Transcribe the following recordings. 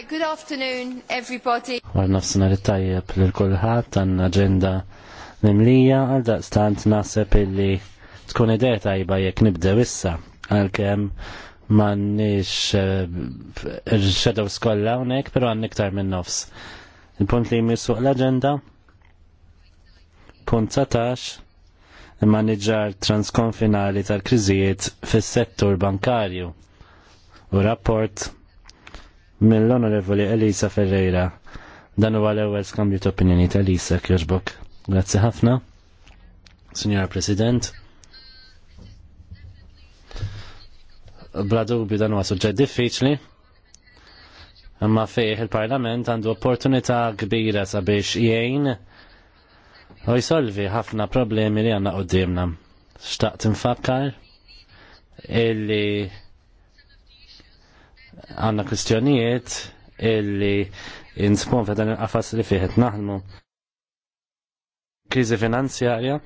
Right, good afternoon everybody. Għal nafsina li tajjeb li l kullħat għan agenda mimlija għal daqstant nasib illi tkun idea tajba jekk nibdew issa għalkemm mannix eh, il xedaw skolla unek, pero għan niktar minn nofs. Il-punt li jmissu l-agenda, punt 17, il-manager transkonfinali tal-kriżijiet fis settur bankarju u rapport mill-Onorevoli Elisa Ferreira. Dan huwa l-ewwel skambju ta' opinjoni ta' Elisa Kirchbok. Grazzi ħafna, Signora President. Bla bi dan huwa suġġett diffiċli, imma fejh il-Parlament għandu opportunità kbira sabiex jgħin u jsolvi ħafna problemi li għandna qudiemna. Xtaqt infakkar illi għanna kwistjonijiet illi jinspon f'dan il-qafas li fiħet naħdmu. Krizi finanzjarja,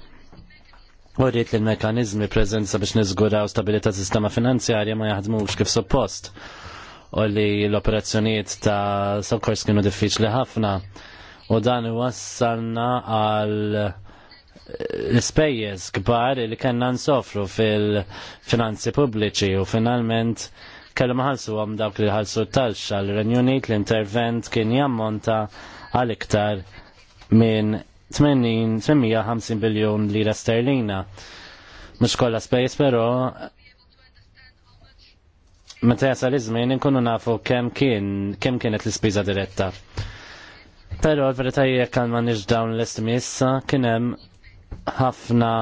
u li l-mekanizmi prezenza biex nizguraw stabilita sistema finanzjarja ma jaħdmux kif suppost u li l-operazzjonijiet ta' sokkors kienu diffiċli ħafna u dan wassalna għal l-spejjeż eh, kbar li kellna nsofru fil-finanzi pubbliċi u finalment kellhom ħalsu għam dawk li ħalsu t għal renjunit l-intervent kien jammonta għal iktar minn 850 biljon lira sterlina. Mux kolla spejs, pero meta jasal iż-żmien inkunu nafu kemm kien kemm kienet l-ispiża diretta. Però l verita hija għal ma nix dawn l-istmi kienem kien hemm ħafna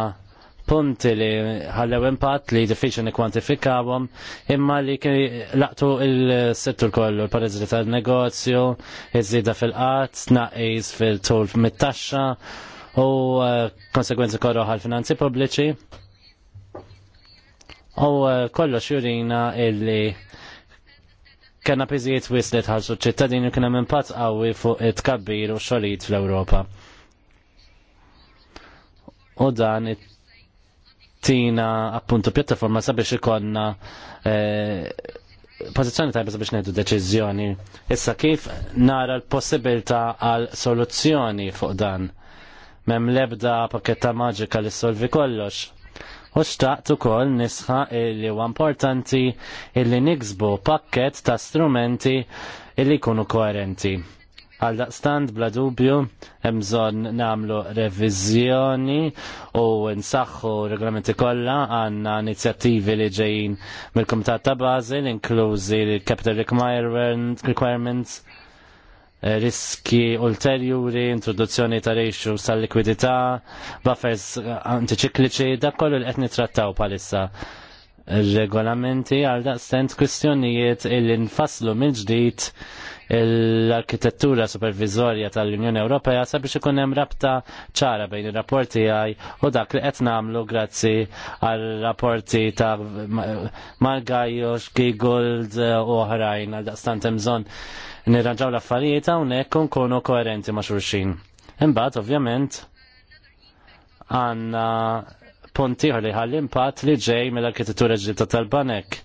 punti li ħallew impatt li diffiċli nikkwantifikawhom imma li laqtu il-settur kollu, l-parizzi tal-negozju, iż-żieda fil-qatt, tnaqqis fil-tul mit-taxxa u eh, konsegwenzi korru ħal-finanzi pubbliċi. U eh, kollox jurina illi kena piżijiet wislet ħarġu ċittadini kena minn pat qawwi fuq it-kabbir u xolijiet fl-Ewropa. U dan it tina appunto pjattaforma sabiex ikonna eh, pozizjoni tajba sabiex neħdu deċiżjoni. Issa kif nara l-possibilità għal soluzzjoni fuq dan. Mem lebda pakketta maġika li solvi kollox. U xtaqt ukoll nisħa li huwa importanti illi niksbu pakket ta' strumenti illi jkunu koerenti. Għal daqstant bla dubju hemm namlu nagħmlu reviżjoni u nsaħħu regolamenti kollha għandna inizjattivi li ġejjin mill-Kumitat ta' Basel inklużi l-Capital Requirements eh, riski ulterjuri, introduzzjoni ta' rejxu sal likwidità buffers eh, antiċikliċi, dak kollu li qed nittrattaw palissa regolamenti għal daqstent kwistjonijiet illi nfasslu mill ġdid l-arkitettura supervizorja tal-Unjoni Ewropea sabiex ikun hemm rabta ċara bejn ir-rapporti għaj u dak li qed nagħmlu grazzi għal rapporti ta' Margajos, Gigold eh, u oħrajn għal daqstant hemm bżonn nirranġaw l-affarijiet hawnhekk nkunu koerenti ma' xulxin. Imbagħad ovvjament għandna punti li ħall impatt li ġej mill-arkitettura mela ġibta tal-banek.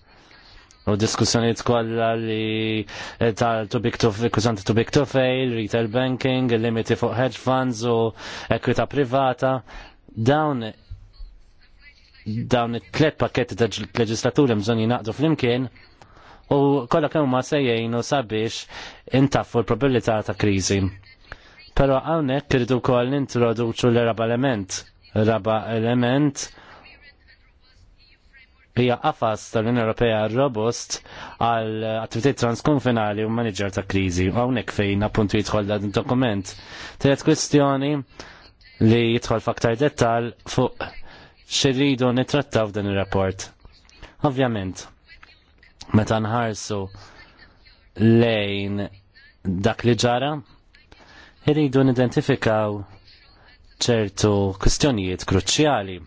U diskussjoniet kollha li eh, tal-tubik kużanti tubik to fail, retail banking, limiti fuq hedge funds u ekwita privata. Dawn dawn it-tlet pakketti ta' leġislaturi mżon jinaqdu fl-imkien u kollha kemm ma u sabiex intaffu l-probabilità ta' kriżi. Però hawnhekk iridu wkoll nintroduċu l-erab element Raba element hija qafas tal-Unjoni Ewropea robust għal attivitajiet transkonfinali u manager ta' kriżi. Hawnhekk fejn appuntu jidħol dan dokument. Tret kwestjoni li jidħol f'aktar dettal fuq xirridu nitrattaw f'dan ir-rapport. Ovvjament, meta nħarsu lejn dak li ġara, irridu nidentifikaw ċertu kwistjonijiet kruċjali.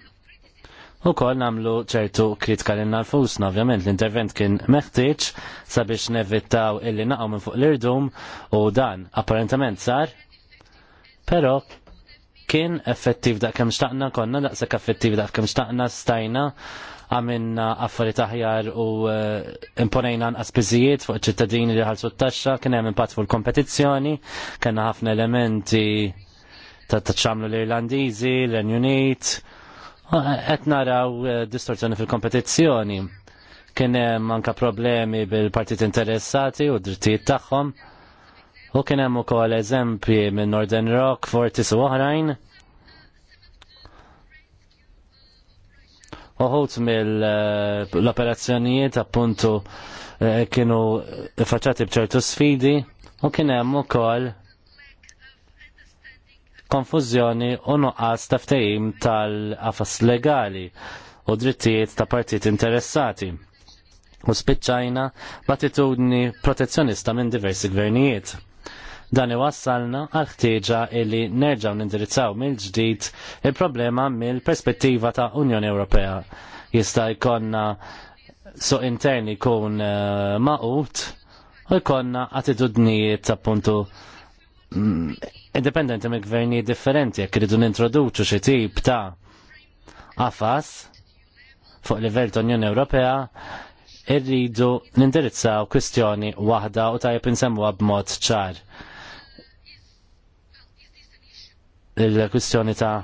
U kol namlu ċertu kritika l fusna ovvjament l-intervent kien meħtieġ sabiex nevittaw illi naqgħu minn fuq l-irdum u dan apparentament sar, però kien effettiv da' kem xtaqna konna, daqshekk effettiv da' kem xtaqna stajna għamilna affarijiet aħjar u eh, imponejna nqas biżijiet fuq ċittadini li ħalsu t-taxxa, kien hemm impatt fuq il-kompetizzjoni, kellna ħafna elementi ta' taċċamlu l-Irlandiżi, l-Unit, qed naraw eh, distorzjoni fil-kompetizzjoni. Kien hemm anke problemi bil-partit interessati u drittijiet tagħhom. U kien hemm ukoll eżempji minn Northern Rock, Fortis u oħrajn. Uħut mill-operazzjonijiet eh, appuntu eh, kienu faċċati bċertu sfidi u kien hemm ukoll konfużjoni u nuqqas ta' ftehim tal-qafas legali u drittijiet ta' partit interessati. U spiċċajna b'attitudni protezzjonista minn diversi gvernijiet. Dan iwassalna għal ħtieġa illi nerġgħu nindirizzaw mill-ġdid il-problema mill-perspettiva ta' Unjoni Ewropea. Jista' jkollna so interni jkun eh, maqut u jkollna attitudnijiet appuntu mm, indipendenti mill gverni differenti jekk iridu nintroduċu xi tip ta' għafas fuq livell ta' Unjoni Ewropea irridu nindirizzaw kwistjoni waħda u tajjeb insemmuha b'mod ċar. Il-kwistjoni ta'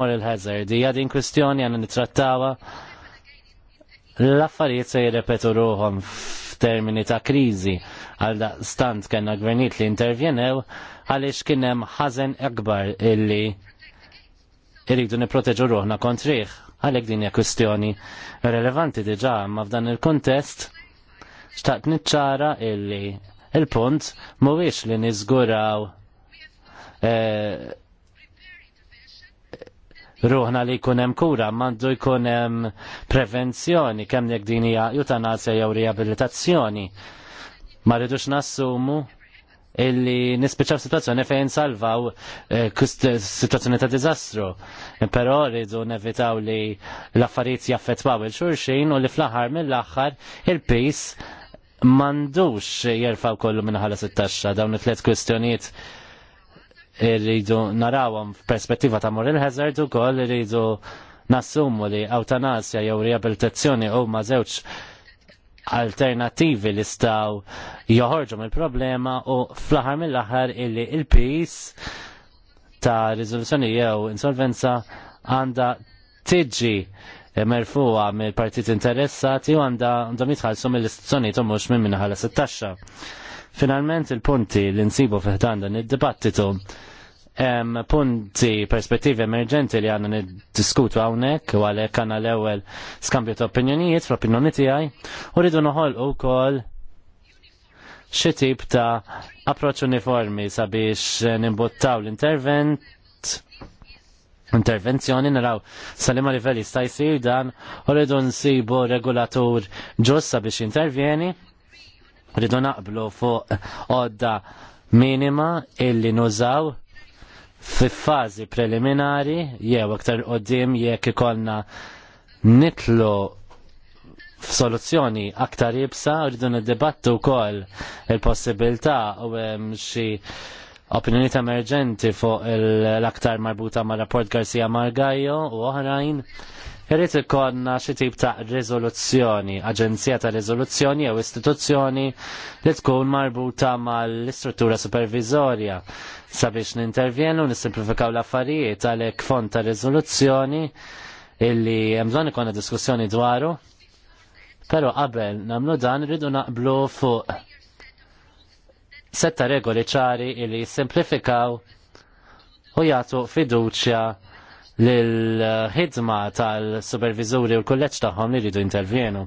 moral hazard hija din kwistjoni għandna nittrattawa l-affarijiet se jirrepetu ruhom f'termini ta' kriżi għal stant kellna gvernit li intervjenew għaliex kien hemm ħażen akbar illi irridu niproteġu ruħna kontriħ. Għalek din hija kwestjoni relevanti diġà, ma f'dan il-kontest xtaqt niċċara illi il-punt mhuwiex li niżguraw eh, ruħna li jkun hemm kura, mandu jkun hemm prevenzjoni, kemm jekk din hija eutanasja jew riabilitazzjoni. Ma rridux nassumu illi nispiċaw situazzjoni fejn salvaw eh, situazzjoni ta' dizastru. Però rridu nevitaw li l-affarijiet jaffetwaw il-xurxin u li fl-aħħar mill-aħħar il-pis mandux jerfaw kollu sit 16 dawn it-tliet kwistjonijiet rridu narawhom f'perspettiva ta' moral hazard ukoll irridu nassumu li awtanasja jew riabilitazzjoni huma żewġ alternativi li staw joħorġu mill-problema u fl-aħħar mill-aħħar illi il-pis ta' riżoluzzjoni jew insolvenza għandha tiġi merfuwa mill-partit interessati u għandha għandhom jitħallsu mill istituzjoni u mhux minn minnaħala 16. Finalment il-punti li nsibu fiħdan dan id-dibattitu punti perspettivi emerġenti li għanna niddiskutu għawnek u għalek għanna l-ewel skambju ta' opinjonijiet fl-opinjoni tijaj u rridu noħol u kol xitib ta' approċ uniformi sabiex nimbuttaw l-intervent intervenzjoni naraw salima livelli stajsir dan u rridu nsibu regulatur ġus sabiex intervjeni Rridu naqblu fuq odda minima illi nużaw fi fazi preliminari jew aktar qoddim jekk ikollna nitlu f'soluzzjoni aktar jibsa rridu niddibattu wkoll il-possibilità u hemm xi opinjonijiet emerġenti fuq l-aktar marbuta ma' rapport Garcia Margajo u oħrajn Irrid ikonna xi tip ta' riżoluzzjoni, aġenzija ta' riżoluzzjoni jew istituzzjoni li tkun marbuta mal-istruttura supervizorja sabiex nintervjenu nisimplifikaw l-affarijiet għalhekk font ta' riżoluzzjoni illi hemm bżonn ikonna diskussjoni dwaru. Però qabel nagħmlu dan rridu naqblu fuq setta regoli ċari illi jissimplifikaw u jagħtu fiduċja l-ħidma tal-supervizuri u l-kolleġ tagħhom li rridu intervjenu.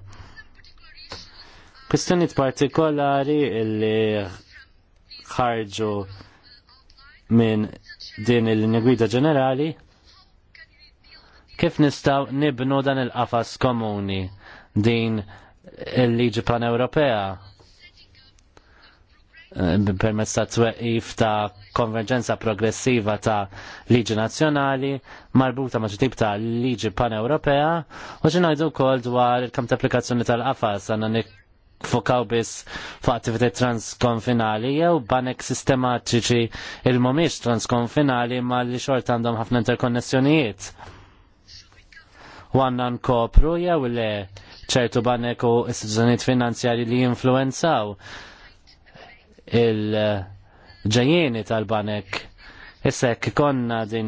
Kwistjonijiet partikolari li ħarġu minn din il-linja gwida ġenerali kif nistaw nibnu dan il-qafas komuni din il-liġi pan-Ewropea Eh, permezz ta' tweqif ta' konverġenza progressiva ta' liġi nazzjonali marbuta ma' ġitib ta' liġi pan-Ewropea u ġinajdu kol dwar il-kam ta' applikazzjoni tal-qafas għanna nifokaw bis fuq attivitajiet transkonfinali jew banek sistematiċi il mumiex transkonfinali ma' li xort għandhom ħafna interkonnessjonijiet. U għanna nkopru jew le ċertu banek u istituzzjonijiet finanzjari li jinfluenzaw il-ġajjeni tal-banek. Issa jekk konna din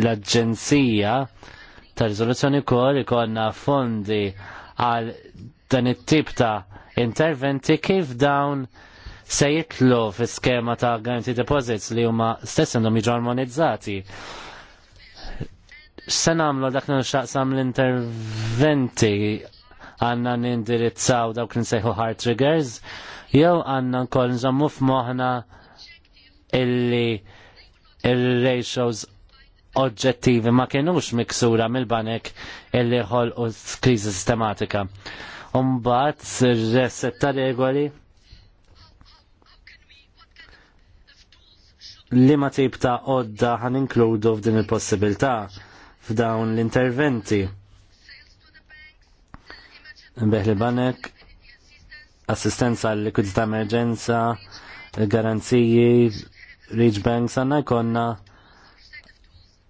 l-Aġenzija ta' rizoluzzjoni kol ikonna fondi għal dan it-tip ta' interventi kif dawn se jitlu f'iskema ta' guarantee deposits li huma stess għandhom jiġu armonizzati sen għamlu dak xaqsam l-interventi għanna nindirizzaw dawk nsejħu hard triggers jew għandna nkoll nżammu f'moħna illi il-ratios oġġettivi ma kienux miksura mill-banek illi ħol u kriżi sistematika. Umbat, r-reset ta' regoli li ma tip ta' odda ħan inkludu f'din il-possibilità f'dawn l-interventi. Beħ li banek assistenza għal likwidità emerġenza, garanziji, reach banks, għanna jkonna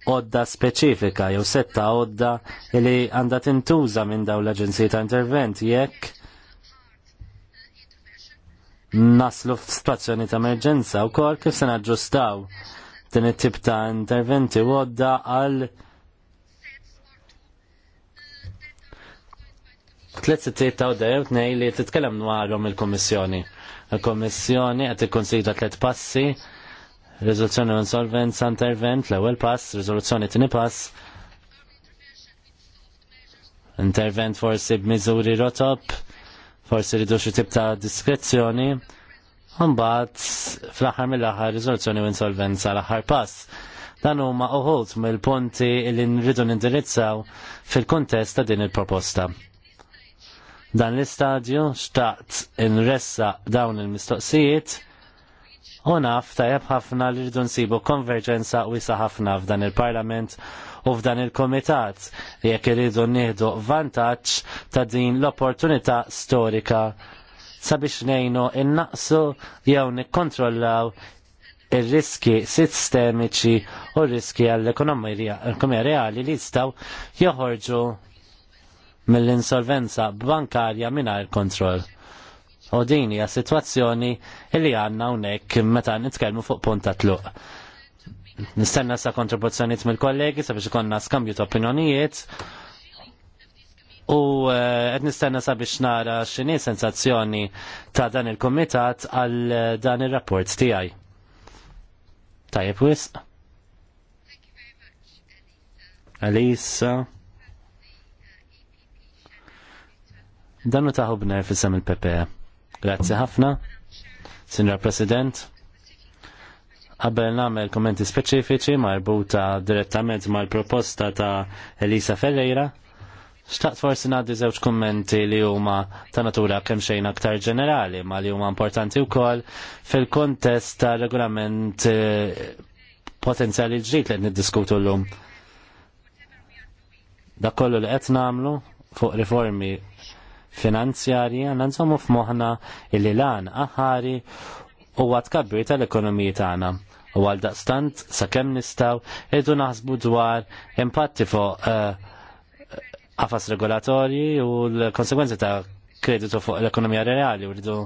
odda speċifika jew setta odda li għandha tintuża minn daw l aġenzija ta' Intervent jekk naslu f'sitwazzjoni ta' emerġenza wkoll kif se naġġustaw din it-tip ta' interventi u għodda għal tliet sittiet ta' dejjem tnej li titkellem dwarhom il-Kummissjoni. Il-Kummissjoni qed ikkonsidra tliet passi, riżoluzzjoni u insolvenza intervent, l-ewwel pass, riżoluzzjoni tieni pass, intervent forsi b'miżuri rotop, forsi ridu xi tip ta' diskrezzjoni, Mbagħad fl-aħħar mill-aħħar riżoluzzjoni u insolvenza l-aħħar pass. Dan huma uħut mill-punti li nridu nindirizzaw fil-kontest ta' din il-proposta. Dan l-istadju xtaqt inressa dawn il-mistoqsijiet u naf tajab ħafna li rridu nsibu konverġenza wisa ħafna f'dan il-Parlament u f'dan il-Komitat jekk irridu nieħdu vantaġġ ta' din l-opportunità storika sabiex ngħinu innaqsu jew nikkontrollaw ir-riski sistemiċi u r-riski għall-ekonomija reali li jistgħu joħorġu mill-insolvenza bankarja mingħajr kontroll. U din hija sitwazzjoni li għandna hawnhekk meta nitkellmu fuq punt ta' tluq. Nistenna sa kontribuzzjoni mill-kollegi sabiex ikonna skambju ta' opinjonijiet u eh, qed nistenna sabiex nara x'inhi sensazzjoni ta' dan il-kumitat għal dan ir-rapport tiegħi. Tajjeb wisq. Alisa. Danu taħu b'nerf il-PPE. Grazzi ħafna. Signor President, qabel nagħmel kommenti speċifiċi marbuta direttament mal-proposta ta' Elisa Ferreira, xtaqt forsi ngħaddi żewġ kummenti li huma ta' natura kemm xejn aktar ġenerali ma li huma importanti wkoll fil-kontest ta' regolament eh, potenzjali ġdid li qed niddiskutu llum. Dak kollu li qed nagħmlu fuq riformi finanzjarji għandna nżommu f'moħħna illi lan aħari u kabri tal-ekonomiji tagħna. U għal daqstant sakemm nistgħu irdu naħsbu dwar impatti fuq għafas eh, regolatorji u l-konsegwenzi ta' kreditu fuq l-ekonomija reali u rridu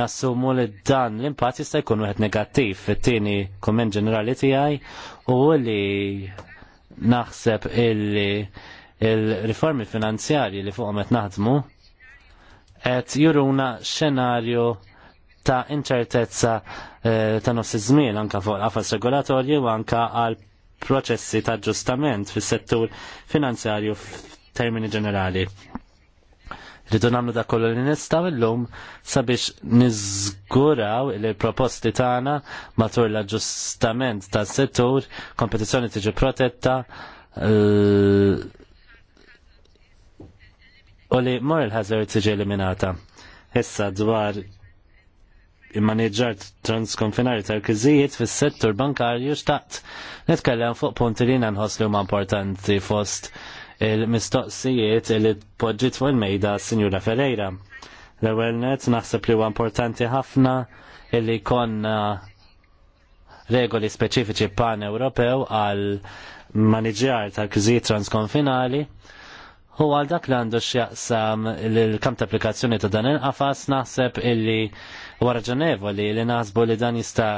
nassumu li dan l-impatt jista' jkun wieħed negattiv fit-tieni kumment ġenerali tiegħi u li naħseb illi il-riformi finanzjarji li fuqhom qed naħdmu qed juruna xenarju ta' inċertezza eh, ta' nofs iż-żmien anke fuq qafas regolatorji u anke għal proċessi ta' ġustament fis-settur finanzjarju f'termini ġenerali. Rridu nagħmlu da' kollu li nistgħu llum sabiex niżguraw li l-proposti tagħna matul l-aġġustament tas-settur, kompetizzjoni tiġi protetta, eh, u li moral hazard tiġi eliminata. Issa dwar immanieġġar transkonfinari tal-kizijiet fis-settur bankarju xtaqt. Nitkellem fuq punti li nħoss li huma importanti fost il-mistoqsijiet li poġġiet fuq il-mejda Sinjura Ferreira. L-ewwel net naħseb li huwa importanti ħafna li konna regoli speċifiċi pan-Ewropew għal maniġjar tal-kizijiet transkonfinali U għal dak li għandu xjaqsam l kam ta' applikazzjoni ta' dan il-qafas naħseb illi wara li li naħsbu li dan jista'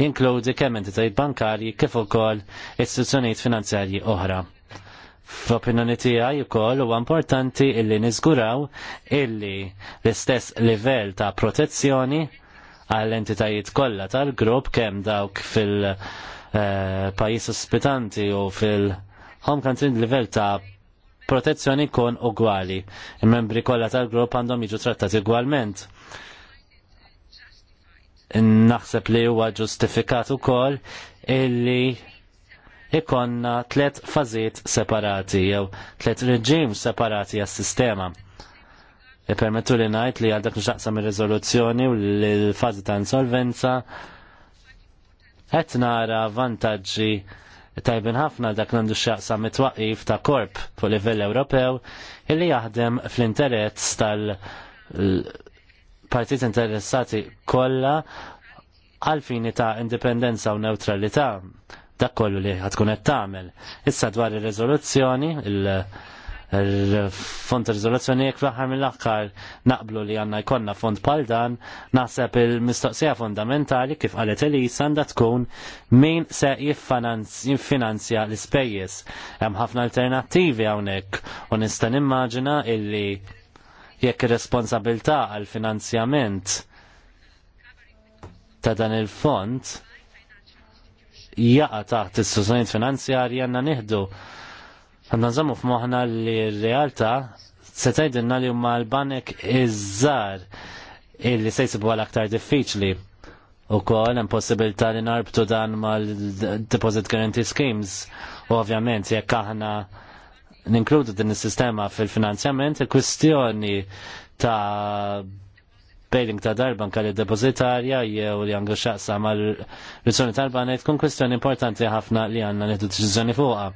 jinkludi kemm entitajiet bankarji kif ukoll istituzzjonijiet finanzjarji oħra. F'opinjoni tiegħi wkoll huwa importanti illi niżguraw illi l-istess livell ta' protezzjoni għall entitajiet kollha tal-grupp kemm dawk fil-pajjiż eh, ospitanti u fil-home country livell ta' protezzjoni kon ugwali. Il-membri kollha tal-grupp għandhom jiġu trattati ugwalment. Naħseb li huwa ġustifikat ukoll illi ikonna tlet fażiet separati jew tlet reġim separati għas-sistema. Permettu li ngħid li għal dak nixtaqsam ir-riżoluzzjoni u l-fażi ta' insolvenza qed nara vantaġġi tajbin ħafna dak nandu xaqsa mitwaqif ta' korp fu livell Ewropew illi jaħdem fl-interess tal-partit interessati kollha fini ta' indipendenza u neutralità dak kollu li ħatkun qed tagħmel. Issa dwar ir-riżoluzzjoni il-, il fond ta' rizoluzzjoni jek fl-aħħar mill-aħħar naqblu li għanna jkollna fond pal dan, naħseb il-mistoqsija fundamentali kif għalet Elisa għandha tkun min se jiffinanzja l-ispejjeż. Hemm ħafna alternattivi hawnhekk u nista' nimmaġina illi jekk ir għal finanzjament ta' dan il-fond jaqa taħt is-sussonijiet finanzjarji għandna nieħdu Għanna nżammu moħna li r-realtà se tgħidilna li huma l-banek iż-żar illi se jsibu għal aktar diffiċli. U kol hemm li narbtu dan mal-deposit guarantee schemes. U ovvjament jekk aħna ninkludu din is-sistema fil-finanzjament, il-kwistjoni ta' bailing ta' darban kalli depozitarja jew li għandu xaqsa mal-rizzjoni tal-banek tkun kwistjoni importanti ħafna li għanna neħdu deċiżjoni fuqha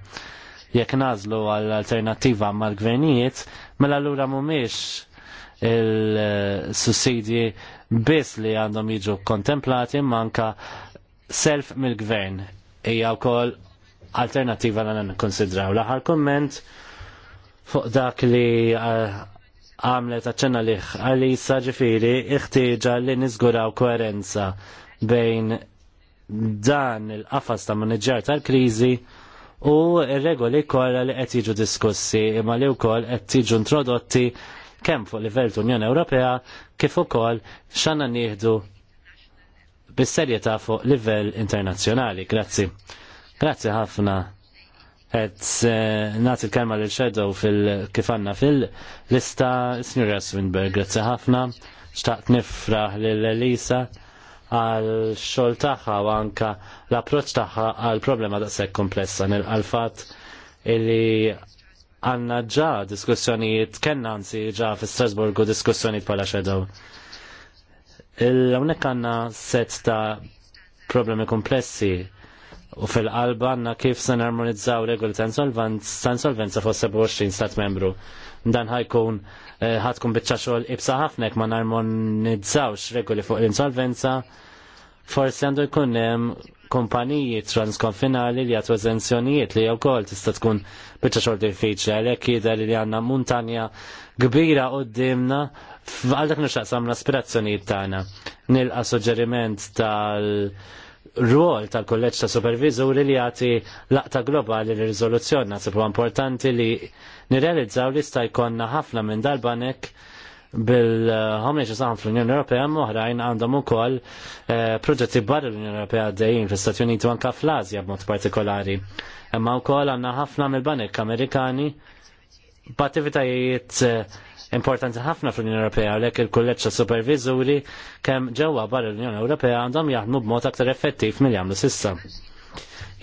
jekk nażlu għall alternattiva mal-gvernijiet, mela allura mhumiex il-sussidji biss li għandhom jiġu kontemplati manka self mill-gvern hija wkoll alternativa li nkonsidraw. L-aħħar komment fuq dak li eh, għamlet għacċena liħ għalisa ġifiri iħtieġa li nizguraw koerenza bejn dan il-qafas ta' manager tal-krizi u regoli kollha li qed jiġu diskussi imma li wkoll qed jiġu introdotti kemm fuq livell Unjoni Ewropea kif ukoll x'għandna nieħdu bis-serjetà fuq livell internazzjonali. Grazzi. Grazzi ħafna. Et eh, nagħti l-kelma lil Shadow fil kif għandna fil-lista Sr. Swinberg, grazzi ħafna. Xtaqt nifraħ lil Elisa għal xol taħħa u anka l-approċ taħħa għal problema daqshekk komplessa għal fatt illi għanna ġa diskussjonijiet kenna anzi ġa fi Strasburgu diskussjonijiet pala xedaw. il għunek għanna set ta' problemi komplessi u fil-qalba għanna kif se narmonizzaw regoli ta' insolvenza fuq 27 stat membru. Dan ħajkun eh, ħatkun biċċa xogħol ibsa ħafnek ma narmonizzawx regoli fuq l-insolvenza forsi għandu jkun hemm kumpaniji transkonfinali li għatu eżenzjonijiet li jew kol tista tkun bieċa xor diffiċli għalhekk jidher li għandna muntanja kbira d għal dak nuxaq l-aspirazzjonijiet tagħna. Nilqa suġġeriment tal-rwol tal-kolleġġ ta' supervizuri li jagħti laqta globali li riżoluzzjoni sepp importanti li nirrealizzaw li sta jkollna ħafna minn darbanek bil-ħamiex saħan fl-Unjoni Ewropea moħrajn għandhom ukoll eh, proġetti barra l-Unjoni Ewropea dejjin fl-Istati Uniti u anka fl-Azja b'mod partikolari. Imma wkoll għandna ħafna mill-banek Amerikani b'attivitajiet eh, importanti ħafna fl-Unjoni Ewropea u lek il-kulleġġ supervizuri kemm ġewwa barra l-Unjoni Ewropea għandhom jaħdmu b'mod aktar effettiv mill-jagħmlu sissa.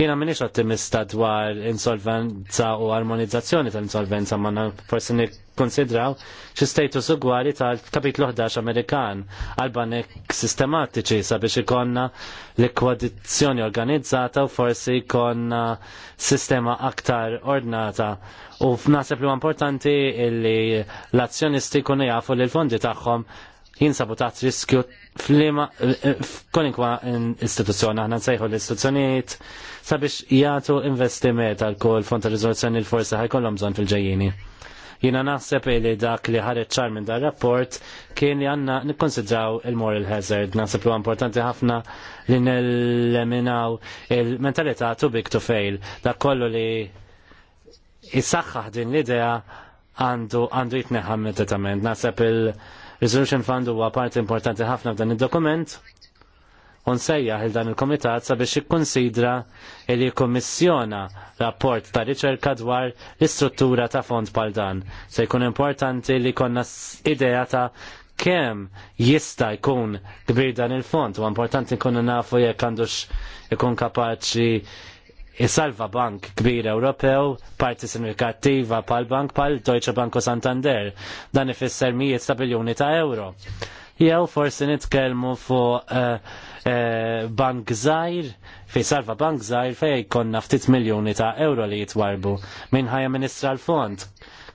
Jena minix ottimista dwar insolvenza u armonizzazzjoni tal-insolvenza ma forsi nikkonsidraw xi status ugwali tal-kapitlu 11 Amerikan għal-banek sistematiċi sabiex ikonna likwadizzjoni organizzata u forsi ikonna sistema aktar ordnata u f'naħseb li importanti illi l-azzjonisti kunu jafu li l-fondi tagħhom sabu taħt riskju f'lima eh, f'kolinkwa istituzzjoni aħna nsejħu l-istituzzjonijiet sabiex jagħtu investiment għal kull fond ta' riżoluzzjoni l forsi ħajkollhom bżonn fil-ġejjini. Jiena naħseb li dak li ħareġ ċar minn dar rapport kien li għandna nikkonsidraw il-moral hazard. Naħseb li importanti ħafna li nelleminaw il-mentalità too big to fail. Dak kollu li jisaxħaħ din l-idea għandu għandu jitneħam meditament. Naħseb il- Resolution Fund huwa parti importanti ħafna f'dan id-dokument u nsejjaħ il dan il-komitat sabiex ikkonsidra li jikkommissjona rapport ta' riċerka dwar l-istruttura ta' fond pal dan. Se jkun importanti li konna idea ta' kemm jista' jkun kbir dan il-fond u importanti nkunu nafu jekk għandux ikun kapaċi isalva bank kbir Ewropew, parti sinifikattiva pal bank pal Deutsche Banko Santander, dan ifisser mijiet ta' biljoni ta' euro. Jew forsi nitkellmu fuq uh, uh, bank żgħir fi salva bank żgħir fejn jkollna ftit miljuni ta' euro li jitwarbu minn ħajja ministra l-fond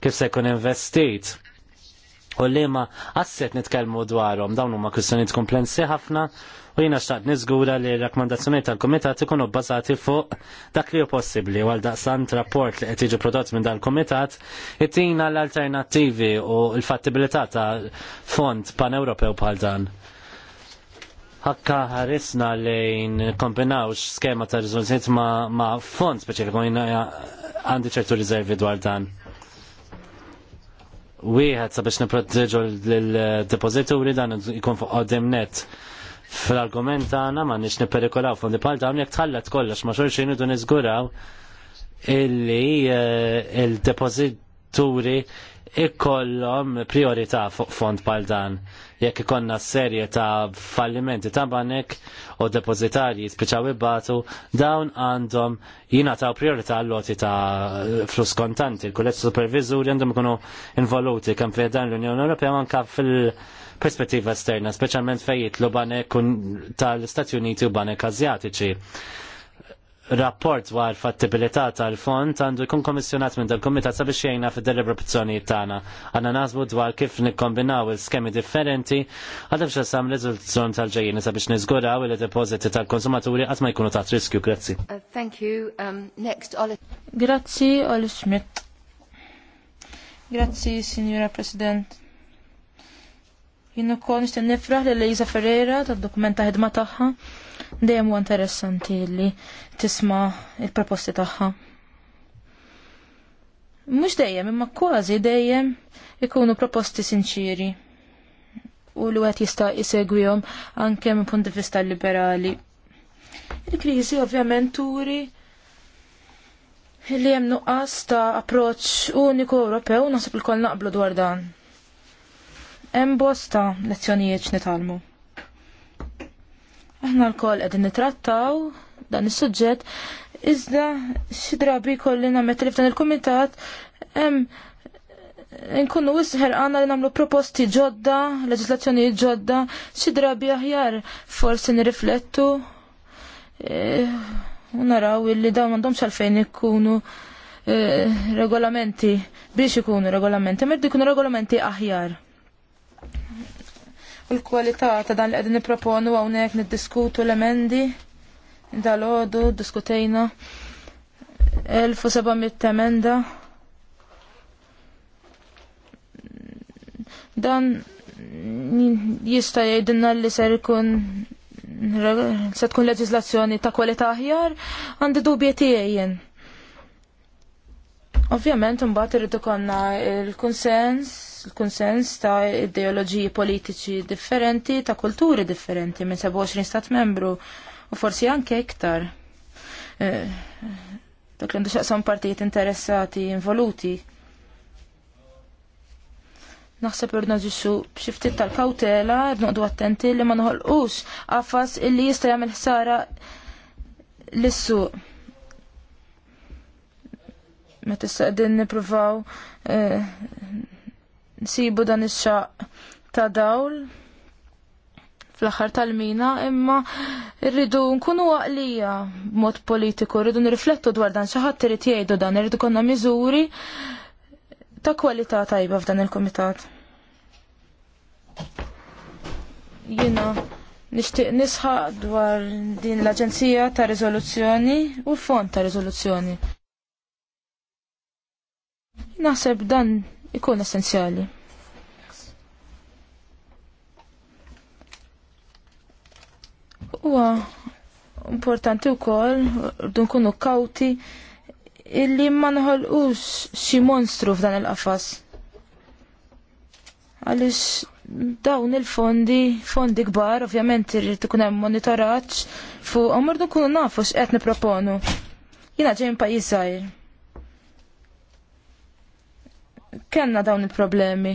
kif se jkun investit. U li ma asset nitkellmu dwarhom dawn huma kwistjonijiet komplensi ħafna u jina xtaqt nizgura li rakkomandazzjoni tal-komitat ikunu bbażati fuq dak li hu possibbli għal daqsant rapport li qed jiġi prodott minn dal-komitat itina l-alternattivi u l-fattibilità ta' fond pan-Ewropew bħal dan. Hakka ħarisna lejn kombinawx skema ta' riżultat ma', ma fond speċifiku għandi ċertu riservi dwar dan wieħed sabiex niprotegġu l depożituri dan ikun fuq qoddim net fl-argument għana ma nix niperikolaw fondi pal dawn jek tħallat kollox ma xorxin idu nizguraw illi eh, il-depozituri ikollom priorita fuq fond pal dan. Jekk ikonna serje ta' fallimenti ta' banek u depozitarji spiċaw ibbatu, dawn għandhom jingħataw priorità għall-loti ta' flus kontanti. Il-kulleġġ supervizuri għandhom ikunu involuti kemm fih dan l-Unjoni Ewropea anke fil- perspettiva esterna, speċjalment fejn jitlu banek tal-Istati Uniti u banek Azjatiċi. Rapport dwar fattibilità tal-fond għandu jkun komissjonat minn dal komitat sabiex jgħinna fid-deliberazzjonijiet tagħna. Għandna nażbu dwar kif nikkombinaw il-skemi differenti għadhem x'assam riżoluzzjoni tal-ġejjieni sabiex niżguraw il depożiti tal-konsumaturi qatt ma jkunu taħt riskju. Grazzi. Uh, thank you. Um, next, Grazzi, Oli Schmidt. Grazzi, Signora President. Jien ukoll nixtieq nifraħ li Liza Ferreira tad dokumenta ħidma tagħha. Dejjem huwa interessanti li tisma' il-proposti tagħha. Mhux dejjem imma kważi dejjem ikunu proposti sinċiri u li wieħed jista' jisegwihom anke minn punt di vista liberali. Il-kriżi ovvjament turi li hemm nuqqas ta' approċċ uniku Ewropew naħseb il naqblu dwar dan. Hemm bosta lezzjonijiet nitalmu. Aħna l-koll qegħdin nitrattaw dan is-suġġett iżda xi drabi jkolli nagħmel li f'dan il-kumitat hemm nkunu wisħer għana li namlu proposti ġodda, leġislazzjoni ġodda, xi drabi aħjar forsi nirriflettu eh, u naraw li dawn m'għandhomx għalfejn ikunu eh, regolamenti biex ikunu regolamenti, merdu ikunu regolamenti aħjar il kwalità ta' dan li qegħdin nipproponu hawnhekk niddiskutu l-emendi dal-għodu diskutejna 1700 emenda dan jista' jgħidilna li ser ikun se tkun leġislazzjoni ta' kwalità aħjar għandi dubji tiegħi jien. Ovvjament imbagħad irid ikollna l-kunsens, l-kunsens ta' ideoloġiji politiċi differenti, ta' kulturi differenti minn 27 stat membru u forsi anke iktar. Eh, dak li xaqsam partijiet interessati involuti. Naħseb irna ġissu b'xiftit tal-kautela, rnuqdu attenti li ma noħolqux qafas illi jista' jagħmel ħsara l-suq meta issa qegħdin nippruvaw eh, nsibu dan ix-xaq ta' dawl fl-axar tal-mina, imma rridu nkunu għaqlija mod politiku, rridu nirriflettu dwar dan xaħat irid jgħidu dan, rridu konna miżuri ta' kwalità tajba f'dan il-komitat. Jina, nixtieq nisħaq dwar din l-Aġenzija ta' riżoluzzjoni u fond ta' riżoluzzjoni. Naħseb dan ikun essenzjali. Huwa importanti wkoll rdu nkunu kawti illi ma noħolqux xi monstru f'dan il-qafas. Għaliex dawn il-fondi, fondi kbar, ovvjament irrid ikun hemm monitoraġġ fuq għamurdu nkunu nafu x'qed nipproponu. Jiena ġejn pajjiż żgħir kenna dawn il-problemi.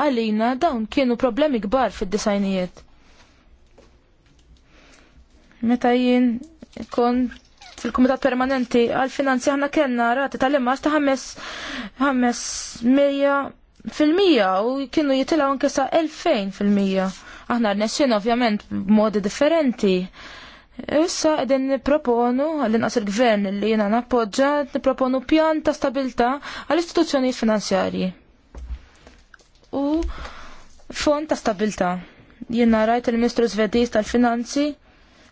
Għalina dawn kienu problemi kbar fid-disajnijiet. Meta jien kon fil-Kumitat Permanenti għal-Finanzi ħana kenna rati tal-immax ta' ħames mija fil-mija u kienu jitilaw nkisa elfejn fil-mija. Aħna rnessin ovvjament b'modi differenti Issa qegħdin nipproponu għall-inqas il-gvern li jiena nappoġġa nipproponu pjan ta' stabilta għall-istituzzjonijiet finanzjarji. U fond ta' stabilità. Jien rajt il-Ministru Svediż tal-Finanzi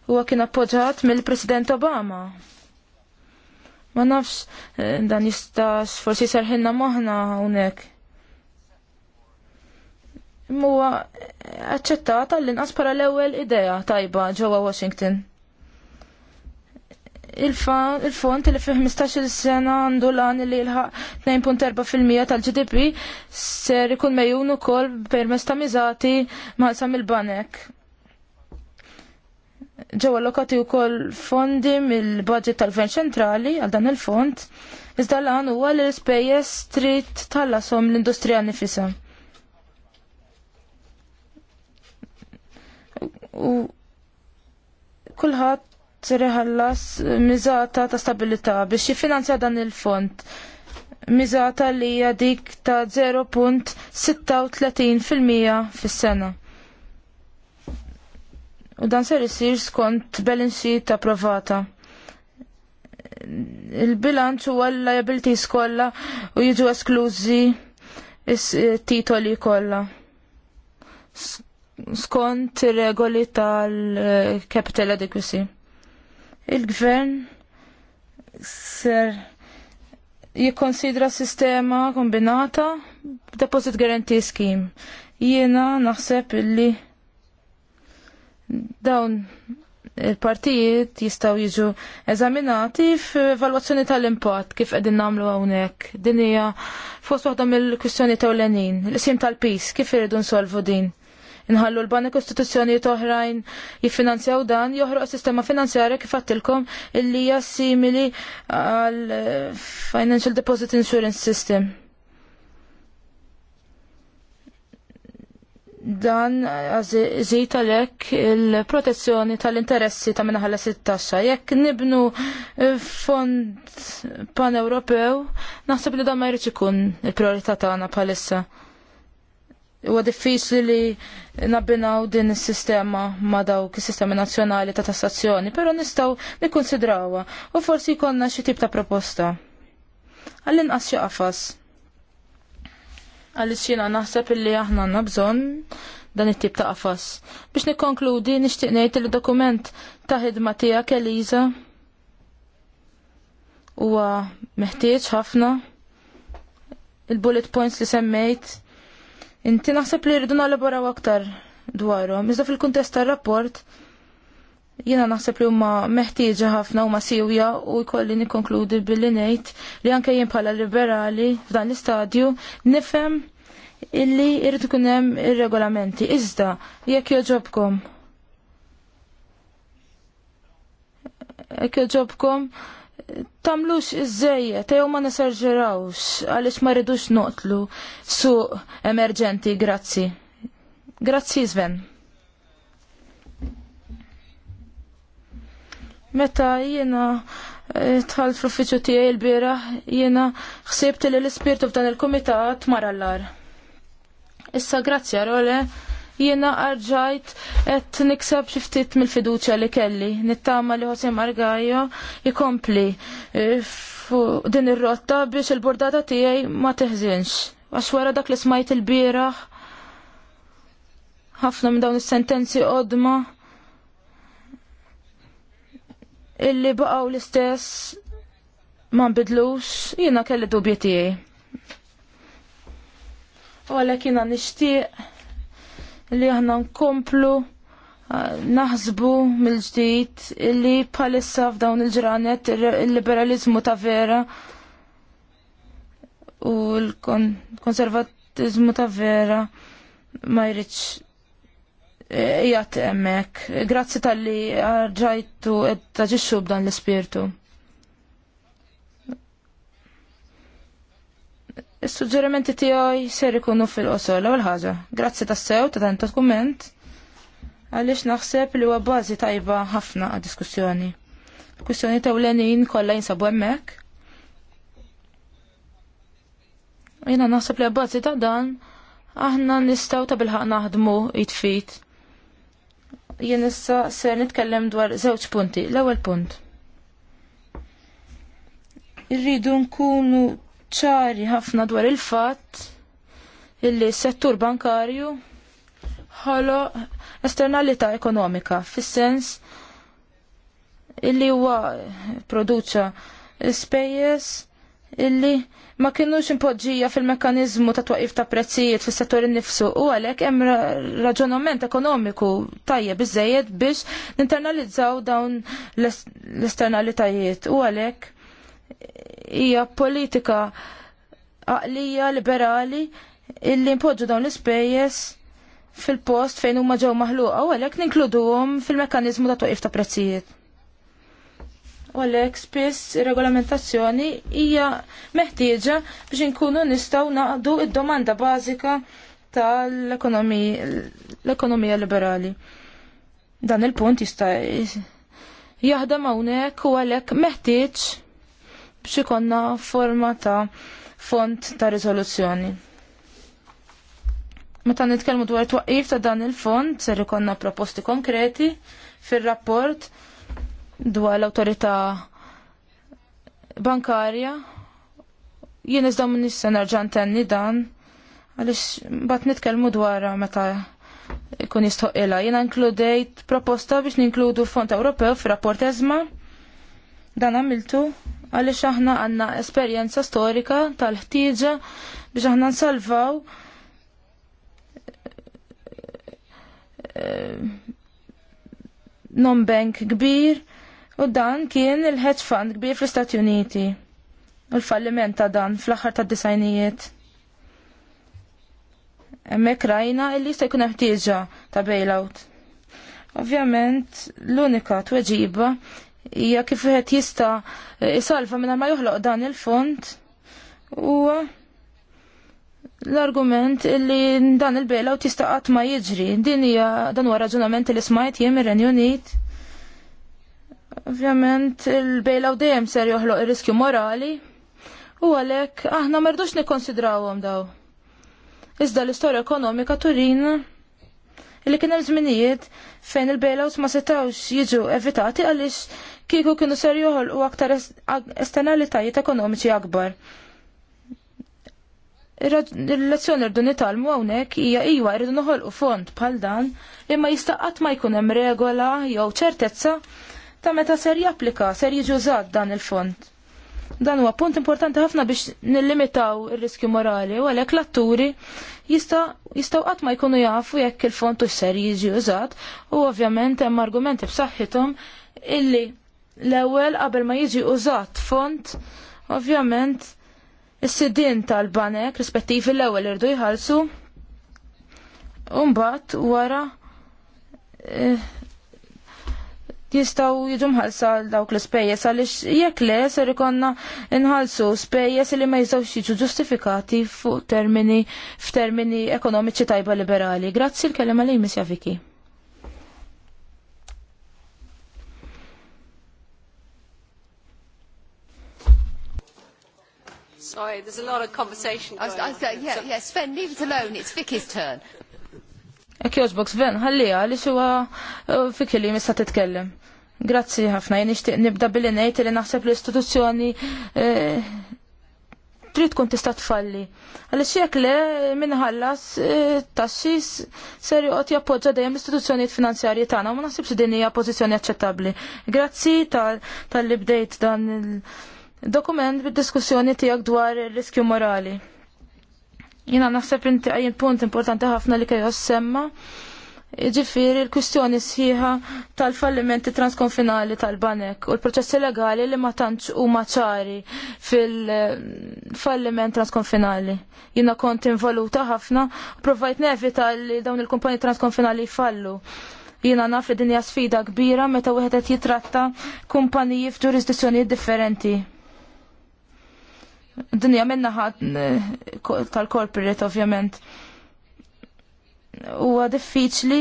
huwa kien appoġġat mill-President Obama. Ma nafx eh, dan jistax forsi serħinna moħna hawnhekk. Muwa aċċettat għall inqas para l-ewwel idea tajba ġewwa Washington il-fond li fi 15 sena għandu lan li jilħaq 2.4% tal-GDP ser ikun mejjun ukoll permess ta' miżati maħsam il-banek. Ġew allokati wkoll fondi mill-budget tal-Gvern ċentrali għal dan il-fond, iżda l-għan huwa li l-ispejjeż trid asom l-industrija nifisa. U kulħadd ħallas mizata ta' stabilita biex jiffinanzja dan il-fond. mizata li hija dik ta' 0.36% fis-sena. U dan ser isir skont balance sheet approvata il-bilanċ u għalla jabilti skolla u jiġu esklużi eh, titoli kolla. Skont regoli tal-capital eh, adequacy il-gvern ser jikkonsidra sistema kombinata deposit guarantee scheme. Jiena naħseb illi dawn il-partijiet jistaw jiġu eżaminati f'evalwazzjoni tal-impatt kif qegħdin nagħmlu hawnhekk. Din hija fost waħda mill-kwistjoni tewlenin, l-isim tal-pis, kif iridu nsolvu din. Inħallu l-banek u istituzzjonijiet oħrajn jiffinanzjaw dan, joħroq sistema finanzjarja kif għattilkom illi jassimili simili għal eh, Financial Deposit Insurance System. Dan żid għalhekk il-protezzjoni tal-interessi ta' minnaħalla sit-taxxa. Jekk nibnu eh, fond pan-Ewropew, naħseb li dan ma jridx ikun il-priorità tagħna bħalissa huwa diffiċli li nabbinaw din is-sistema ma' dawk is-sistemi nazzjonali ta' tassazzjoni, però nistgħu nikkonsidrawha u forsi jkollna xi tip ta' proposta. Għall-inqas xi qafas. Għaliex jiena naħseb illi aħna għandna bżonn dan it-tip ta' qafas. Biex nikkonkludi nixtieq ngħid li dokument ta' ħidma tiegħek Eliża huwa meħtieġ ħafna il-bullet points li semmejt Inti naħseb li rridu nalaboraw aktar dwarhom. Iżda fil-kuntest tar-rapport jiena naħseb li huma meħtieġa ħafna huma siwja u jkolli nikkonkludi billi ngħid li anke jien bħala liberali f'dan l-istadju nifhem illi irrid ikun hemm ir-regolamenti. Iżda jekk joġobkom. Jekk joġobkom tamlux iż tew ma nisarġerawx, għalix ma ridux noqtlu su emerġenti, grazzi. Grazzi, Sven. Meta jiena eh, tħalt fl uffiċċju tiegħi l-bira, jiena ħsibt li l-ispirtu f'dan il-kumitat mara l-lar. Issa grazzi għarole jiena arġajt qed nikseb xiftit ftit mill-fiduċja li kelli. Nittama li Jose Argajo jikompli eh, din ir-rotta biex il-bordata tiegħi ma teħżinx. Għax wara dak li smajt il-bieraħ ħafna minn dawn is-sentenzi qodma illi baqgħu l-istess ma nbidlux, jiena kelli dubji tiegħi. U għalhekk jiena nixtieq li aħna nkomplu uh, naħsbu mill-ġdid illi bħalissa f'dawn il-ġranet il-liberalizmu ta' vera u l-konservatizmu ta' vera ma jridx eh, jgħat emmek. Grazzi tal-li ġajtu ed eh, taġiċu b'dan l-spirtu. Is-suġġerimenti tiegħi ser ikunu fil-qosor l-ewwel ħaġa. Grazzi tas-sew ta' tant dokument għaliex naħseb li huwa bażi tajba ħafna għad-diskussjoni. Kwistjoni ta' kollha jinsabu hemmhekk. Jiena naħseb li bażi ta' dan aħna nistgħu ta' bilħaq naħdmu jitfit. Jien issa ser nitkellem dwar żewġ punti. L-ewwel punt. Irridu nkunu ċari ħafna dwar il-fatt illi settur bankarju ħalo esternalità ekonomika fis-sens illi huwa produċa spejjeż illi ma kienux impoġġija fil-mekkanizmu ta' twaqif ta' prezzijiet fis-settur innifsu u għalhekk hemm raġunament ekonomiku tajjeb biżejjed biex ninternalizzaw dawn l-esternalitajiet u għalhekk hija politika għaqlija liberali illi npoġġu dawn l-ispejjeż fil-post fejn huma ġew maħluqa u għalhekk ninkluduhom fil-mekkaniżmu ta' toqif ta' prezzijiet. U għalhekk spiss ir-regolamentazzjoni hija meħtieġa biex inkunu nistgħu naqdu id-domanda bażika tal-ekonomija liberali. Dan il-punt jista' jaħdem hawnhekk u għalhekk meħtieġ b'xikonna forma ta' font ta' rizoluzzjoni. Meta nitkellmu dwar twaqif ta' dan il-fond, ser ikonna proposti konkreti fir-rapport dwar l awtorità bankarja. Jien iżda minn issa nerġa' ntenni dan għaliex mbagħad nitkellmu dwar meta ikun jistħoqilha. Jiena inkludejt proposta biex ninkludu fond Ewropew fir-rapport Ezma. Dan għamiltu għaliex aħna għandna esperjenza storika tal-ħtieġa biex aħna nsalvaw eh, non-bank kbir u dan kien il-hedge fund kbir fl-Istati Uniti. U l-falliment ta' dan fl-aħħar ta' disajnijiet. Emmek rajna illi jista' jkun ħtieġa ta' bailout. Ovvjament, l-unika tweġiba hija kif qed jista' isalva minn ma joħloq dan il-fond u l-argument illi dan il u tista' qatt ma jiġri. Din hija dan huwa raġunament li smajt jiem mir-Renju Unit. Ovvjament il u dejjem ser joħloq ir-riskju morali u għalhekk aħna merdux nikkonsidrawhom daw. Iżda l-istorja ekonomika turina li kien hemm żminijiet fejn il-bailouts ma setawx jiġu evitati għaliex kieku kienu ser joħolqu aktar esternalitajiet ekonomiċi akbar. Il-lezzjoni rridu nitalmu hawnhekk hija iwa rridu noħolqu fond bħal dan imma jista' qatt ma jkun hemm regola jew ċertezza ta' meta ser japplika, ser jiġu użat dan il-fond. Dan huwa punt importanti ħafna biex nillimitaw ir-riskju morali u għalhekk l-atturi jistgħu qatt ma jkunu jafu jekk il fontu u ser jiġi użat u ovvjament hemm argumenti b'saħħithom illi l-ewwel qabel ma jiġi użat font ovvjament is-sidin tal-banek rispettivi l-ewwel irdu jħallsu u mbagħad wara eh, jistaw jiġu mħalsa dawk l-spejjes għaliex jekk le ser ikonna nħalsu spejjes li ma jistawx jiġu ġustifikati f termini f'termini ekonomiċi tajba liberali. Grazzi l-kelema li jmiss Javiki. Sorry, there's a lot of conversation going I, I, on. Yeah, yeah, Sven, leave it alone. It's Vicky's turn. Ek joġbok Sven, ħallija li xuwa uh, fikri li missa titkellem. Grazzi ħafna, jen nixtieq nibda billi ngħid li naħseb l-istituzzjoni eh, trid tkun tista' tfalli. Għaliex xiek le minħallas eh, taxxi ser joqgħod jappoġġa dejjem l-istituzzjonijiet finanzjarji tagħna u ma naħsibx din hija pożizzjoni aċċettabbli. Grazzi tal-li bdejt dan il-dokument bid-diskussjoni tiegħek dwar ir-riskju morali. Jina naħseb inti għajin punt importanti ħafna li kajos semma. Ġifiri, l-kustjoni sħiħa tal-fallimenti transkonfinali tal-banek u l-proċessi legali li ma tantx u maċari fil-falliment transkonfinali. Jina kont involuta ħafna, provajt nevita li dawn il-kumpani transkonfinali fallu jina naf li dinja sfida kbira meta wieħed qed jitratta kumpaniji f'ġurisdizzjonijiet differenti dinja minna tal-corporate ovvjament. Huwa diffiċli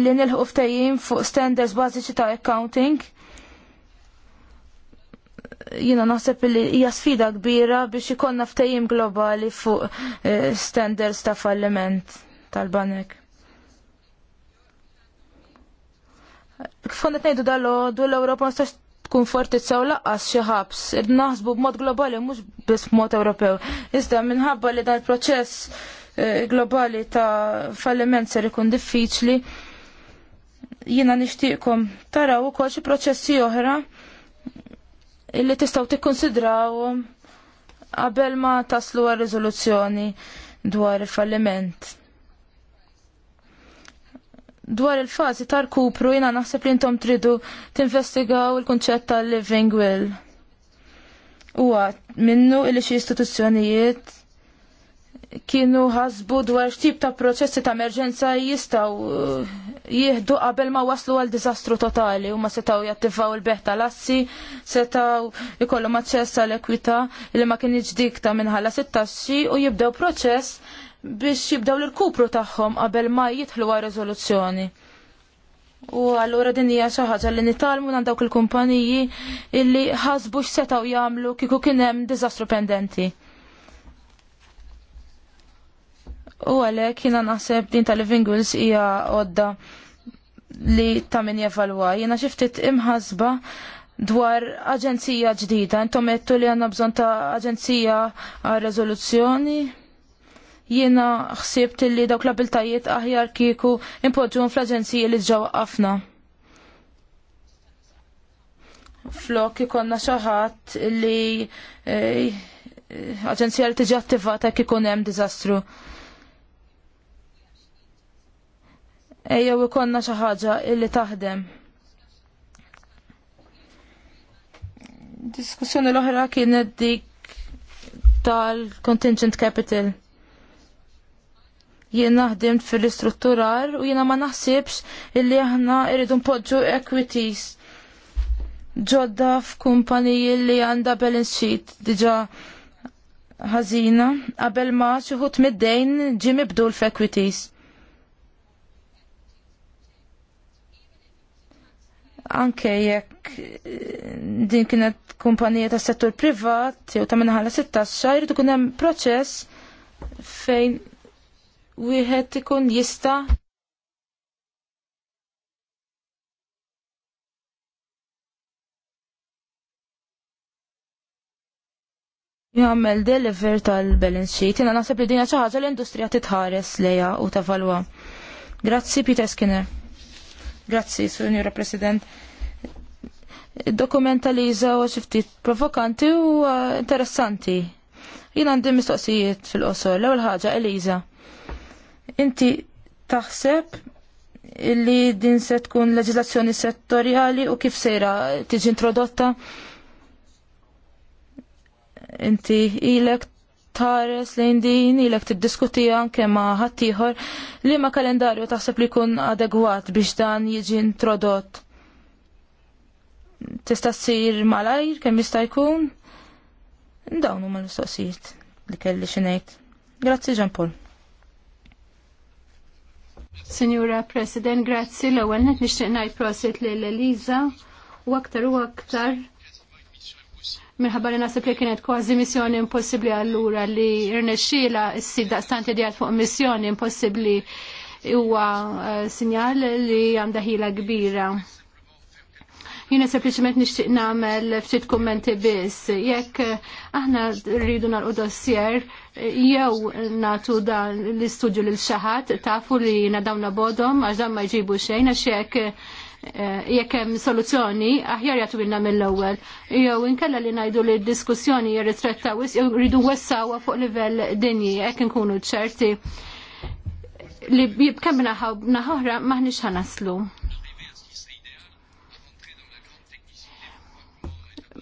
li nilħu ftajim fuq standards bażiċi ta' accounting. Jina naħseb li hija sfida kbira biex ikonna ftajim globali fuq eh, standards ta' falliment tal-banek. Kif konnet ngħidu dal l-Ewropa ma stax tkun fortizza u laqqas xi ħabs. Naħsbu b'mod globali mhux biss b'mod Ewropew. Iżda minħabba li dan il-proċess eh, globali ta' falliment ser ikun diffiċli, jiena nixtieqkom taraw ukoll xi proċessi oħra illi tistgħu tikkonsidrawhom qabel ma taslu għal riżoluzzjoni dwar il-falliment dwar il-fazi tar kupru jina naħseb li intom tridu tinvestigaw il-konċett tal-living will. Uwa, minnu illi xie istituzzjonijiet kienu ħasbu dwar xtib ta' proċessi ta' emerġenza jistaw uh, jihdu qabel ma waslu għal dizastru totali u ma setaw jattivaw il-beħ tal-assi, setaw jikollu maċċess għal ekwita li ma kien iġdikta minnħala minħalla sittaxxi u jibdew proċess biex jibdaw l-kupru tagħhom qabel ma jitħlu għal riżoluzzjoni. U allura din hija xi ħaġa li nitalmu għand dawk il-kumpaniji illi ħasbu x'setgħu jagħmlu kieku kien hemm diżastru pendenti. U għalhekk jiena naħseb din tal-Living Wills hija għodda li ta' min jevalwa. Jiena xi ftit imħasba dwar aġenzija ġdida. Intom għettu li għandna bżonn ta' aġenzija għal riżoluzzjoni jiena ħsibt li dawk l-abiltajiet aħjar kieku impoġġuhom fl aġenzija li ġew ħafna. Flok ikonna xaħat li eh, aġenzija li tiġi attivata kikun ikun hemm diżastru. Ejjew ikonna xi ħaġa illi taħdem. Diskussjoni l-oħra kienet dik tal-contingent capital jiena naħdimt fil-istrutturar u jiena ma naħsibx illi aħna irridu npoġġu equities ġodda f'kumpaniji li għandha balance sheet diġa ħażina qabel ma xi ħut mid-dejn ġie mibdul f'equities. Anke jekk eh, din kienet kumpanija tas settur privat jew ta' minħala sittax jridu jrid ikun hemm proċess fejn wieħed ikun jista' jagħmel deliver tal-balance sheet. Jiena naħseb li dinja xi ħaġa l-industrija titħares lejha u tavalwa. Grazzi Peter Skinner. Grazzi, Sunjura President. Dokumenta li xi ftit provokanti u interessanti. Jien għandi mistoqsijiet fil-qosor. L-ewwel ħaġa Eliza. Inti taħseb li din se tkun leġislazzjoni settorjali u kif sejra tiġi introdotta? Inti ilek tħares lejn din ilek tiddiskuti anke ma' ħaddieħor li ma' kalendarju taħseb li jkun adegwat biex dan jiġi introdott. Tista' ssir malajr kemm jista' jkun? Dawn huma l-mistoqsijiet li kelli xi ngħid. Grazzi Ġampol. Signora President, grazzi l-ewwel net nixtieq ngħid prosit lil Eliza u aktar u aktar minħabba li nasib li kienet kważi missjoni impossibbli allura li rnexxiela ssib stanti dijat fuq missjoni impossibbli huwa eh, sinjal li għandha ħila kbira. Jiena sempliċement nixtieq nagħmel ftit kummenti biss. Jekk aħna rridu nagħlqu dossier jew nagħtu dan l-istudju lil xi ħadd tafu li jiena dawna bodhom għax dan ma jġibu xejn għax jekk eh, jekk hemm soluzzjoni aħjar jagħtu lilna mill-ewwel. Jew inkella li ngħidu li d-diskussjoni jirritretta wis jew rridu wessawha fuq livell dinji hekk inkunu ċerti li bkemm naħa oħra maħniex ħanaslu.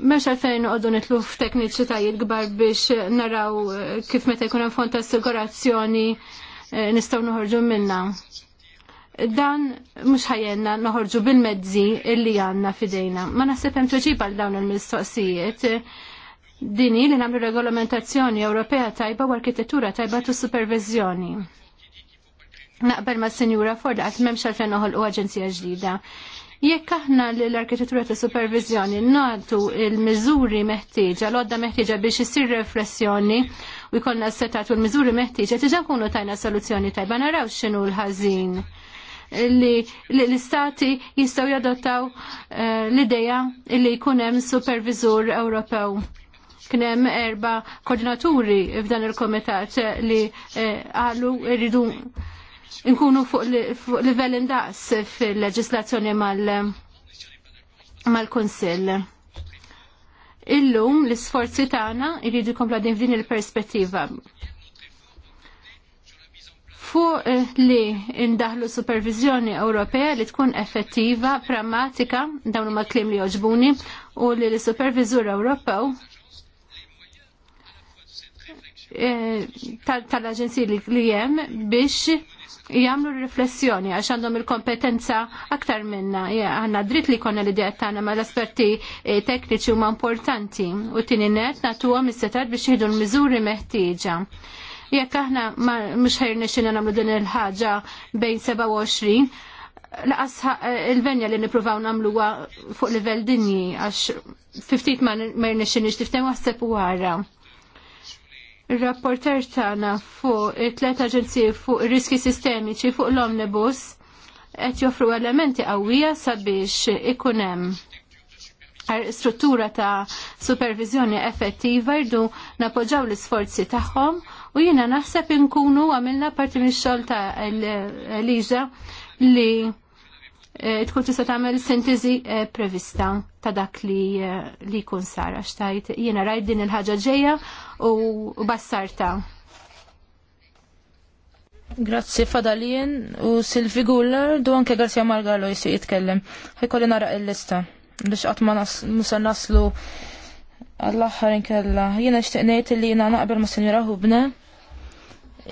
Mex għalfejn għoddu nitlu f'tekniċitajiet gbar biex naraw eh, kif meta jkun hemm font assigurazzjoni eh, nistgħu noħorġu minna. Dan mhux ħajjenna noħorġu bil-mezzi illi għandna fidejna. Ma naħseb hemm tuġib għal dawn il-mistoqsijiet. Dini li nagħmlu regolamentazzjoni Ewropea tajba u arkitettura tajba tu supervizjoni. Naqbel ma' Sinjura Ford għat memx għalfejn noħolqu aġenzija ġdida. Jekk aħna l-arkitettura ta' supervizjoni natu il-miżuri meħtieġa, l-għodda meħtieġa biex isir riflessjoni u jkollna setat u l-miżuri meħtieġa, tiġa nkunu tajna soluzzjoni tajba naraw x'inhu l-ħażin li l-istati jistaw jadottaw eh, l-ideja li jkunem supervizur Ewropew. Knem erba koordinaturi f'dan il-komitat li eh, qalu rridu nkunu fuq livell indaqs fil-leġislazzjoni mal konsil Illum l-isforzi tagħna jridu jkomplu din f'din il-perspettiva. Fuq eh, li ndaħlu supervizjoni Ewropea li tkun effettiva, pragmatika, dawn huma klim li joġbuni, u li l-supervizur Ewropew Eh, tal-aġenziji li, jem biex jamlu riflessjoni għax għandhom il-kompetenza aktar minna. Għanna dritt li konna l-idea tagħna ma l-asperti eh, tekniċi huma importanti u tini net għom is setar biex jieħdu l-miżuri meħtieġa. Jekk aħna mhux ħajrni xinna nagħmlu din il-ħaġa bejn 27, laqas eh, il-venja li nipruvaw namluwa fuq livell dinji għax fiftit ma nirnexxinix tiftem waħseb u għara rapporter tagħna fuq it-tlet aġenzi fuq riski sistemiċi fuq l-omnibus qed joffru elementi qawwija sabiex ikun hemm struttura ta' supervizjoni effettiva jdu napoġaw l-isforzi tagħhom u jiena naħseb inkunu għamilna parti mix-xogħol ta' Eliza li Eh, tkun tista' tagħmel sintesi eh, prevista ta' dak li eh, li jkun sar għax tajt jiena rajt din il-ħaġa ġejja u bassarta. Grazzi Fadalien u Silvi Guller du anke Garcia Margalo jisi jitkellem. Ħajkolli nara il-lista biex qatt ma musa naslu għall-aħħar inkella. Jiena xtieq ngħid li jiena naqbel ma' Sinjura Hubne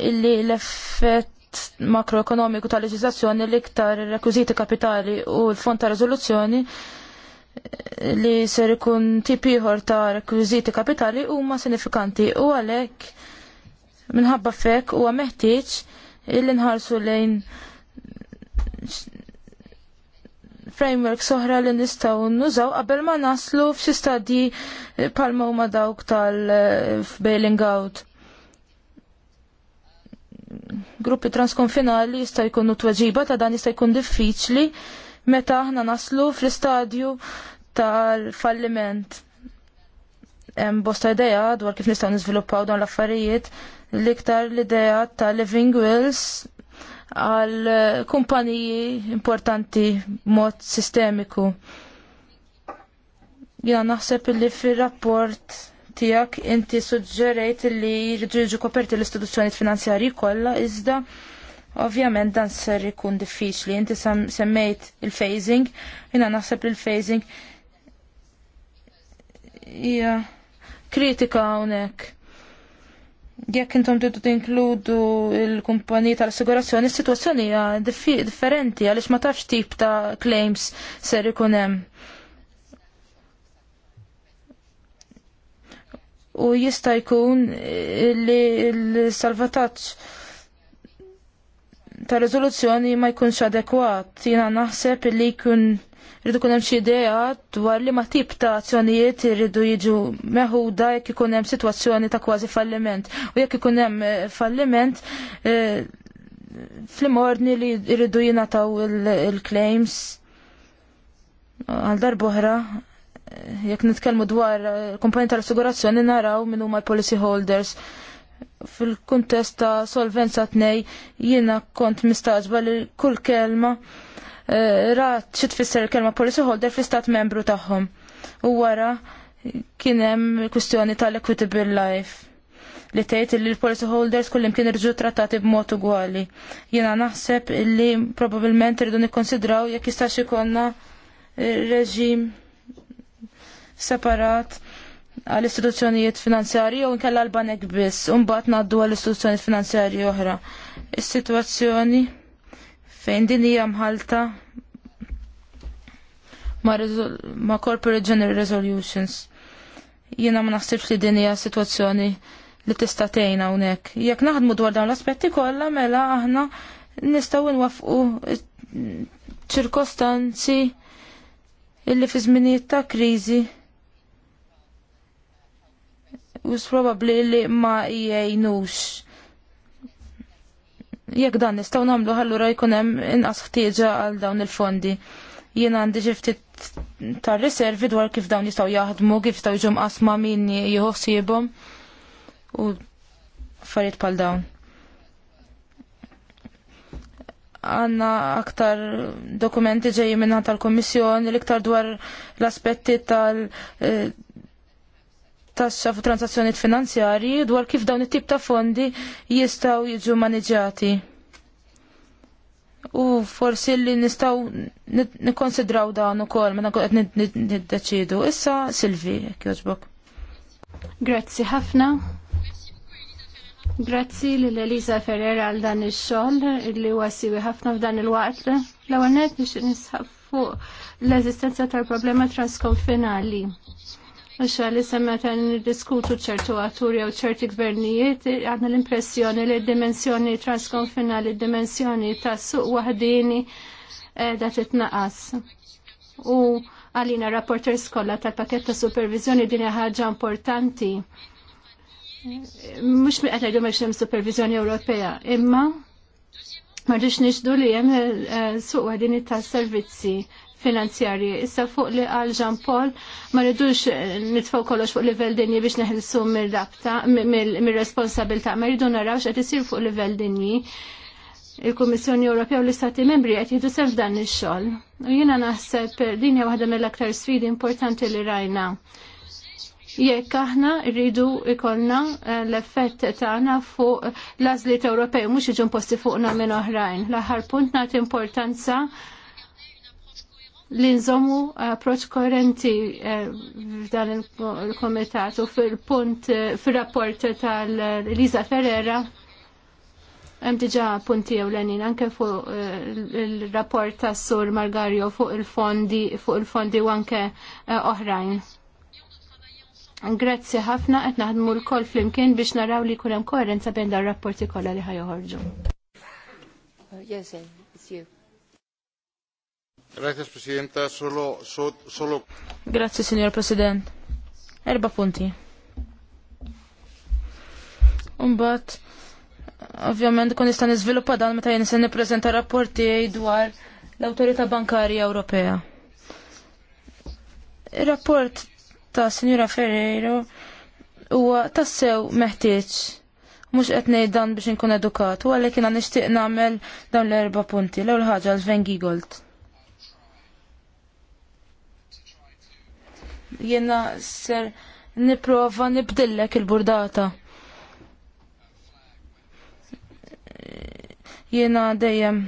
illi l-effett makroekonomiku tal-leġizzazzjoni l-iktar rekwiziti kapitali u l-fond ta' rezoluzzjoni eh, li ser ikun tip ieħor ta' rekwiziti kapitali huma sinifikanti u għalhekk minħabba fek huwa meħtieġ illi nħarsu lejn framework soħra li nistaw nużaw qabel ma naslu f'xi stadji eh, palma huma dawk tal-bailing out gruppi transkonfinali jista' jkunu tweġiba ta' dan jista' jkun diffiċli meta aħna naslu fl-istadju tal-falliment. Hemm bosta idea dwar kif nistgħu niżviluppaw dawn l-affarijiet l-iktar l-idea ta' Living Wills għal kumpaniji importanti mod sistemiku. Jina naħseb li fir-rapport tijak inti suġġerejt li jiġu koperti l-istituzzjoni finanzjarji kollha iżda ovvjament dan ser ikun diffiċli. Inti semmejt il-phasing, jiena naħseb li l-phasing hija kritika hawnhekk. Jekk intom tridu tinkludu il-kumpaniji tal-assigurazzjoni, is-sitwazzjoni hija differenti għaliex ma tafx tip ta' claims ser ikun hemm u jista' jkun eh, li l-salvataġġ ta' riżoluzzjoni ma jkunx adekwat. Jiena naħseb li jkun rridu kun hemm xi idea dwar li ma tip ta' azzjonijiet irridu jiġu meħuda jekk ikun hemm sitwazzjoni ta' kważi falliment. U jekk ikun hemm eh, falliment eh, fl-imordni li irridu jingħataw il-claims għal darbohra jekk nitkellmu dwar eh, komponenti tal-assigurazzjoni naraw minn huma policy holders fil-kuntest ta' solvenza tnej jiena kont mistaġba li kull kelma eh, rat xi tfisser kelma policy holder fl-istat membru tagħhom. U wara kien hemm kwistjoni tal-equitable life li tgħid li l-policy holders kullim kien irġu trattati b'mod ugwali. Jiena naħseb illi probabbilment irridu nikkonsidraw jekk jistax ikollna eh, reġim separat għal istituzzjonijiet finanzjarji u nkella l-banek biss, mbagħad ngħaddu għal istituzzjonijiet finanzjarji oħra. Is-sitwazzjoni fejn din hija mħalta ma, ma corporate general resolutions. Jiena ma naħsibx li din hija sitwazzjoni li tista' tgħinha hawnhekk. Jekk naħdmu dwar dawn l-aspetti kollha mela aħna nistgħu nwaffqu ċirkostanzi illi fi żminijiet ta' kriżi u probabli li ma jajnux. Jekk dan nistgħu nagħmlu allura jkun hemm inqas ħtieġa għal dawn il-fondi. Jien għandi xi ftit tar-riservi dwar kif dawn jistgħu jaħdmu, kif jistgħu jiġu mqasma min jieħu u affarijiet bħal dawn. għanna aktar dokumenti ġeji minna tal-Komissjoni, l-iktar dwar l-aspetti tal- eh, taxxa fuq transazzjonijiet finanzjarji dwar kif dawn it-tip ta' fondi jistgħu jiġu maniġati. U forsi li nistgħu nikkonsidraw dawn ukoll meta qed niddeċidu. Issa Silvi, jekk jogħġbok. Grazzi ħafna. Grazzi l Eliza Ferrera għal dan ix-xogħol li huwa siwi ħafna f'dan il-waqt. L-ewwel biex nisħab fuq l-eżistenza tal-problema transkonfinali Għaxa li semmeta n diskutu ċertu għaturi u ċerti gvernijiet, għadna l-impressjoni li d-dimensjoni transkonfinali, d-dimensjoni ta' suq wahdini eh, da titnaqas. U għalina rapporter skolla tal paketta ta' supervizjoni din ħaġa importanti. Mux mi għatajdu meċ supervizjoni Ewropea, imma marriċ nixdu li jem eh, suq għadini ta' servizzi finanzjarji. Issa fuq li għal Jean Paul ma rridux eh, nitfaw kollox fuq livell dinji biex neħilsu mir-rabta, mir-responsabilta, ma rridu naraw x'qed isir fuq livell dinji il-Kummissjoni Ewropea u l-Istati Membri qed jidu sef dan ix-xogħol. U jiena naħseb dinja hija waħda mill-aktar sfidi importanti li rajna. Jekk aħna rridu ikollna eh, l-effett tagħna fuq l-għażliet Ewropej mhux jiġu posti fuqna minn oħrajn. L-aħħar punt nagħti importanza li nżommu approċ koerenti eh, f'dan il-komitat u fil-punt eh, fil-rapport tal eliza Ferrera hemm diġà punti ewlenin anke fuq eh, il-rapport tas-sur Margario fuq il-fondi fuq il-fondi u anke oħrajn. Grazzi ħafna qed naħdmu l-koll flimkien biex naraw li jkun hemm koerenza bejn dar rapporti kollha li ħajoħorġu. Yes, Grazie, Presidenta. Solo, so, solo... Grazie, Signor President. Erba punti. Imbagħad ovvjament, kun jista' niżviluppa dan meta jien se nippreżenta rapporti dwar l-Awtorità Bankarja Ewropea. Ir-rapport ta' Signora Ferreiro huwa tassew meħtieġ mhux qed ngħid dan biex inkun edukat, u għalhekk jina nixtieq nagħmel dawn l-erba punti, l ewwel ħaġa l-Sven Gigolt. Jena ser niprofa nibdillek il-burdata. Jena dejjem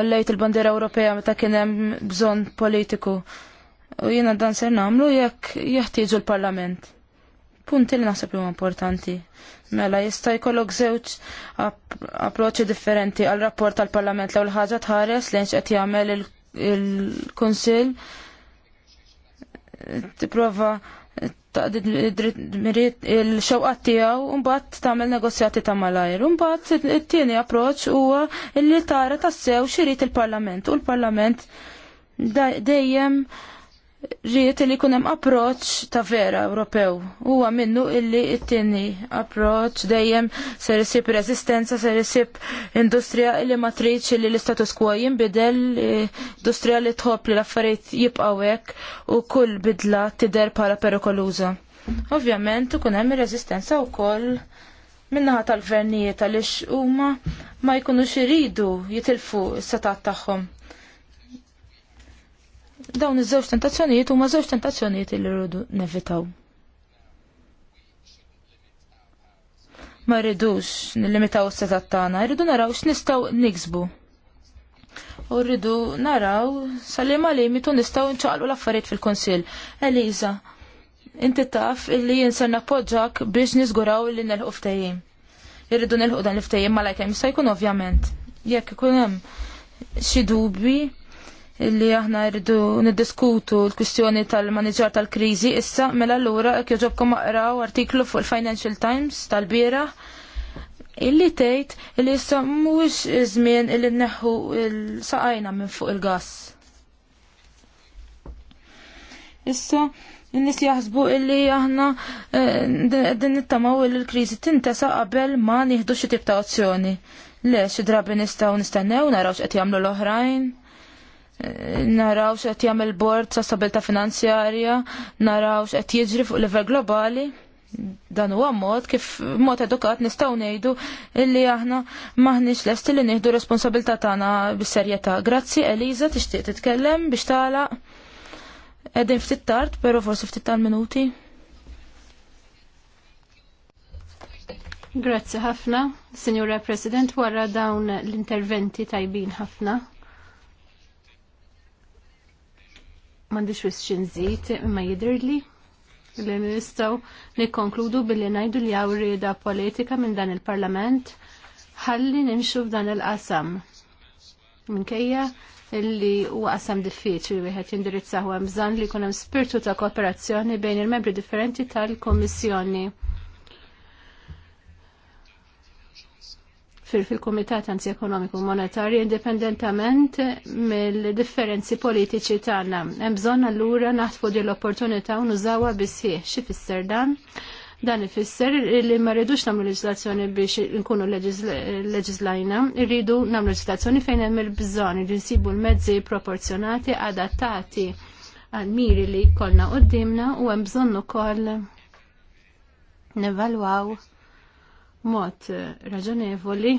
ollejt il-bandera Ewropea meta kien hemm bżonn politiku. U jiena dan ser nagħmlu jekk jeħtieġu l-Parlament. Punti li naħseb huma importanti. Mela jista' jkollok żewġ approċċi differenti għal rapport tal-Parlament l-ewwel ħaġa tħares lejn qed jagħmel il-Kunsill il kunsill tipprova taqdid il-xewqat tiegħu u mbagħad tagħmel negozjati ta' malajr. U mbagħad it-tieni approċċ huwa li tara tassew xirit il-Parlament u l-Parlament dejjem da rrit li kunem approċ ta' vera Ewropew. Huwa minnu illi it-tieni approċ dejjem ser isib resistenza, ser isib industrija illi matriċ illi l-istatus quo jinbidel, industrija li tħobb li l-affarijiet jibqgħu hekk u kull bidla tidher bħala perikoluża. Ovvjament ikun hemm ir-reżistenza wkoll minnaħa tal-gvernijiet għaliex huma ma jkunux iridu jitilfu s-setat tagħhom. Dawn iż-żewġ tentazzjonijiet huma żewġ tentazzjonijiet li rridu nevitaw. Ma rridux nillimitaw s-setat tagħna, rridu naraw x'nistgħu niksbu. U rridu naraw sal-liema limitu nistgħu nċaqlu l-affarijiet fil-Kunsill. Eliza, inti taf illi jien se nappoġġak biex niżguraw illi nelħu ftehim. Irridu nilħu dan l-ftehim malajkem jista' jkun ovvjament. Jekk ikun hemm xi dubi illi aħna rridu niddiskutu l-kwistjoni tal-maniġar tal-krizi issa mela l-ura kjoġobkom maqraw artiklu fuq il-Financial Times tal-bira illi tgħid illi issa mhuwiex iż-żmien illi nneħħu l-saqajna minn fuq il-gass. Issa n-nis jaħsbu illi aħna eh, din nittamaw l krizi tintesa qabel ma nieħdu xi tip ta' azzjoni. Le, xi drabi nistgħu nistennew naraw x'qed jagħmlu l-oħrajn naraw x'qed jagħmel bord sa' stabilta finanzjarja, naraw x'qed jiġri fuq livell globali. Dan huwa mod kif mod edukat nistgħu ngħidu illi aħna maħniex lesti li nieħdu responsabilità tagħna bis-serjetà. Grazzi Eliza tixtieq titkellem biex tagħlaq. Qegħdin ftit tard, però forsi ftit tal minuti. Grazzi ħafna, Signora President, wara dawn l-interventi tajbin ħafna mandiċ wis xinżit imma jidhirli li nistgħu nikkonkludu billi ngħidu li għawri da politika minn dan il-Parlament ħalli nimxu f'dan il-qasam. Minkejja illi huwa qasam diffiċli wieħed jindirizzahu hemm bżonn li jkun hemm spirtu ta' kooperazzjoni bejn il-membri differenti tal-Kummissjoni. fil-Komitat Anzi Ekonomiku Monetari indipendentament mill-differenzi politiċi tagħna. Hemm bżonn allura naħtfu din l-opportunità u nużawha bisħieħ xi fisser dan. Dan ifisser li ma rridux nagħmlu leġislazzjoni biex nkunu leġislajna, rridu nagħmlu leġislazzjoni fejn hemm il-bżonn li nsibu l-mezzi proporzjonati adattati għal miri li kollna qudiemna u hemm bżonn ukoll nevalwaw mod eh, raġonevoli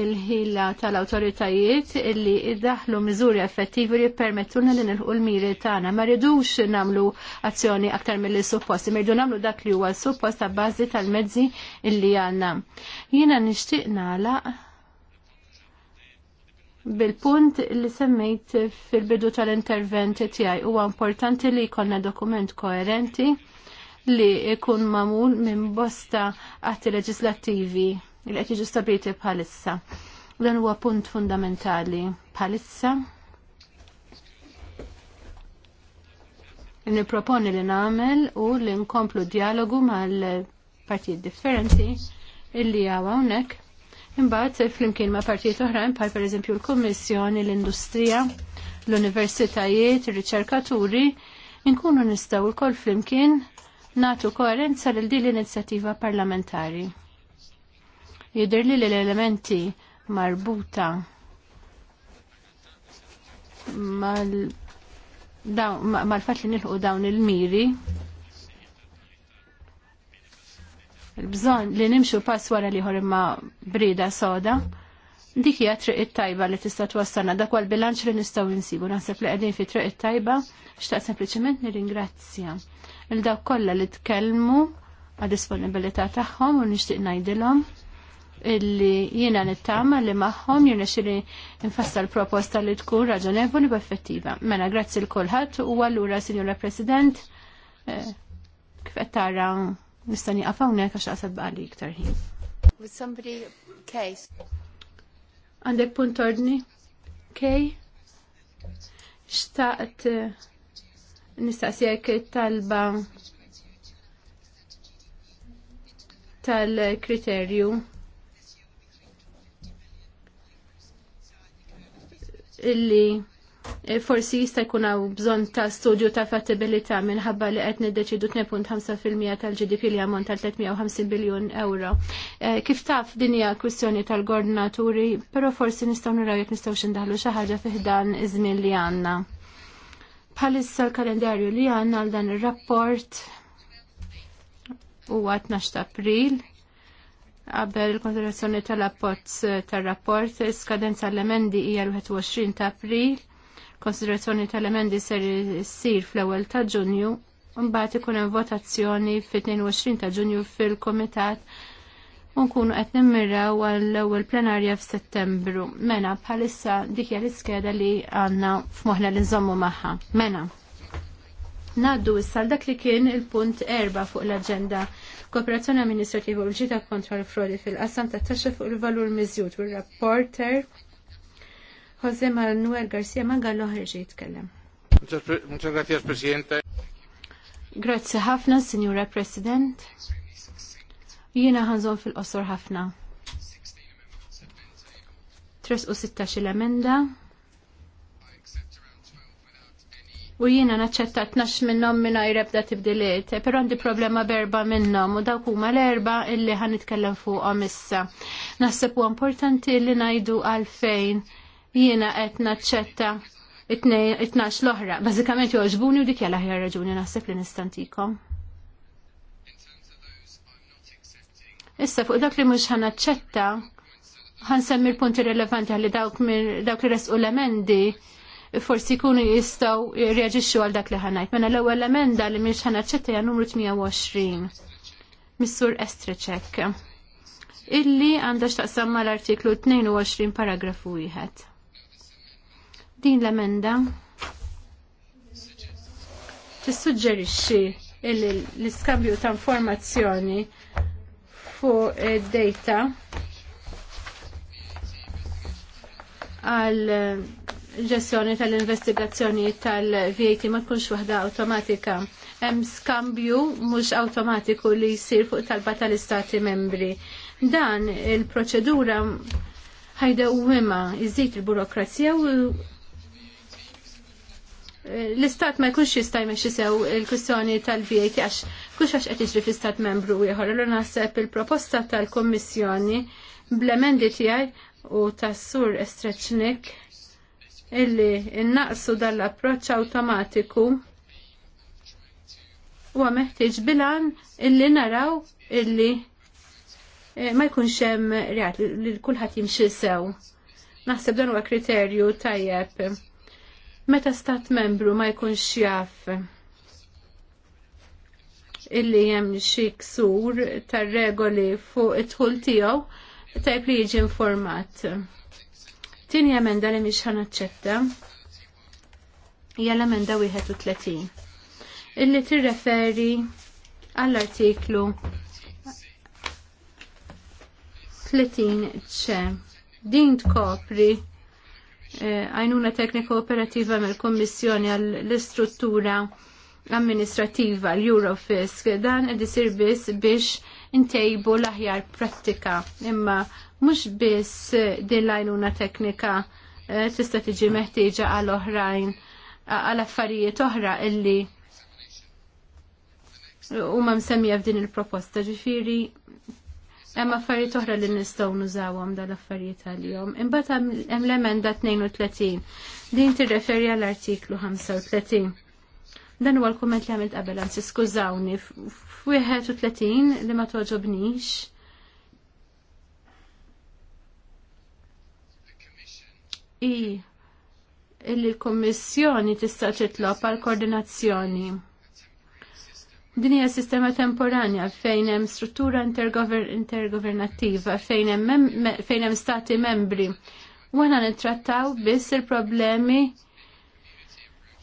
il-ħila tal-autoritajiet illi id-daħlu miżuri effettivi li permettuna li nilħu l-miri tagħna. Ma rridux namlu azzjoni aktar mill suppost mirdu namlu dak li huwa suppost ta' bażi tal-mezzi illi għandna. Jiena nixtieq nagħlaq bil-punt li semmejt fil-bidu tal-intervent tiegħi huwa importanti li jkollna dokument koerenti li jkun mamul minn bosta atti leġislattivi li qed jiġu bħalissa. Dan huwa punt fundamentali bħalissa. Niproponi li nagħmel u li nkomplu dialogu mal-partijiet differenti illi għaw hawnhekk. Imbagħad flimkien ma' partijiet oħrajn bħal pereżempju l-Kummissjoni, l-Industrija, l-Universitajiet, ir-Riċerkaturi, inkunu nistgħu lkoll flimkien natu koerenza lil din l-inizjattiva parlamentari. Jidher li l-elementi marbuta mal-fat li nilħu dawn il-miri bżon li nimxu pass wara li imma brida soda, dik hija triq it-tajba li tista' twassalna dak għal bilanċ li nistgħu insibu. Naħseb li qegħdin fi triq it-tajba xtaq sempliċement nirringrazzja il dawk kollha li tkellmu għad disponibilità tagħhom u nixtieq ngħidilhom illi jiena nittama li maħħom jiena xiri nfassal proposta li tkun raġonevoli u effettiva. Mela, grazzi l-kolħat u għallura, Signora President, eh, kif tara nistani għafawnek għax għasab għalli iktar ħin. With somebody case. Għandek punt ordni? Kej? Xtaqt eh, nistaqsijek talba tal-kriterju illi forsi jista' jkun hawn bżonn ta' studju ta' fattibilità minħabba li qed niddeċidu 2.5% tal-GDP li ammont tal-350 biljun euro. Eh, kif taf din hija kwistjoni tal-gordinaturi, però forsi nistgħu naraw jekk nistgħu xi ndaħlu xi ħaġa fih dan iż-żmien li għandna. Palissa l-kalendarju li għanna għal dan il-rapport huwa għat ta' April qabel il-konsiderazzjoni tal-appozz tal-rapport, skadenza l-emendi hija l-21 ta' April, konsiderazzjoni tal-emendi ser issir fl-ewwel ta' Ġunju, mbagħad ikun hemm votazzjoni fit-22 ta' Ġunju fil-Kumitat unkunu qed nimmirraw għall-ewwel plenarja f'Settembru. Mena bħalissa dik hija l-iskeda li għandna f'moħħla li nżommu magħha. Mena. Naddu issa dak li kien il-punt erba' fuq l-aġenda kooperazzjoni amministrativa u l-ġita kontra l-frodi fil-qasam ta' taxxa fuq il-valur miżjud u rapporter Jose Manuel Garcia Mangallo ħarġi jitkellem. Muchas gracias, Presidente. Grazie ħafna, Signora President. Jiena ħanżon fil-qosor ħafna. 316 l-emenda. U jiena naċċetta 12 minnhom mingħajr ebda tibdiliet, però għandi problema berba minnhom u dawk huma l-erba illi ħan nitkellem fuqhom issa. Naħseb huwa importanti li ngħidu għalfejn jiena qed naċċetta it-tnax l-oħra. Bażikament jogħġbuni u dik jalla ħjar raġuni naħseb li nistantikom. Issa fuq dak li mhux ħanaċċetta ħansemmi l-punti rilevanti għalli dawk minn dawk li resqu l-emendi forsi jkunu jistgħu jirreaġixxu għal dak li ħanajt. Mela l-ewwel emenda li mhux ħanaċċetta hija numru 28. Missur Estreċek. Illi għandha x'taqsam mal-artiklu 22 paragrafu wieħed. Din l-emenda tissuġġerixxi l-iskambju ta' informazzjoni fuq eh, data għal eh, ġestjoni tal-investigazzjoni tal-VAT ma tkunx waħda automatika. Hemm skambju mhux awtomatiku li jsir fuq talba tal-istati membri. Dan il-proċedura ħajda u mema il-burokrazija u eh, l-istat ma jkunx jista' jmexxi sew il-kwistjoni tal-VAT għax mhux għax qed jiġri fl-istat membru ieħor, allura naħseb il-proposta tal-Kummissjoni bl-emendi tiegħi u tas-sur Estreċnik illi innaqsu dal-approċċ awtomatiku huwa meħtieġ bilan illi naraw illi eh, ma jkunx hemm reat li kulħadd jimxi sew. Naħseb dan huwa kriterju tajjeb. Meta stat membru ma jkunx jaf illi hemm xi ksur tar-regoli fuq it-tħul tiegħu tajb li informat. Tieni emenda li mhix ħanaċċetta hija l-emenda 31 illi tirreferi għall-artiklu 30 ċe. Din tkopri eh, għajnuna tekniko operativa mill-Kommissjoni għall-istruttura amministrativa l-Eurofisk dan qed isir biss biex intejbu l-aħjar prattika imma mhux biss din l-għajnuna teknika eh, tista' tiġi meħtieġa għal oħrajn għal affarijiet oħra illi huma msemmija f'din il-proposta ġifieri hemm affarijiet oħra li nistgħu nużawhom dal-affarijiet għalihom. Imbagħad hemm l-emenda 32 din tirreferi għall-artiklu 35 Dan huwa l-kumment li għamilt qabel anzi skużawni tletin li ma toġobnix. I illi l-Kommissjoni tista' titlob għal koordinazzjoni. Din hija sistema temporanja fejn hemm struttura intergovernattiva fejn hemm fejn hemm stati membri. U aħna nittrattaw biss il-problemi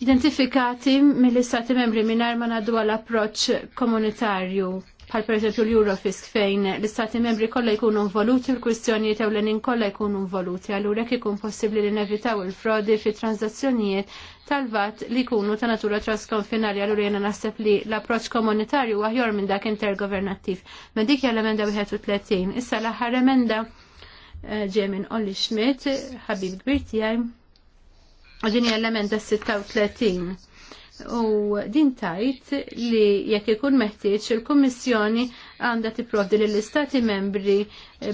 identifikati mill-istati membri mingħajr ma naddu għal approċċ komunitarju bħal pereżempju l-Eurofisk fejn l-istati membri kollha jkunu involuti u l-kwistjonijiet l-enin kollha jkunu involuti allura jekk ikun possibbli li nevitaw il-frodi fi transazzjonijiet tal-vat li jkunu ta' natura transkonfinarja allura jena naħseb li l-approċċ komunitarju aħjar minn dak intergovernattiv. Ma dik hija l-emenda 31. Issa l-aħħar emenda Ġemin eh, Olli Schmidt, ħabib kbir tiegħi Għadini l-emenda 36. U din tajt li jekk ikun meħtieġ il-Kummissjoni għandha tipprovdi lill istati membri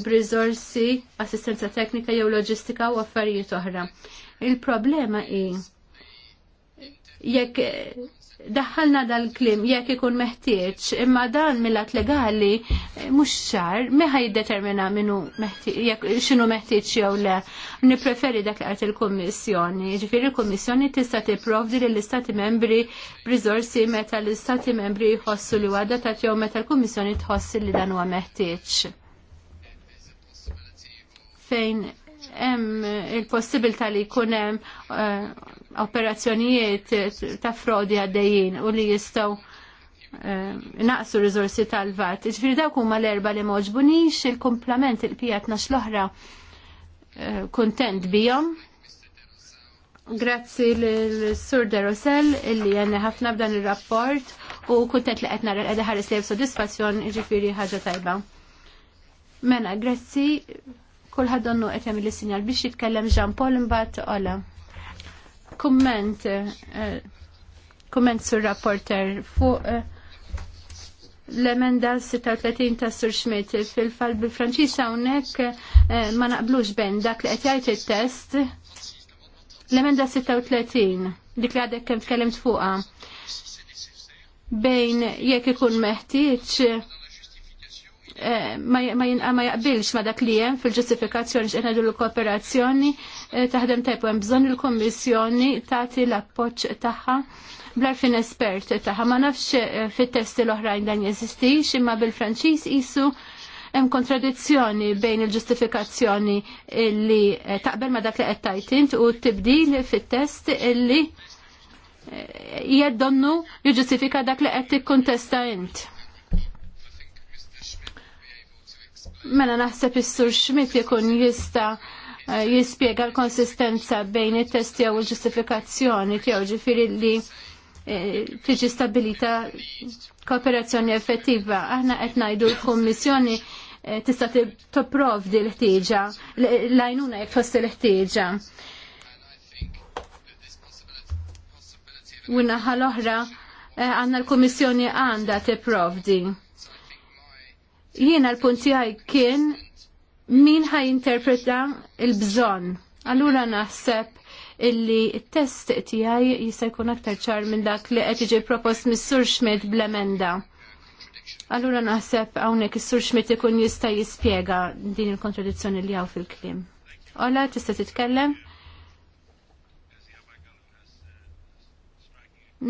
b'riżorsi, assistenza teknika jew loġistika u affarijiet oħra. Il-problema hi jekk daħħalna dal-klim jekk ikun meħtieġ, imma dan mill-att legali eh, mhux ċar meħa jiddetermina minnu x'inhu meħtieġ jew le. Nippreferi dak li qed il-Kummissjoni. Ġifieri il-Kummissjoni tista' tipprovdi lill istati membri b'riżorsi meta l-Istati membri jħossu li għadha ta' jew meta l-Kummissjoni tħossi li dan huwa meħtieġ. Fejn hemm il-possibilità li jkun hemm eh, operazzjonijiet ta' frodi għaddejjin u li jistgħu uh, naqsu riżorsi tal-vat. Ġifieri dawk huma l-erba li moġbunix il-kumplament il-pijat nax l-oħra kontent eh, kuntent Grazzi l-Sur De illi għanna ħafna b'dan il-rapport u kuntent li għetna għedha ħares li soddisfazzjon ġifiri ħagġa tajba. Mena, grazzi Kulħadd donnu qed jagħmel is-sinjal biex jitkellem Jean Paul imbagħad Ola. Kumment eh, kumment sur rapporter fuq eh, l-emenda 36 ta' Sur Schmidt fil-fall bil-Franċis hawnhekk eh, ma naqblux bejn dak li qed jgħid it-test l-emenda 36 dik li għadek kemm tkellimt fuqha bejn jekk ikun meħtieġ ma jaqbilx ma dak li hemm fil-ġustifikazzjoni x'qed l-kooperazzjoni e, taħdem tajpu hemm bżonn il-Kummissjoni tagħti l-appoġġ tagħha bl-arfin espert tagħha ma nafx e, fit-testi l-oħrajn dan jeżistix imma bil-Franċiż isu hemm kontradizzjoni bejn il-ġustifikazzjoni li e, taqbel ma dak li qed tajtint u tibdil fit-test illi jeddonnu jġustifika dak li qed tikkuntesta int. Mela naħseb is-sur Schmidt ikun jista' eh, jispjega l-konsistenza bejn it-test jew il ġustifikazzjoni tiegħu ġifieri li eh, tiġi stabilita kooperazzjoni effettiva. Aħna qed ngħidu l-Kummissjoni eh, tista' tipprovdi l-ħtieġa, l-għajnuna jekk fost l-ħtieġa. U naħa l-oħra għandna l-Kummissjoni għandha tipprovdi. Jiena l għaj kien min ħaj interpreta il-bżon. Allura naħseb illi test tijaj jista' jkun aktar ċar minn dak li qed jiġi propost mis-sur Schmidt bl-emenda. Allura naħseb hawnhekk is-sur Schmidt ikun jista' jispjega din il-kontradizzjoni li hawn fil-kliem. Ola, tista' titkellem?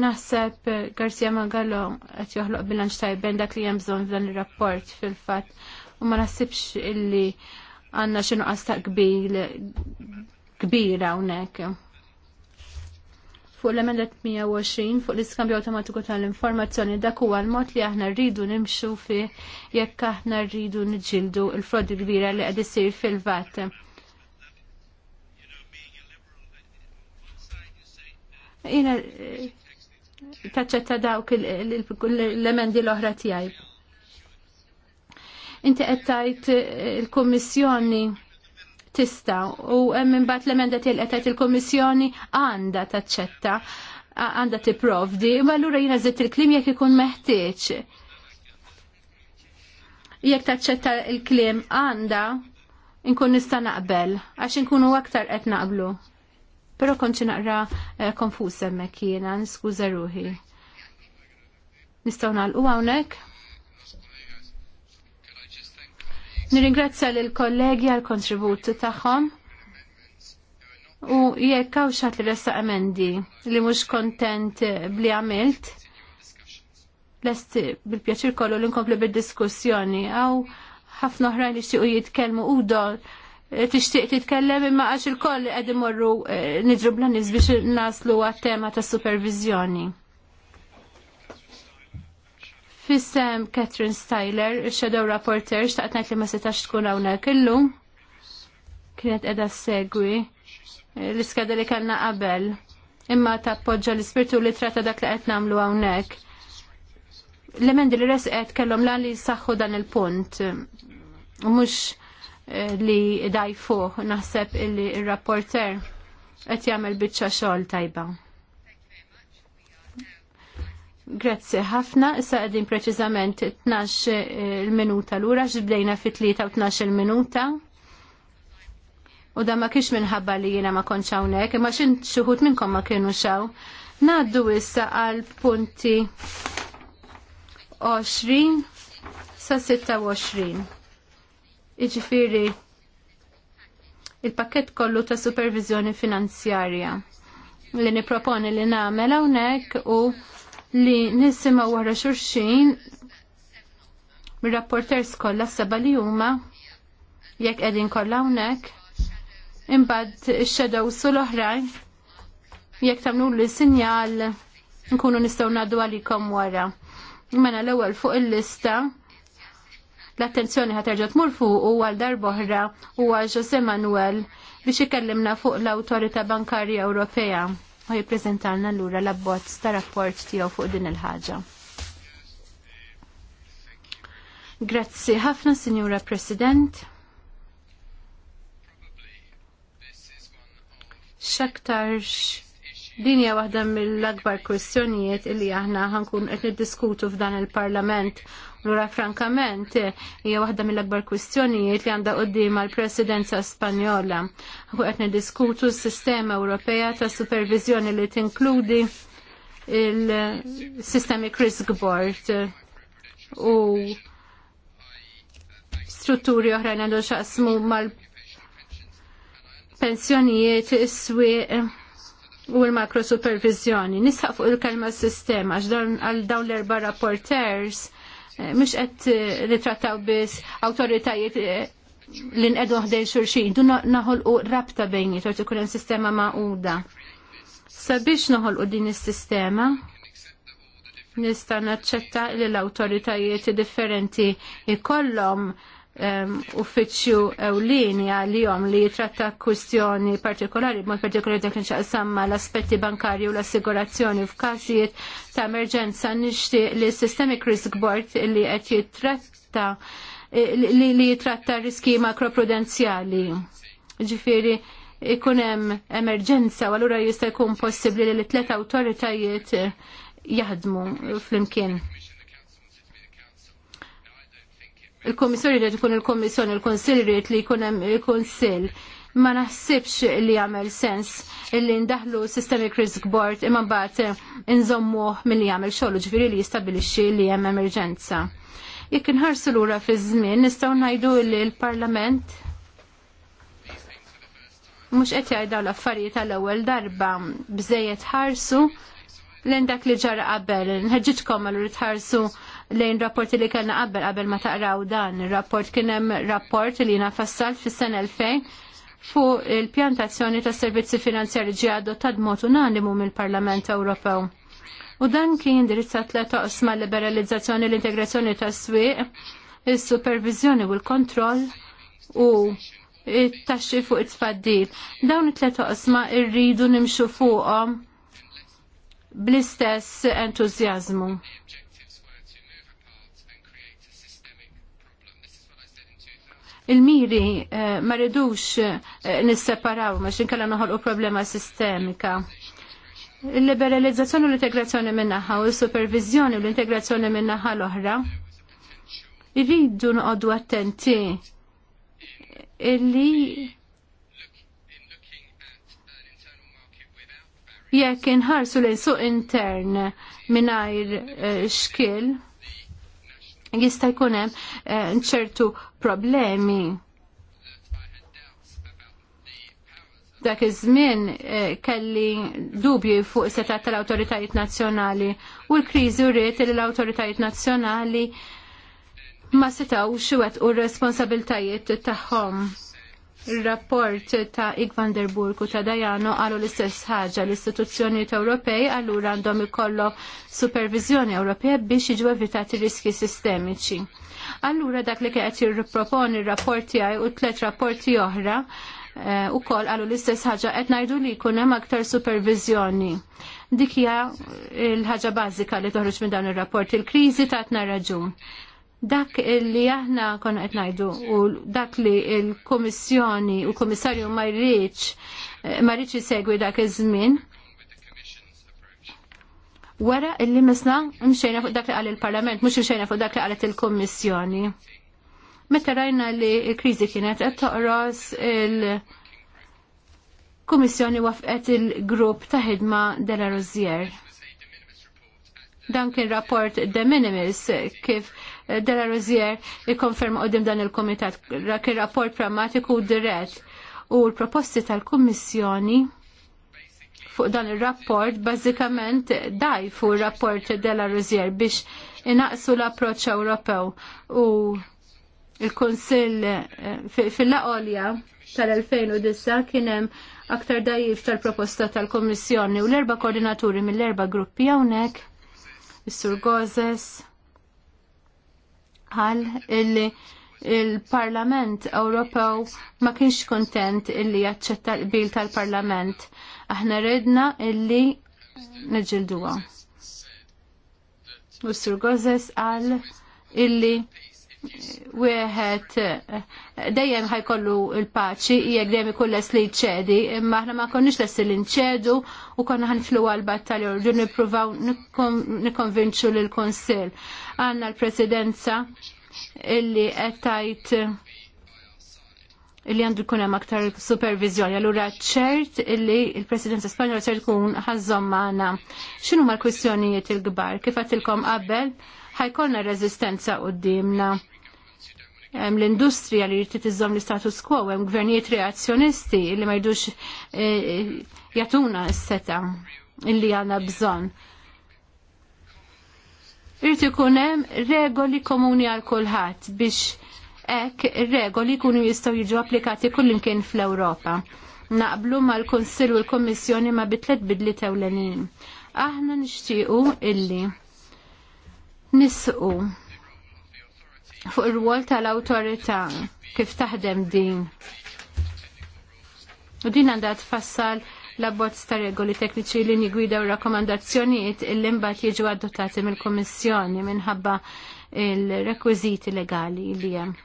Naħseb Garcia Magallo qed joħloq bilanċ tajben dak li hemm bżonn f'dan ir-rapport fil-fatt u ma naħsibx illi għandna xi nuqqas ta' kbira hawnhekk. Fuq l-emenda 120 fuq l-iskambju awtomatiku tal-informazzjoni dak huwa l-mod li aħna rridu nimxu fih jekk aħna rridu niġġieldu l-frodi kbira li qed isir fil-vat. Jina eh, taċċetta dawk l-emendi l-oħra tiegħi. Inti qed tgħid eh, il-Kummissjoni tista u hemm imbagħad l-emenda tiegħi qed il-Kummissjoni għandha taċċetta għandha tipprovdi, ma allura jiena żitt il-klim jekk ikun meħtieġ. Jekk taċċetta il-klim għandha inkun nista' naqbel għax inkunu aktar qed naqblu. Pero konċi naqra eh, konfus hemmhekk jiena, niskuża ruħi. Nistgħu nagħlqu hawnhekk? Nirringrazzja lill kollegi għal kontributi tagħhom. U jekk hawn l li resta emendi li mhux kontent bli għamilt, lest bil-pjaċir kollu li nkomplu bil diskussjoni għaw ħafna oħrajn li u jitkellmu u dol tixtieq titkellem imma għax il-koll qed imorru eh, nidru blanis biex naslu għat-tema ta' supervizjoni. Fissem Catherine Styler, shadow rapporter, xtaqt ngħid li ma setax tkun hawnhekk illum. Kienet qiegħda segwi eh, l-iskeda li kellna qabel. Imma tappoġġa l-ispirtu li tratta dak li qed nagħmlu hawnhekk. L-emendi li qed kellhom lan li saħħu dan il-punt. Mhux li dajfuh naħseb illi il-rapporter qed jagħmel biċċa xogħol tajba. Grazzi ħafna, issa qegħdin preċiżament 12 eh, il-minuta lura x'bdejna fi 12 il-minuta. U da ma kiex minħabba li jiena ma konċ hawnhekk, imma xin xuħut minnkom ma kienu xaw. Naddu issa għal punti 20 sa 26. Iġifiri, il-pakket kollu ta' supervizjoni finanzjarja li niproponi li namel hawnhekk u li nisimgħu wara xurxin mir-rapporters kollha seba li huma jekk qegħdin kollha hawnhekk imbagħad ix-shadows u l-oħrajn jekk tagħmlu li sinjal nkunu nistgħu ngħaddu għalikom wara. Mena l-ewwel fuq il-lista L-attenzjoni ħaterġa tmur fuq u għal darboħra u għal Jose Manuel biex ikellimna fuq l autorita Bankarja Ewropea u jippreżentalna lura l-abbozz ta' rapport tiegħu fuq din il-ħaġa. Grazzi ħafna, Sinjura President. Xaktarx Din hija waħda mill-akbar kwestjonijiet li aħna ħankun qed niddiskutu f'dan il-Parlament Lura frankament hija waħda mill-akbar kwistjonijiet li għandha qudiem għall-Presidenza Spanjola. Qed niddiskutu s-sistema Ewropea ta' supervizjoni li tinkludi il sistemi Risk Board u strutturi oħrajn għandu xaqsmu mal-pensjonijiet is-swieq u l-makro supervizjoni. Nisħaq fuq il-kelma sistema għax għal dawn l-erba rapporters Eh, mhux qed ritrattaw eh, biss awtoritajiet eh, li nqedu ħdej xulxin, du naħolqu rabta bejniet, ikun hemm sistema maquda. Sabiex noħolqu din is-sistema, nista' naċċetta li l-awtoritajiet differenti ikollhom uffiċċju li jom li jitratta kwistjoni partikolari, b'mod partikolari dak samma l-aspetti bankarji u l-assigurazzjoni f'każijiet ta' emerġenza nixtieq li Systemic Risk Board li qed jitratta li, li jitratta riski makroprudenzjali. Ġifieri ikun hemm emerġenza u allura jista' jkun possibbli li t-tlet awtoritajiet jaħdmu flimkien. il-Komissjoni li tkun il-Komissjoni, il-Konsil li li jkun hemm il-Konsil. Ma naħsibx li jagħmel sens li ndaħlu Systemic Risk Board imma mbagħad inżommuh milli jagħmel xogħol ġifieri li jistabbilixxi li hemm emerġenza. Jekk inħarsu lura fi żmien nistgħu ngħidu li l-Parlament mhux qed jgħidaw l-affarijiet tal-ewwel darba bżejjed ħarsu lejn dak li ġara qabel, nħeġġitkom allura tħarsu lejn rapporti li kellna qabel qabel ma taqraw dan ir-rapport kien hemm rapport li jiena fassalt fis-sena 2000 fuq il-pjantazzjoni ta' servizzi finanzjari ġi adottat mod unanimu mill-Parlament Ewropew. U dan kien indirizzat le toqsma liberalizzazzjoni l-integrazzjoni ta' swieq, il-supervizjoni u l-kontroll u it-taxxi fuq it-tfaddil. Dawn it-tlet toqsma irridu nimxu fuqhom bl-istess entużjażmu. il-miri eh, ma ridux eh, nisseparaw ma xinkalla noħolqu problema sistemika. Il-liberalizzazzjoni u l-integrazzjoni minnaħa u l-supervizjoni u l-integrazzjoni minnaħa l-oħra irridu noqogħdu attenti illi jekk inħarsu l-insuq intern mingħajr eh, xkil jista' jkun hemm eh, ċertu problemi. dak iż-żmien eh, kelli dubju fuq seta tal-awtoritajiet nazzjonali u l-kriżi rrid li l-awtoritajiet nazzjonali ma setgħux iwettqu r responsabiltajiet tagħhom rapport ta' Igvanderburg u ta' Dajano għallu l-istess ħaġa l-istituzzjonijiet Ewropej allura għandhom ikollu supervizjoni Ewropea biex jiġu evitati riski sistemiċi. Allura dak li kħet jirriproponi rapporti għaj u tliet rapporti oħra eh, u koll għallu l-istess ħaġa qed ngħidu li jkun hemm aktar supervizjoni. Dik hija l-ħaġa bażika li toħroġ minn dan ir-rapport il-kriżi tna raġun dak li aħna konna qed ngħidu u dak li l-Kummissjoni u l-Kummissarju ma rridx eh, ma rridx isegwi dak iż-żmien. Wara illi misna mxejna fuq dak li qal il-Parlament, mhux mxejna fuq dak li qalet il-Kummissjoni. Meta rajna li l-kriżi kienet qed toqros il- Kummissjoni wafqet il-grupp ta' ħidma della Rozier. Dan kien rapport de minimis kif Eh, della Rozier ikkonferma qudiem dan il-Kumitat kien rapport prammatiku u dirett u l-proposti tal-Kummissjoni fuq dan il-rapport bażikament dajfu il-rapport della Rozier biex inaqsu l-approċċ Ewropew u il-Konsill eh, fil-laqolja tal-2009 kien hemm aktar dajif tal-proposta tal-Kommissjoni u l-erba koordinaturi mill-erba gruppi hawnhekk is-Sur Gozes, qal illi il-Parlament Ewropew ma kienx kontent illi jaċċetta l bil tal-Parlament. Aħna redna illi neġilduha. Mussur Gozes qal illi wieħed dejjem ħajkollu l-paċi jekk dejjem ikun les li ċedi, imma aħna ma konniex les li nċedu u konna ħanflu għal battalju rridu nippruvaw nikkonvinċu lill-Kunsill għandna l-presidenza illi qed illi għandu jkun hemm aktar supervizjoni. Allura ċert illi il-Presidenza Spanjola ċert tkun maħna. magħna. ma l kwistjonijiet il-kbar? Kif għatilkom qabel rezistenza reżistenza d Hemm l-industrija li jrid tiżżomm l-status quo, hemm gvernijiet reazzjonisti li ma jdux eh, jagħtuna s-seta illi għandna bżonn Irrid ikun hemm regoli komuni għal kulħadd biex hekk regoli jkunu jistgħu jiġu applikati kullimkien fl-Ewropa. Naqblu mal-Kunsill u l-Kommissjoni ma bitlet bidli tewlenin. Aħna nixtiequ illi nisqu fuq ir-rwol tal-awtorità kif taħdem din. U din għandha tfassal l-abbozz ta' regoli tekniċi li gwida u rakkomandazzjonijiet l mbagħad jiġu adottati mill-Kummissjoni minħabba il-rekwiżiti legali li hemm.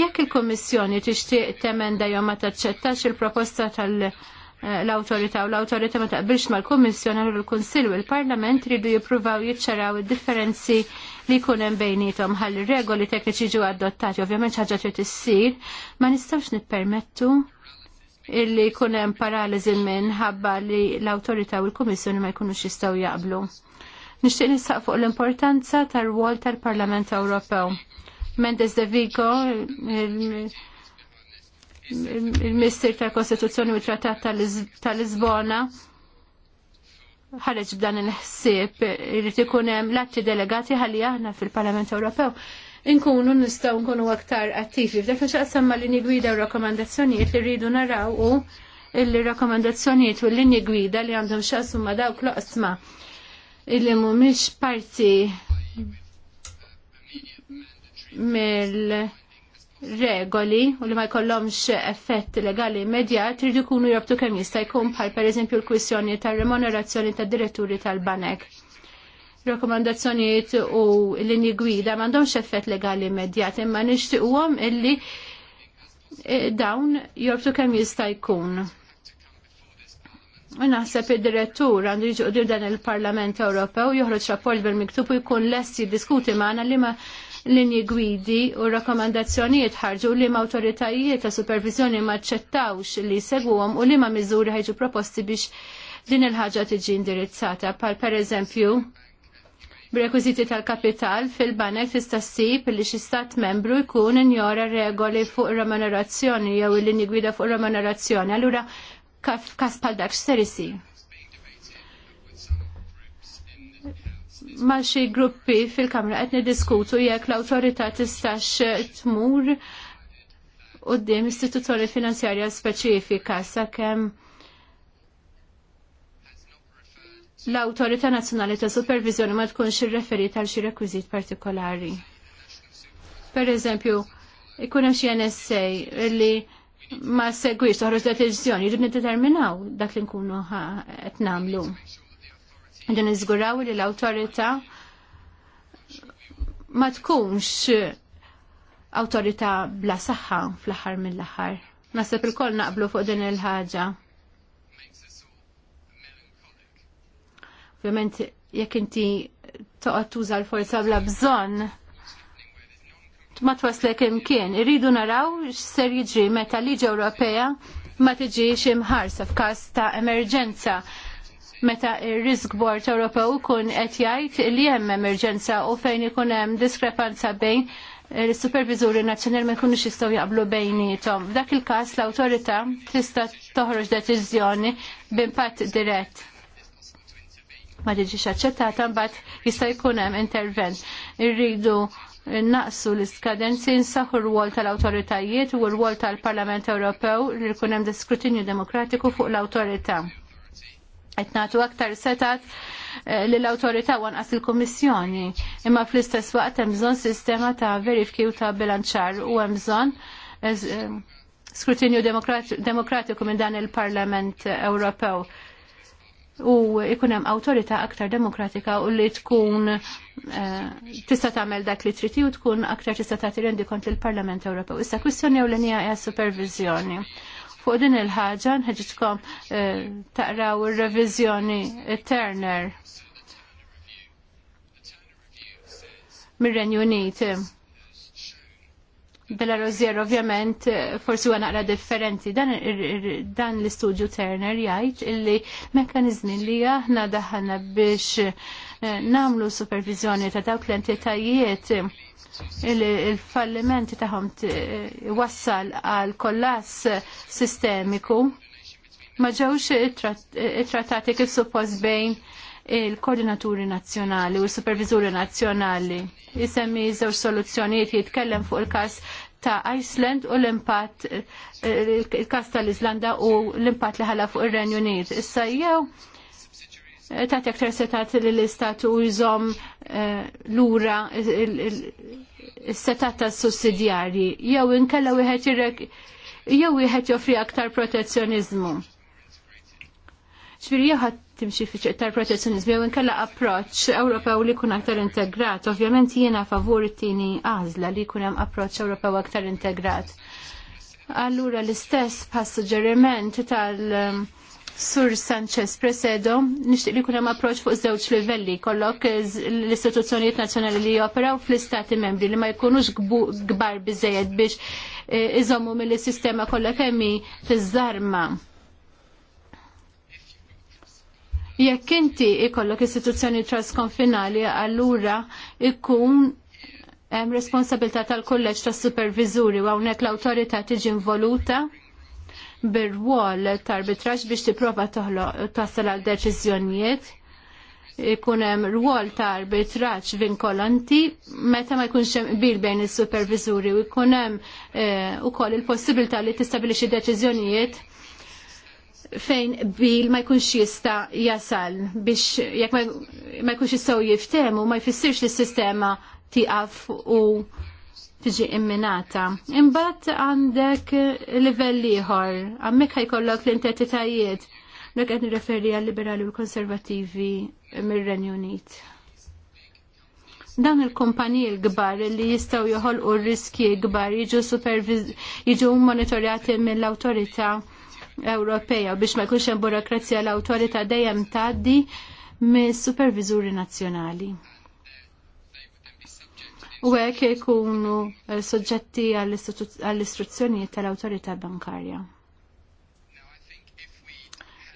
Jekk il-Kummissjoni tixtieq temenda jew ma taċċettax il-proposta tal- eh, l u l awtorità ma taqbilx mal-Kommissjoni għal il-Kunsill u l-Parlament ridu jippruvaw jiċċaraw id-differenzi li jkun hemm bejnietom ħalli regoli tekniċi ġew adottati ovvjament ħaġa trid issir ma nistgħux nippermettu illi kunem paralizi ħabba li l-autorita u l-Komissjoni ma jkunux jistaw jaqblu. Nishtiq nistaq fuq l-importanza tal-rwol tal-Parlament Ewropew. Mendes de Vigo, il mister tal-Kostituzzjoni u Trattat tal-Lisbona, ħareġ b'dan il-ħsieb irrit ikun hemm l-atti delegati ħalli aħna fil-Parlament Ewropew inkunu nistgħu nkunu aktar attivi. F'dak xaqsam ma l-linji gwida u rakkomandazzjonijiet li rridu naraw u il-rakkomandazzjonijiet u l-linji gwida li għandhom xaqsmu ma dawk loqsma illi mhumiex parti mill regoli u li ma jkollhomx effett legali immedjat irridu jkunu jobtu kemm jista' jkun bħal pereżempju l-kwissjoni tar-remunerazzjoni tad-diretturi tal-banek rekomendazzjonijiet u linji gwida m'għandhomx effett legali immedjat imma nixtiequhom illi eh, dawn jorbtu kemm jista' jkun. U naħseb id-direttur għandu jiġu qdir dan il-Parlament Ewropew joħroġ rapport bil-miktub u jkun lest jiddiskuti maħna li ma linji gwidi u rakkomandazzjonijiet ħarġu li ma awtoritajiet ta' supervizjoni ma ċettawx li segwhom u li ma miżuri ħajġu proposti biex din il-ħaġa tiġi indirizzata. Pal per eżempju, b'rekwiżiti tal-kapital fil-banek tista' ssib li xi stat membru jkun injora regoli fuq remunerazzjoni jew il-linji gwida fuq remunerazzjoni. Allura kas bħal dak x'ser isir? ma' xi gruppi fil-kamra qed niddiskutu jekk l-awtorità tistax tmur qudiem istituzzjoni finanzjarja speċifika sakemm l-Autorità Nazzjonali ta' Supervizjoni ma tkunx irreferi għal xi rekwiżit partikolari. Per eżempju, ikun hemm xi NSA li ma segwix toħroġ deċiżjoni, jridu niddeterminaw dak li nkunu qed nagħmlu. Jridu niżguraw li l-awtorità ma tkunx awtorità bla saħħa fl-aħħar mill-aħħar. Naħseb il-koll naqblu fuq din il-ħaġa. Ovvjament jekk inti toqgħod tuża l-forza bla bżonn ma twaslek imkien. Irridu naraw x'ser jiġri meta liġi Ewropea ma tiġix imħarsa f'każ ta' emerġenza meta ir-Risk Board Ewropew kun qed jgħid li hemm emerġenza u fejn ikun hemm diskrepanza bejn il-supervizuri nazjonali ma jkunux jistgħu jaqblu bejnietom. F'dak il-każ l-awtorità tista' toħroġ deċiżjoni b'impatt dirett ma tiġix aċċettata mbagħad jista' jkun hemm intervent. Irridu naqsu l-iskadenzi nsaħu r-wol tal-awtoritajiet u r-wol tal-Parlament Ewropew li jkun hemm diskrutinju demokratiku fuq l-awtorità. Qed nagħtu aktar setat eh, lill awtorità wanqas il-Kummissjoni. Imma fl-istess waqt hemm bżonn sistema ta' verifki u ta' bilanċar u hemm bżonn eh, eh, skrutinju demokratiku minn dan il-Parlament Ewropew u ikun hemm awtorità aktar demokratika u li tkun eh, tista' tagħmel dak li triti u tkun aktar tista' tagħti rendi kont lill-Parlament Ewropew. Issa kwistjoni ewlenija hija supervizjoni. Fuq din il-ħaġa nħeġitkom eh, taqraw ir-reviżjoni Turner mir-Renju Uniti. Belarusjer ovvjament eh, forsi għana naqra differenti dan, dan l-istudju Turner jgħid illi mekkaniżmi li aħna daħna biex eh, namlu supervizjoni ta' dawk l-entitajiet il-fallimenti tagħhom eh, wassal għal kollass sistemiku ma ġewx it-trattati kif suppost bejn il-koordinaturi nazzjonali u l-supervizuri nazzjonali. Isemmi żewġ soluzzjonijiet jitkellem fuq il-każ ta' Iceland u l-impatt eh, il-każ tal islanda u l-impatt li ħala fuq ir-Renju Unit. Issa jew eh, ta' aktar setat li l-istatu jżom eh, lura ura setat ta' sussidjarji jew inkella wieħed jew wieħed joffri aktar protezzjonizmu. Ġifieri timxi fi ċertar protezzjonizmi jew inkella approċċ Ewropew li jkun aktar integrat. Ovvjament jiena favur it-tieni għażla li jkun hemm approċċ Ewropew aktar integrat. Allura l-istess bħas suġġeriment tal- um, Sur Sanchez Presedo, nixtieq li jkun hemm approċċ fuq żewġ livelli, kollok l-istituzzjonijiet nazzjonali li joperaw fl-istati membri li ma jkunux kbar biżejjed biex eh, iżommu mill-sistema kollha kemm żarma Jekk inti ikollok istituzzjoni transkonfinali, allura ikun hemm responsabilità tal-kulleġġ tas-supervizuri u hawnhekk l-awtorità tiġi involuta bir-rwol tal-arbitraġġ biex tipprova toħloq tasal għal deċiżjonijiet ikun hemm rwol ta' arbitraġġ vinkolanti meta ma jkunx hemm qbil bejn is-supervizuri u jkun hemm eh, ukoll il-possibilità li tistabilixxi deċiżjonijiet fejn bil ma jkunx jista jasal biex jekk ma jkunx jistaw jiftemu ma jfissirx li s-sistema tiqaf u tiġi imminata. Imbat għandek livell ieħor, għammek ħajkollok l-intentitajiet. Dak qed nirreferi għal-liberali u konservativi mir-Renju Unit. Dan il-kumpaniji l-gbar li jistaw joħolqu r-riski gbar jiġu jiġu monitorjati mill-awtorità Ewropeja biex ma jkunx hemm burokrazija l-awtorità dejjem tgħaddi mis-superviżuri nazzjonali. U hekk ikunu eh, soġġetti għall-istruzzjonijiet tal-awtorità bankarja.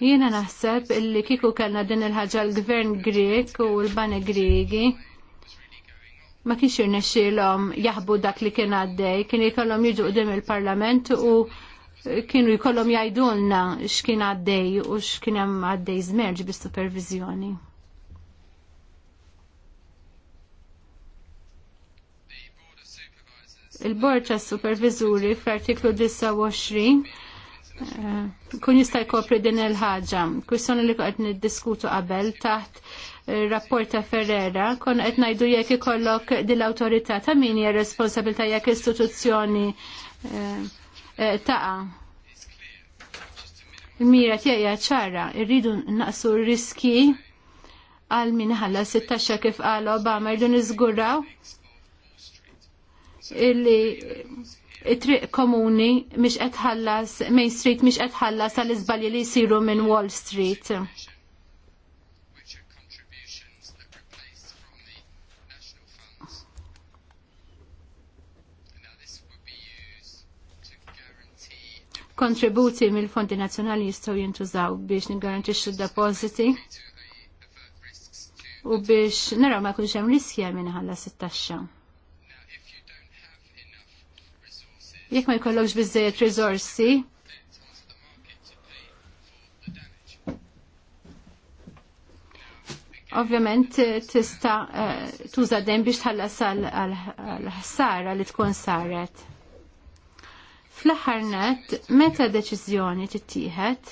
Jiena naħseb li kieku kellna din il-ħaġa l-gvern Grek u l-bani Griegi ma kienx jirnexxielhom jaħbu dak li kien għaddej, kien jkollhom jiġu qudiem il-Parlament u kienu jkollhom jgħidulna x'kien għaddej u x'kien hemm għaddej żmerġ bis-supervizjoni. Il-Bord ta' Supervizuri fl-artiklu 29 eh, kun jista' jkopri din il-ħaġa. Kwistjoni li qed niddiskutu qabel taħt rapporta Ferrera, kon qed ngħidu jekk ikollok din l-awtorità ta' min hija responsabilità jekk istituzzjoni uh, Eh, taqa' il-mira tiegħi ċara rridu naqsu r-riski għal min ħalla 16 kif qal Obama rridu niżguraw illi it-triq komuni mhix qed ħallas Main Street mhix qed ħallas għall iżbalji li jsiru minn Wall Street kontributi mill-fondi nazzjonali jistgħu jintużaw biex niggarantixxu d-depositi u biex naraw ma jkunx hemm riskja minn ħalla sit-taxxa. Jekk ma jkollokx biżejjed riżorsi, ovvjament eh, tista eh, tuża dejjem biex tħallas għal ħsara li tkun saret. Fl-aħħar net, meta deċiżjoni tittieħed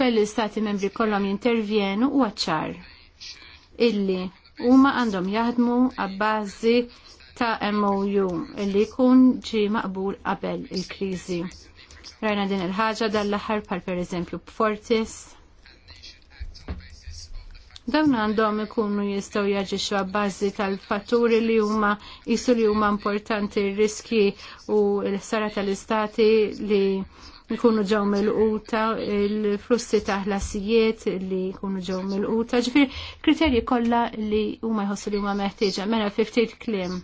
fell-istati membri kollhom jintervjenu u għacċar illi huma għandhom jaħdmu għabbażi ta' MOU illi jkun ġi maqbul qabel il-kriżi. Rajna din il-ħaġa dal-aħħar pal pereżempju Fortis Dawn għandhom ikunu jistgħu jaġixxu għabbażi tal-fatturi li huma jisu li huma importanti r-riski u l-ħsara tal-istati li jkunu ġew mill-quta, il-flussi ta' ħlasijiet li jkunu ġew mill-quta, ġifier kriterji kollha li huma jħossu li huma meħtieġa mela ftit kliem.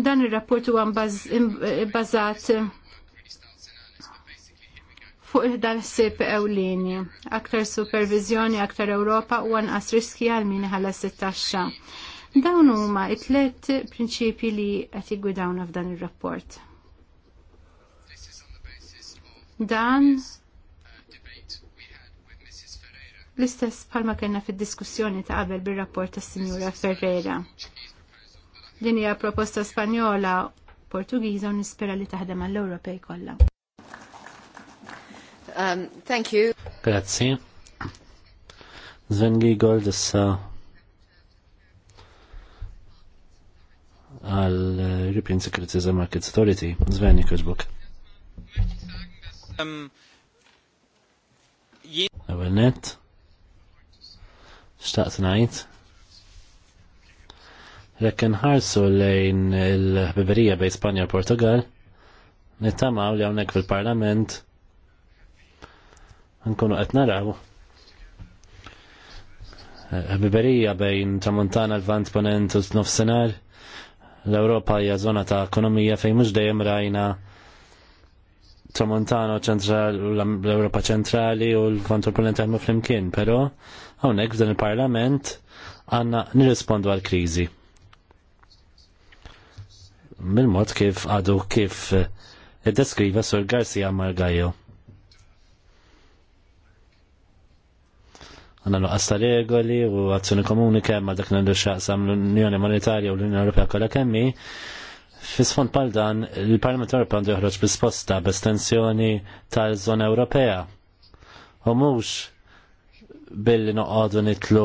Dan ir-rapport huwa bbażat fuq dan ħsieb ewlieni. Aktar supervizjoni, aktar Ewropa u anqas riski għal min ħallas it Dawn huma it-tliet prinċipji li qed jiggwidawna f'dan ir-rapport. Dan l-istess palma kena fil-diskussjoni ta' qabel bil-rapport ta' Sinjura Ferreira. Din hija proposta Spanjola, Portugiża u nispera li taħdem għall-Ewropej kollha. Um, thank you. Grazzi. Zven Gigol issa għal European Securities and Markets Authority. Zven Gigolbuk. Għabel net. Xtaqt najt. Rekken ħarsu lejn il-ħbiberija bej Spanja u Portugal. Nittamaw li għawnek fil-parlament nkunu qed naraw. Biberija bejn tramuntana l-vant ponent u nofsinhar. L-Ewropa hija żona ta' ekonomija fejn mhux dejjem rajna tramontana ċentral u l-Ewropa ċentrali u l-vant ponent għalmu flimkien, però hawnhekk f'dan il-Parlament għandna nirrispondu għall-kriżi. Mill-mod kif għadu kif eh, iddeskriva Sur Garcia Margallo. għanna nuqqas ta' regoli u azzjoni komuni kemm ma dak nandu xaqsam l-Unjoni Monetarja u l-Unjoni Ewropea kolla kemmi. Fisfond pal dan, il-Parlament Ewropew għandu joħroġ risposta b'estensjoni tal-żona Ewropea. U mhux billi noqogħdu nitlu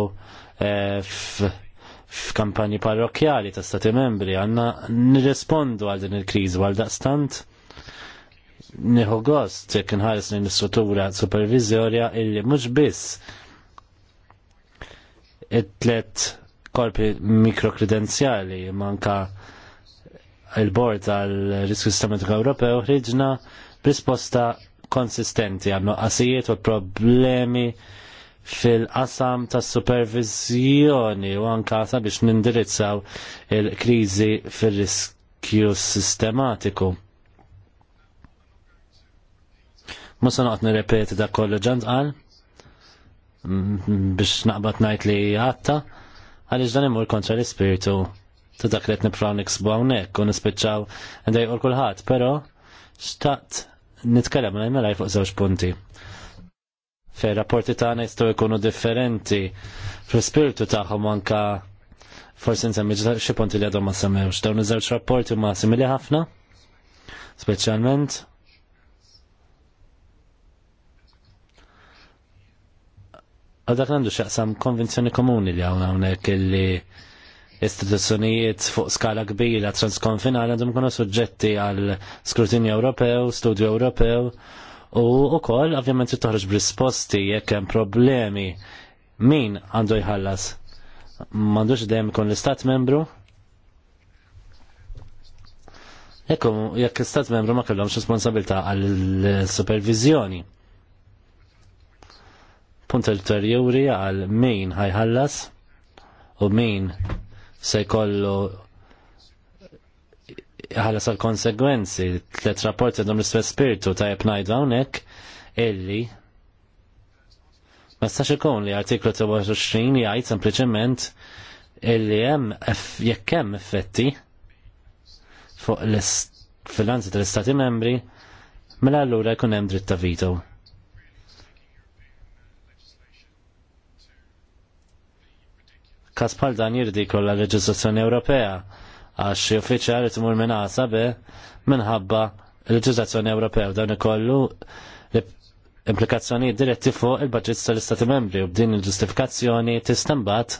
eh, f'kampanji parrokjali ta' stati membri għanna nirrespondu għal din il-kriżi għal daqstant nieħu gost jekk inħares lejn is-struttura supervizorja illi mhux biss it-tlet korpi mikrokredenzjali manka il-bord għal riskju sistematiku Ewropew ħriġna risposta konsistenti għal noqqasijiet u problemi fil-qasam tas supervizjoni u anka sabiex nindirizzaw il-krizi fil-riskju sistematiku. Musa naqt nirrepeti da kollu ġant għal biex naqbad najt li għatta, għalix dan imur kontra l-ispirtu ta' dak li t-nipfraw niksbu għawnek, u nispiċaw għandaj u kullħat, pero xtaqt nitkellem għaj mela fuq zewġ punti. Fe rapporti ta' għana jistaw ikunu differenti, fl-spirtu taħħom anka forsi nsemmi xie punti li għadhom ma semmewx, dawn iż-żewġ rapporti ma simili ħafna, specialment Għadak għandu xaqsam konvenzjoni komuni li għawna għonek li istituzzjonijiet fuq skala kbira transkonfinali għandhom kunu suġġetti għal skrutinju Ewropew, studju Ewropew u wkoll ovvjament toħroġ b'risposti jekk hemm problemi min għandu jħallas. M'għandux dejjem kun l-istat membru? Jekk jekk l-istat membru ma kellhomx responsabilità għall supervizjoni punt ulterjuri għal min ħajħallas u min se jkollu ħallas għal konsegwenzi tlet rapporti għadhom l-istess spiritu ta' jibnajdu hawnhekk illi ma stax ikun li artiklu 27 jgħid sempliċement illi hemm jekk hemm effetti fuq l-finanzi tal-Istati membri mela allura jkun hemm dritt ta' vito. Kas pal dan jirdi kolla leġislazzjoni Ewropea għax uffiċjali tmur minn be minħabba l-leġislazzjoni Ewropea dawn ikollu implikazzjoni diretti fuq il-budget tal-Istati Membri u b'din il-ġustifikazzjoni tistambat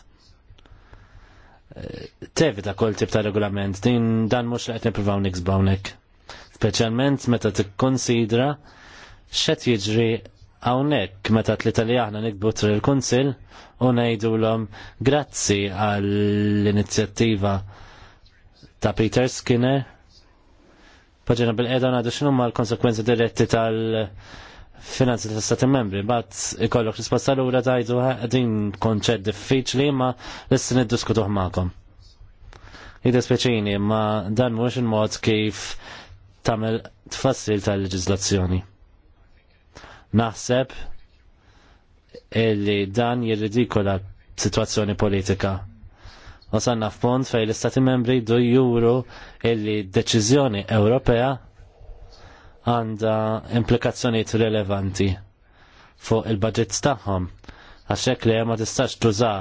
eh, tevita kol tip ta' regolament, din dan mux li għet nix bawnek Specialment meta t-konsidra xet jiġri Hawnhekk meta tlita aħna nikbu tr il-Kunsil u ngħidulhom grazzi għall-inizjattiva ta' Peter Skinner. Paġina bil-qeda għadu x'inhu ma' l-konsekwenzi diretti tal-finanzi ta' stati membri, bat ikollok risposta l t'għidu din konċed diffiċli ma l-issin id-diskutuħ ma'kom. Jidespeċini, ma dan mux il-mod kif tamel tfassil tal-leġizlazzjoni. Naħseb illi dan jirridikola situazzjoni politika. Wasanna f'pont fej l-Istati membri jdu juru illi deċiżjoni Ewropea għanda implikazzjonijiet rilevanti fuq il budget tagħhom. Għaxek li ma tistax tuża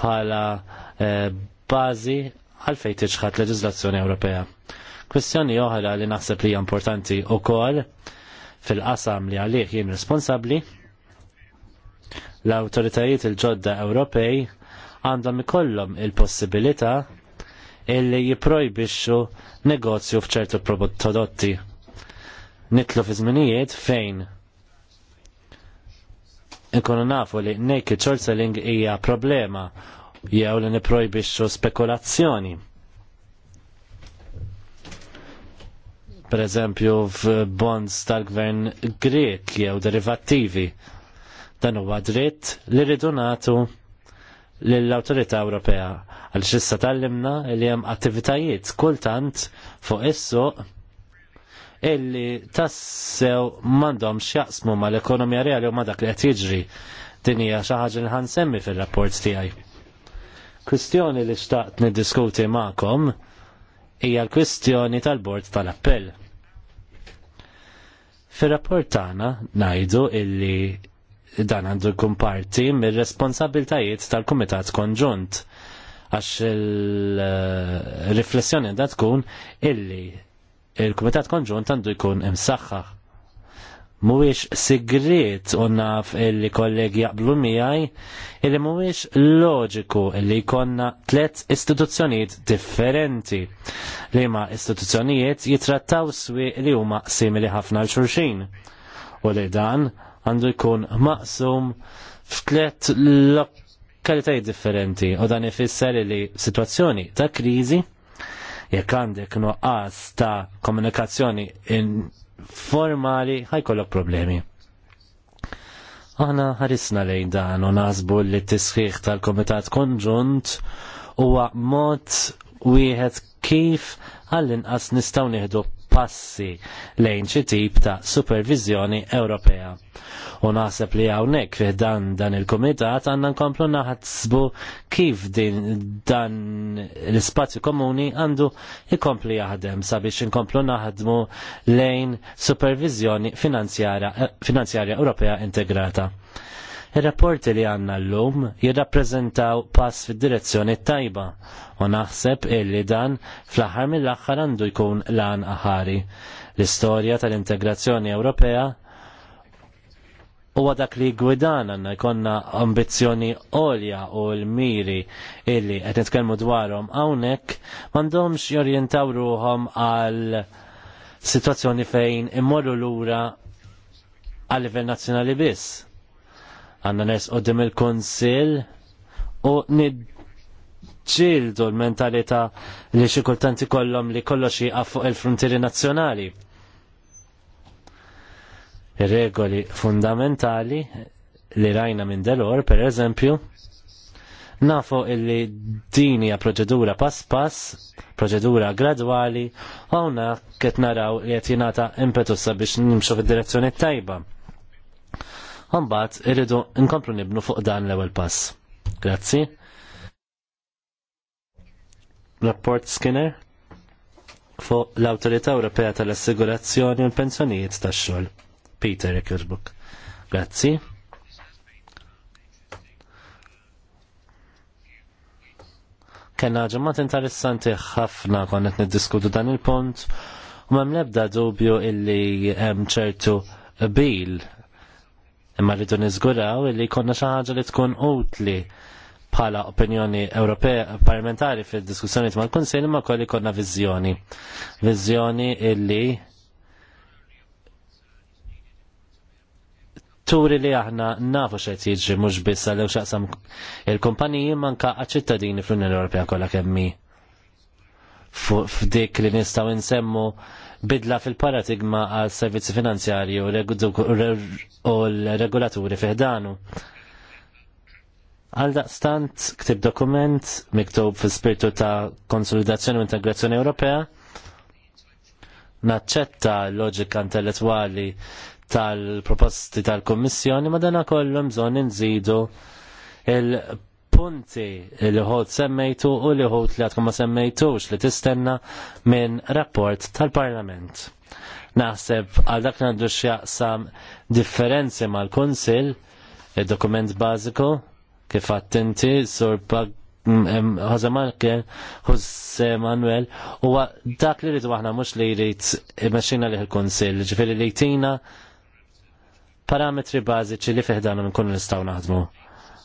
bħala eh, bażi għalfejn tiġħad leġiżlazzjoni Ewropea. Kwestjoni oħra li naħseb li hija importanti wkoll fil-qasam li għalih jien responsabbli, l-awtoritajiet il-ġodda Ewropej għandhom ikollhom il-possibilità illi jiprojbixxu negozju f'ċertu prodotti. Nitlu fi żminijiet fejn ikunu nafu li naked short hija problema jew li niprojbixxu spekulazzjoni. pereżempju f'bonds tal-gvern Grek jew derivattivi. Dan huwa dritt li rridu nagħtu lill-Awtorità Ewropea għaliex issa limna li hemm attivitajiet kultant fuq is-suq illi tassew m'għandhomx jaqsmu mal-ekonomija reali u ma dak li qed jiġri din hija xi ħaġa li ħansemmi fir-rapport tiegħi. Kwistjoni li xtaqt niddiskuti magħkom hija l-kwistjoni tal-bord tal-appell. Fir-rapport tagħna ngħidu illi dan għandu jkun parti mir-responsabiltajiet tal-Kumitat Konġunt għax il-riflessjoni da tkun illi il-Kumitat Konġunt għandu jkun imsaħħaħ Mhuwiex sigriet u naf illi kollegi jaqblu miegħi illi mhuwiex loġiku illi jkollna tliet istituzzjonijiet differenti li ma istituzzjonijiet jitrattaw swi li huma simili ħafna l xulxin u li dan għandu jkun maqsum f'tliet lokalitajiet differenti u dan ifisser li situazzjoni ta' kriżi jekk għandek nuqqas ta' komunikazzjoni formali ħajkollok problemi. Aħna ħarisna lejn dan u nasbu li t-tisħiħ tal-Komitat Konġunt huwa mod wieħed kif għall-inqas nistgħu nieħdu passi lejn xi tip ta' supervizjoni Ewropea. U naħseb li hawnhekk dan dan il-kumitat għandna nkomplu naħsbu kif din dan l-ispazju komuni għandu ikompli jaħdem sabiex inkomplu naħdmu lejn supervizjoni eh, finanzjarja Ewropea integrata. Il-rapporti li għanna l-lum jirrapprezentaw pass fid direzzjoni tajba u naħseb illi dan fl-aħħar mill-aħħar għandu jkun lan aħari. L-istorja tal-integrazzjoni Ewropea huwa dak li Gwidan għanna jkonna ambizjoni olja u l-miri illi qed nitkellmu dwarhom hawnhekk m'għandhomx jorjentaw ruhom għal situazzjoni fejn immorru lura għal livell nazzjonali biss għanna nes dim il-konsil u nidġildu l-mentalità li xi kultanti kollhom li kollox jaqaf fuq il-frontieri nazzjonali. Ir-regoli fundamentali li rajna minn Delor, per eżempju, nafu illi din hija proċedura pass pass, proċedura gradwali, hawnhekk qed naraw li qed jingħata impetussa biex nimxu fil direzzjoni tajba. Mbagħad irridu nkomplu nibnu fuq dan l-ewwel pass. Grazzi. Rapport Skinner fuq l-Awtorità Ewropea tal-Assigurazzjoni u l-Pensjonijiet tax-xogħol. Peter Eckersbrook. Grazzi. Kenna ġemmat interessanti ħafna konnet niddiskutu dan il-punt u mem lebda dubju illi hemm ċertu bil Imma rridu niżguraw li jkollna xi ħaġa li tkun utli bħala opinjoni Ewropea parlamentari fid-diskussjoni mal konsil ma kolli konna viżjoni. Viżjoni illi turi li aħna nafu xe jiġri mhux biss li uxaqsam il-kumpaniji manka għaċ-ċittadini fl-Unjoni Ewropea kollha kemm F'dik li nistgħu nsemmu bidla fil-paradigma għal servizzi finanzjarji u l-regolaturi fiħdanu. Għal daqstant ktib dokument miktub fil spirtu ta' konsolidazzjoni u integrazzjoni Ewropea, naċċetta l-loġika intellettwali tal-proposti tal-Kommissjoni ma dana kollu mżon nżidu il- punti li ħod semmejtu u li ħod li għadkom ma semmejtux li tistenna minn rapport tal-Parlament. Naħseb għal dak għandu xjaqsam differenzi mal-Konsil, il-dokument bażiku, kif għattinti, sur Jose Markel, Jose Manuel, u dak li rridu għahna mux li rrit maċina liħ il-konsil, ġifiri li jtina parametri bażiċi li fiħdana minn kun nistaw naħdmu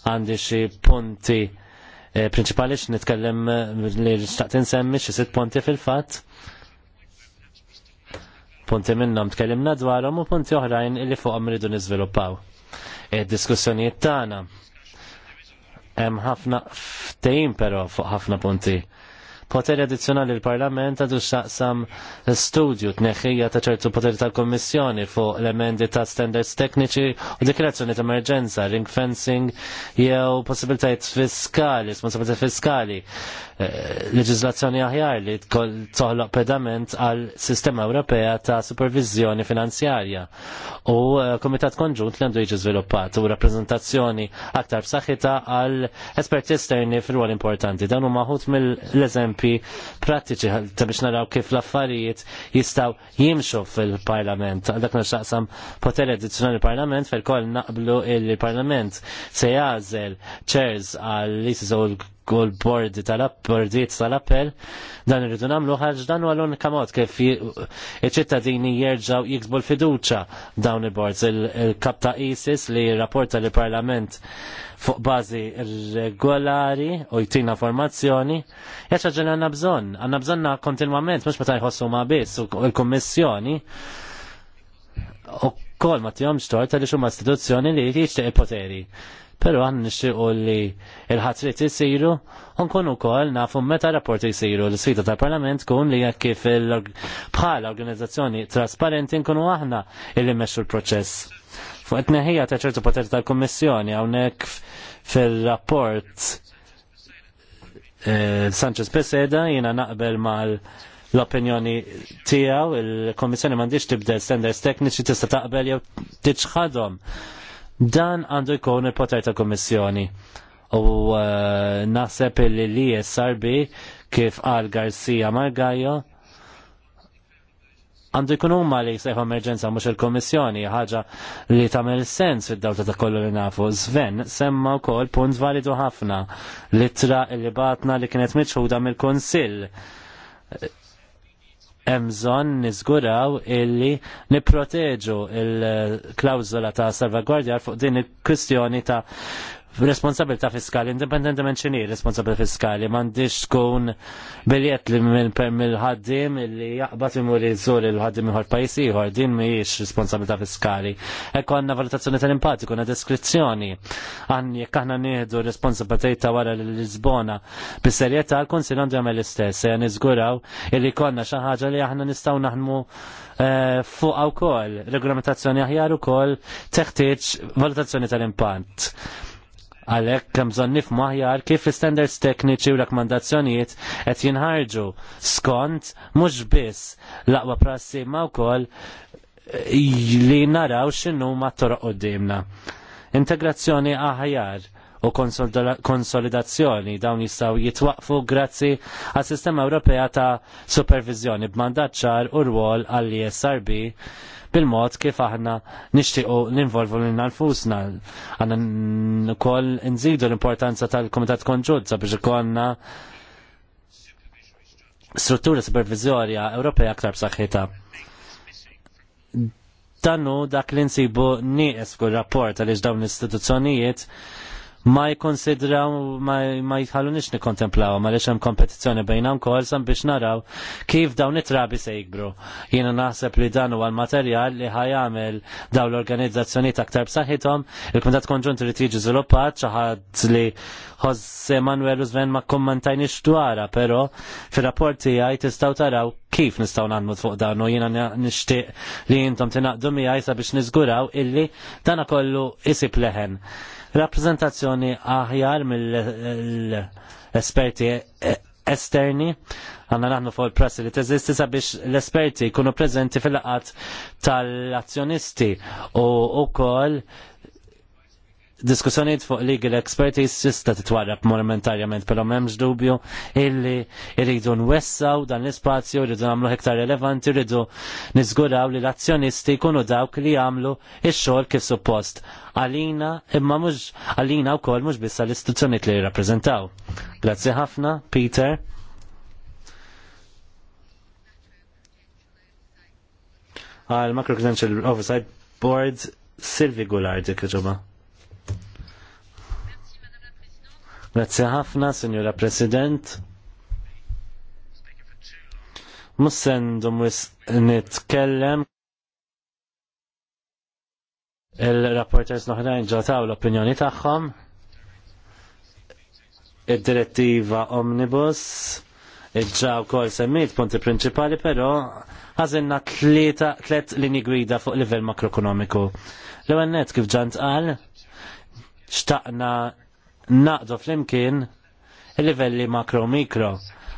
għandi xi punti eh, prinċipali nitkellem eh, li xtaqt insemmi xi sitt punti fil-fatt. Punti minnhom tkellimna dwarhom u punti oħrajn li fuqhom rridu niżviluppaw. Id-diskussjonijiet tagħna hemm ħafna ftehim però fuq ħafna punti poteri addizzjonali l-Parlament għadu xaqsam studju tneħħija ta' ċertu poteri tal-Kommissjoni fuq l-emendi ta' standards tekniċi u dikrazzjoni ta' emerġenza, ring fencing jew possibilitajiet fiskali, responsabilitajiet fiskali, eh, leġizlazzjoni aħjar li toħloq pedament għal sistema Ewropea ta' supervizjoni finanzjarja u eh, komitat konġunt li għandu jiġi sviluppat u rappresentazzjoni aktar b'saħħitha għal esperti esterni fil-rwol importanti. Dan huma maħut mill-eżempju eżempji pratiċi ta' biex naraw kif l-affarijiet jistaw jimxu fil-parlament. Dak naxaqsam poter addizzjonali parlament fil-koll naqblu il-parlament se jazel ċers għal-ISIS u kull bordi tal-appordiet tal-appell dan irridu nagħmlu ħaġ dan huwa l-unika mod kif iċ-ċittadini jerġgħu jiksbu l-fiduċja dawn il-bords il-kap ta' ISIS li rapporta li parlament fuq bażi regolari u jtina formazzjoni jaċ għanna għandna bżonn għandna bżonna kontinwament mhux meta jħossu ma' biss u l-kummissjoni u kol ma tijom xtor tal xumma istituzzjoni li jieċteq il-poteri pero għan u li il-ħatrit jisiru, unkun u kol nafu meta rapporti jisiru l-sfida tal-parlament kun li jekk kif bħala organizzazzjoni trasparenti nkunu aħna illi meċu l-proċess. Fuq it ta' ċertu poteri tal-Kommissjoni hawnhekk fil-rapport eh, Sanchez Peseda jiena naqbel mal l-opinjoni tiegħu il-Kommissjoni m'għandix tibdel standards tekniċi tista' taqbel jew tiċħadhom Dan għandu jkun il-poter ta' kommissjoni. U uh, naħseb li li sarbi kif għal Garcia Margajo għandu jkun huma li jsejħu emerġenza mhux il-Kommissjoni ħaġa li tagħmel sens fid-dawta ta' kollu li nafu. Sven semma wkoll punt validu ħafna li tra il batna li kienet miċħuda mill-Kunsill hemm bżonn niżguraw illi nipproteġu il-klawżola ta' salvagwardja fuq din il-kwistjoni ta' Responsabilità fiskali, indipendentement xini responsabilità fiskali, mandiġ tkun biljet li mill-ħaddim li jaqbat imur jizur il-ħaddim iħor pajsi iħor, din miħiex responsabilità fiskali. Ekku għanna valutazzjoni tal-impati, kuna deskrizzjoni. Għan jek aħna nieħdu ta' wara l-Lisbona, bis-serjeta għal-konsil għandu għamel l-istess, għan izguraw illi konna xaħġa li aħna nistaw naħdmu eh, fuq għaw kol, regolamentazzjoni aħjar u kol, teħtieġ valutazzjoni tal-impant. Għalhekk kemm bżonn maħjar aħjar kif l-standards tekniċi u rakkomandazzjonijiet qed jinħarġu skont mhux biss l-aqwa prassi ma wkoll eh, li naraw x'inhu ma toroq qudiemna. Integrazzjoni aħjar u konsolidazzjoni dawn jistgħu jitwaqfu grazzi għas sistema Ewropea ta' supervizjoni b'mandat ċar u rwol għall-ISRB bil-mod kif aħna nixtiequ ninvolvu lil nfusna. Għandna wkoll nżidu l-importanza tal-Kumitat Konġunt biex ikollna struttura supervizorja Ewropea aktar b'saħħitha. Tannu dak li nsibu nieqes kull rapport għaliex dawn l-istituzzjonijiet ma jkonsidraw ma jħallunix nikontemplaw, ma hemm kompetizzjoni bejna wkoll sam biex naraw kif dawn it-trabi se jikbru. Jiena naħseb li dan huwa l-materjal li ħajamel dawn l-organizzazzjonijiet aktar b'saħħithom, il-Kumitat Konġunt irid jiġi żviluppat xi ħadd li Jose Manuel Uzven ma kommentajniex dwarha, però fir-rapport tiegħi tistgħu taraw kif nistgħu nagħmlu fuq dan u jiena nixtieq li intom tinaqdu miegħi sabiex niżguraw illi dan kollu isib leħen rappresentazzjoni aħjar mill-esperti esterni, għanna naħnu fuq il prassi li teżisti sabiex l-esperti kunu prezenti fil-laqat tal-azzjonisti u u koll diskussjoniet fuq legal expertise tista' titwarab monumentarjament però m'hemmx dubju illi rridu nwessaw dan l-ispazju, rridu nagħmlu iktar relevanti, rridu niżguraw li l-azzjonisti jkunu dawk li jagħmlu ix-xogħol kif suppost. Għalina imma mhux għalina wkoll mhux biss l-istituzzjonijiet li jirrappreżentaw. Grazzi ħafna, Peter. Għal Macro Credential Oversight Board Silvi Goulard dik Grazzi ħafna, Signora President. Mussendum wis nitkellem. Il-rapporters noħrajn ġataw l-opinjoni tagħhom. Id-direttiva Omnibus iġġaw kol semmit punti prinċipali, pero għazinna tlet lini gwida fuq livell makroekonomiku. L-għannet kif ġant qal, xtaqna naqdu flimkien il-livelli makro-mikro,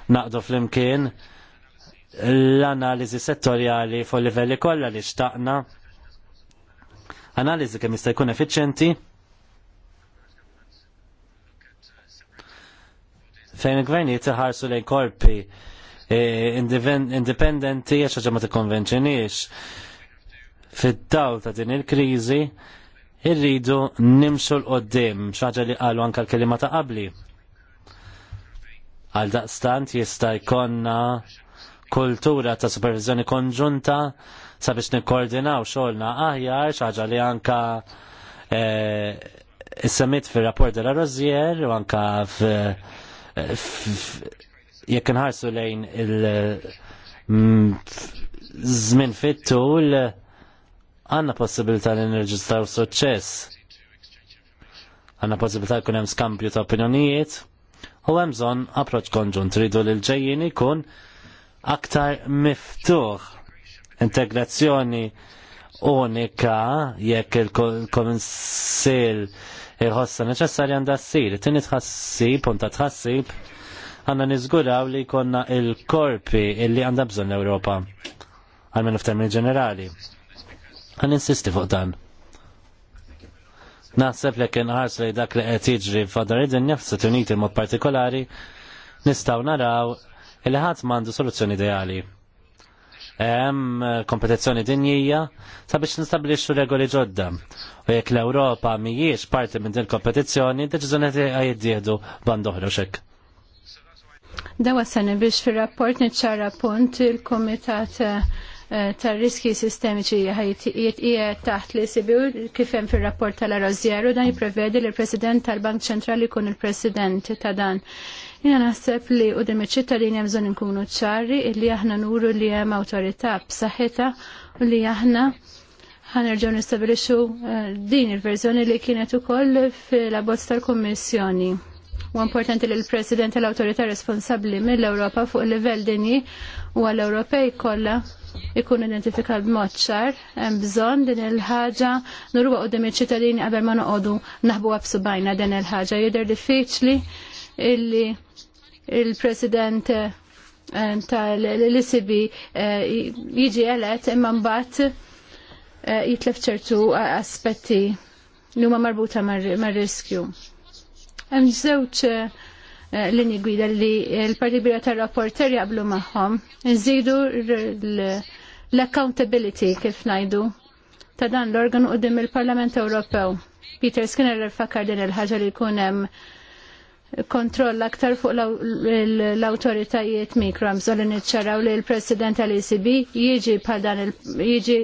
naqdu flimkien l-analizi settorjali fuq livelli kollha li xtaqna. Analizi kemm jista' jkun effiċenti. Fejn il-gvernijiet iħarsu lejn korpi e, indipendenti għax ma tikkonvenċiniex. Fid-dawl ta' din il-kriżi irridu nimxu l-qoddim, xaġa li qalu anka l-kelima ta' qabli. Għal daqstant jista' jkonna kultura ta' supervizjoni konġunta sabiex nikkoordinaw xogħolna aħjar, xaġa li anka e, is-semit fir-rapport la Rozier u anka jekk inħarsu lejn il- mm, żmien fit-tul għanna possibilità li nirġistaw suċċess. Għanna possibilità kun hemm skambju ta' opinjonijiet u hemm bżonn approċċ konġunt ridu li l-ġejjin ikun aktar miftuħ integrazzjoni unika jekk il-Komissil iħossa neċessarja għandha ssir. Tini tħassib, unta tħassib, għanna nizguraw li konna il-korpi illi għandha bżonn l-Ewropa għal-menu f'termini ġenerali Għan insisti fuq dan. Naħseb li kien ħars li dak li qed jiġri f'Adar id-dinja f'Stati Uniti mod partikolari nistgħu naraw li ħadd m'għandu soluzzjoni ideali. Hemm eh, kompetizzjoni dinjija sabiex nistabilixxu regoli ġodda. U jekk l-Ewropa mhijiex parti minn din kompetizzjoni, deċiżjoni eh, jiddieħdu band oħra xek. Dawa sani biex fir rapport niċċara punt il-Komitat eh, Eh, tar riski sistemiċi jiet taħt li sibiu kifem fil-rapport tal arrozjeru dan jiprevedi li l-President tal-Bank Ċentrali kun il-President ta' dan. Jina naħseb li u dim iċ-ċittadini jemżon bżonn inkunu ċarri li aħna nuru li hemm awtorità b'saħħita, u li aħna ħanerġaw nistabilixu eh, din il-verżjoni li kienet ukoll fil-abbozz tal-Kommissjoni. U importanti li l-President l-autorità responsabli mill-Europa fuq il livell dinji u għall-Ewropej kollha ikun identifikat b'mod ċar, hemm bżonn din il-ħaġa nurwa qudiem iċ-ċittadini qabel ma noqogħdu naħbuha b'subajna din il-ħaġa. Jidher diffiċli illi il-President eh, tal-ICB eh, jiġi elet imma mbagħad eh, jitlef ċertu aspetti li huma marbuta mar-riskju. Mar Hemm żewġ eh, eh, linji gwida li l-partibira tar rapporter jaqblu magħhom. Nżidu l-accountability kif ngħidu ta' dan l-organ qudiem il-Parlament Ewropew. Peter Skinner fakar din il-ħaġa li jkun hemm kontroll aktar fuq l-autoritajiet mikro għamżol li niċċaraw li l-President tal-ECB jiġi bħal dan jiġi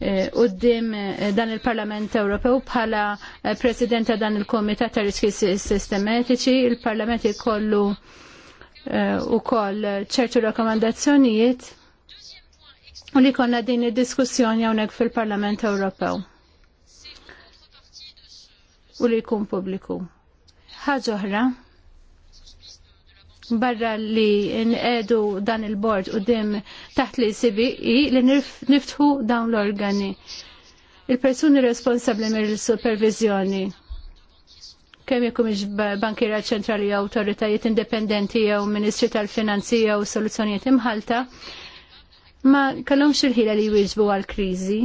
Eh, qoddim eh, dan il-Parlament Ewropew bħala eh, Presidenta dan il-Komitat ta' Riski Sistematiċi, il-Parlament ikollu u koll ċertu rakomandazzjonijiet u li konna din id-diskussjoni hawnhekk fil-Parlament Ewropew u li jkun pubbliku. Ħaġa oħra barra li n-edu dan il-bord u dim taħt li sibi li niftħu dawn l-organi. Il-persuni responsabli mir supervizjoni kemm jekk iġ bankira ċentrali jew awtoritajiet indipendenti jew Ministri tal-Finanzi jew soluzzjonijiet imħalta, ma kellhomx il-ħila li jwieġbu għall-kriżi.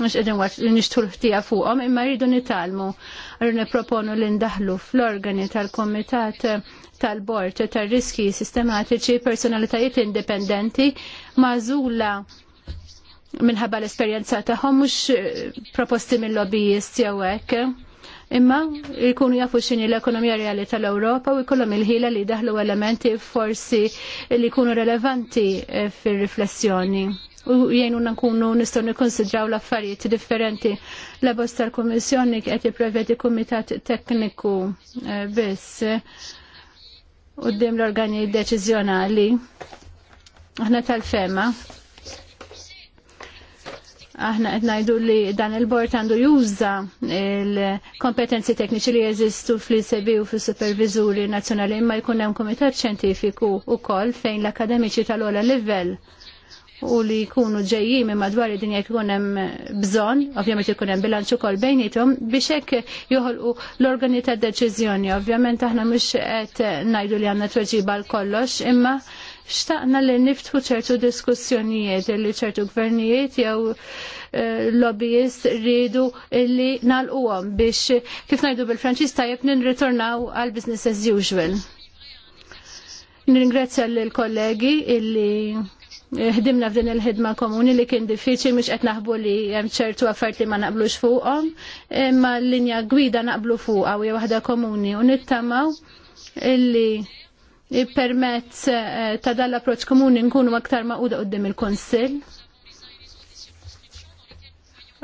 Mhux qegħdin nixtru ħtija fuqhom, imma jridu nitalmu għarru proponu li ndaħlu fl-organi tal-komitat tal-bord tal-riski sistematiċi personalitajiet indipendenti mażula minħabba l esperjenza tagħhom mhux eh, proposti mill-lobbyist jew hekk. Imma jkunu jafu x'inhi l-ekonomija reali tal-Ewropa u jkollhom il-ħila li daħlu elementi forsi li jkunu relevanti eh, fir-riflessjoni u jgħinuna nkunu nistgħu nikkonsidraw l-affarijiet differenti. L-abos tal-Kummissjoni qed jipprevedi kumitat tekniku eh, biss qudiem l-organi deċiżjonali. Aħna tal-fema. Aħna qed ngħidu li dan il-bord għandu juża il-kompetenzi tekniċi li jeżistu fl-ICB u fis-superviżuri nazzjonali imma jkun hemm kumitat xjentifiku wkoll fejn l-akademiċi tal-ogħla livell u li jkunu ġejjin minn madwar id-dinja jkunem hemm bżonn, ovvjament ikun hemm bilanċ ukoll bejnietom biex hekk joħolqu l-organi tad-deċiżjoni. Ovvjament aħna mux qed ngħidu li għandna tweġiba l kollox, imma xtaqna li niftħu ċertu diskussjonijiet li ċertu gvernijiet jew eh, lobbyist rridu li nalquhom biex kif ngħidu bil-Franċiż tajjeb nirritornaw għal business as usual. Ningrazzja lill kollegi illi ħdimna f'din il-ħidma komuni li kien diffiċli mhux qed naħbu li hemm ċertu affarijiet li ma naqblux fuqhom, imma l-linja gwida naqblu fuqha u waħda komuni u nittamaw illi permezz eh, ta' dan l-approċċ komuni nkunu aktar maquda qudiem il-Kunsill.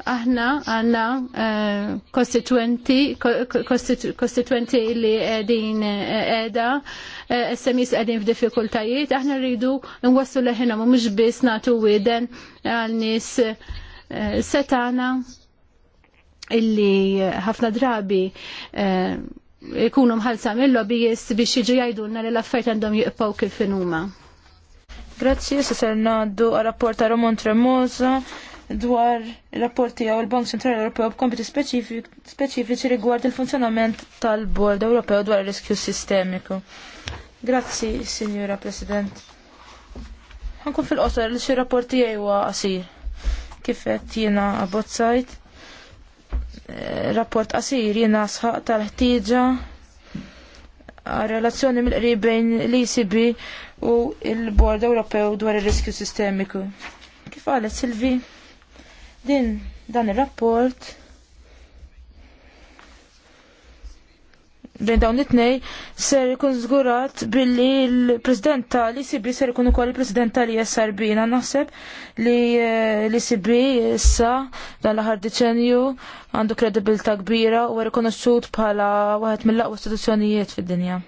Aħna għanna eh, kostituenti, kostituenti li qegħdin eh, qiegħda Eh, SMEs qegħdin f'diffikultajiet, aħna rridu nwassu leħinhom u mhux biss nagħtu wieden għal nies eh, setana illi ħafna drabi eh, ikunu mħalsa mill bijis biex jiġu jgħidulna li l-affarijiet għandhom jiqpaw kif inhuma. Grazzi, se ser għal rapporta ta' Ramon dwar rapporti għaw il-Bank Centrali Ewropew b'kompiti speċifiċi rigward il-funzjonament tal-Bord Ewropew dwar il-riskju sistemiku. Grazzi, Signora President. Għankun fil-qosor li xi rapporti huwa qasir. Kifet jiena għabotsajt. Eh, rapport qasir jiena sħaq tal-ħtieġa relazzjoni mill-qrib bejn l-ECB u l-Bord Ewropew dwar ir riskju sistemiku. Kif qalet Silvi? Din dan ir-rapport bejn dawn it-tnej ser ikun żgurat billi l-President tal-ICB ser ikun ukoll il-President tal-ISRB. Na naħseb li eh, l-ICB e issa dan l-aħħar deċenju għandu kredibilità kbira u rikonoxxut bħala waħed mill-aqwa istituzzjonijiet fid-dinja.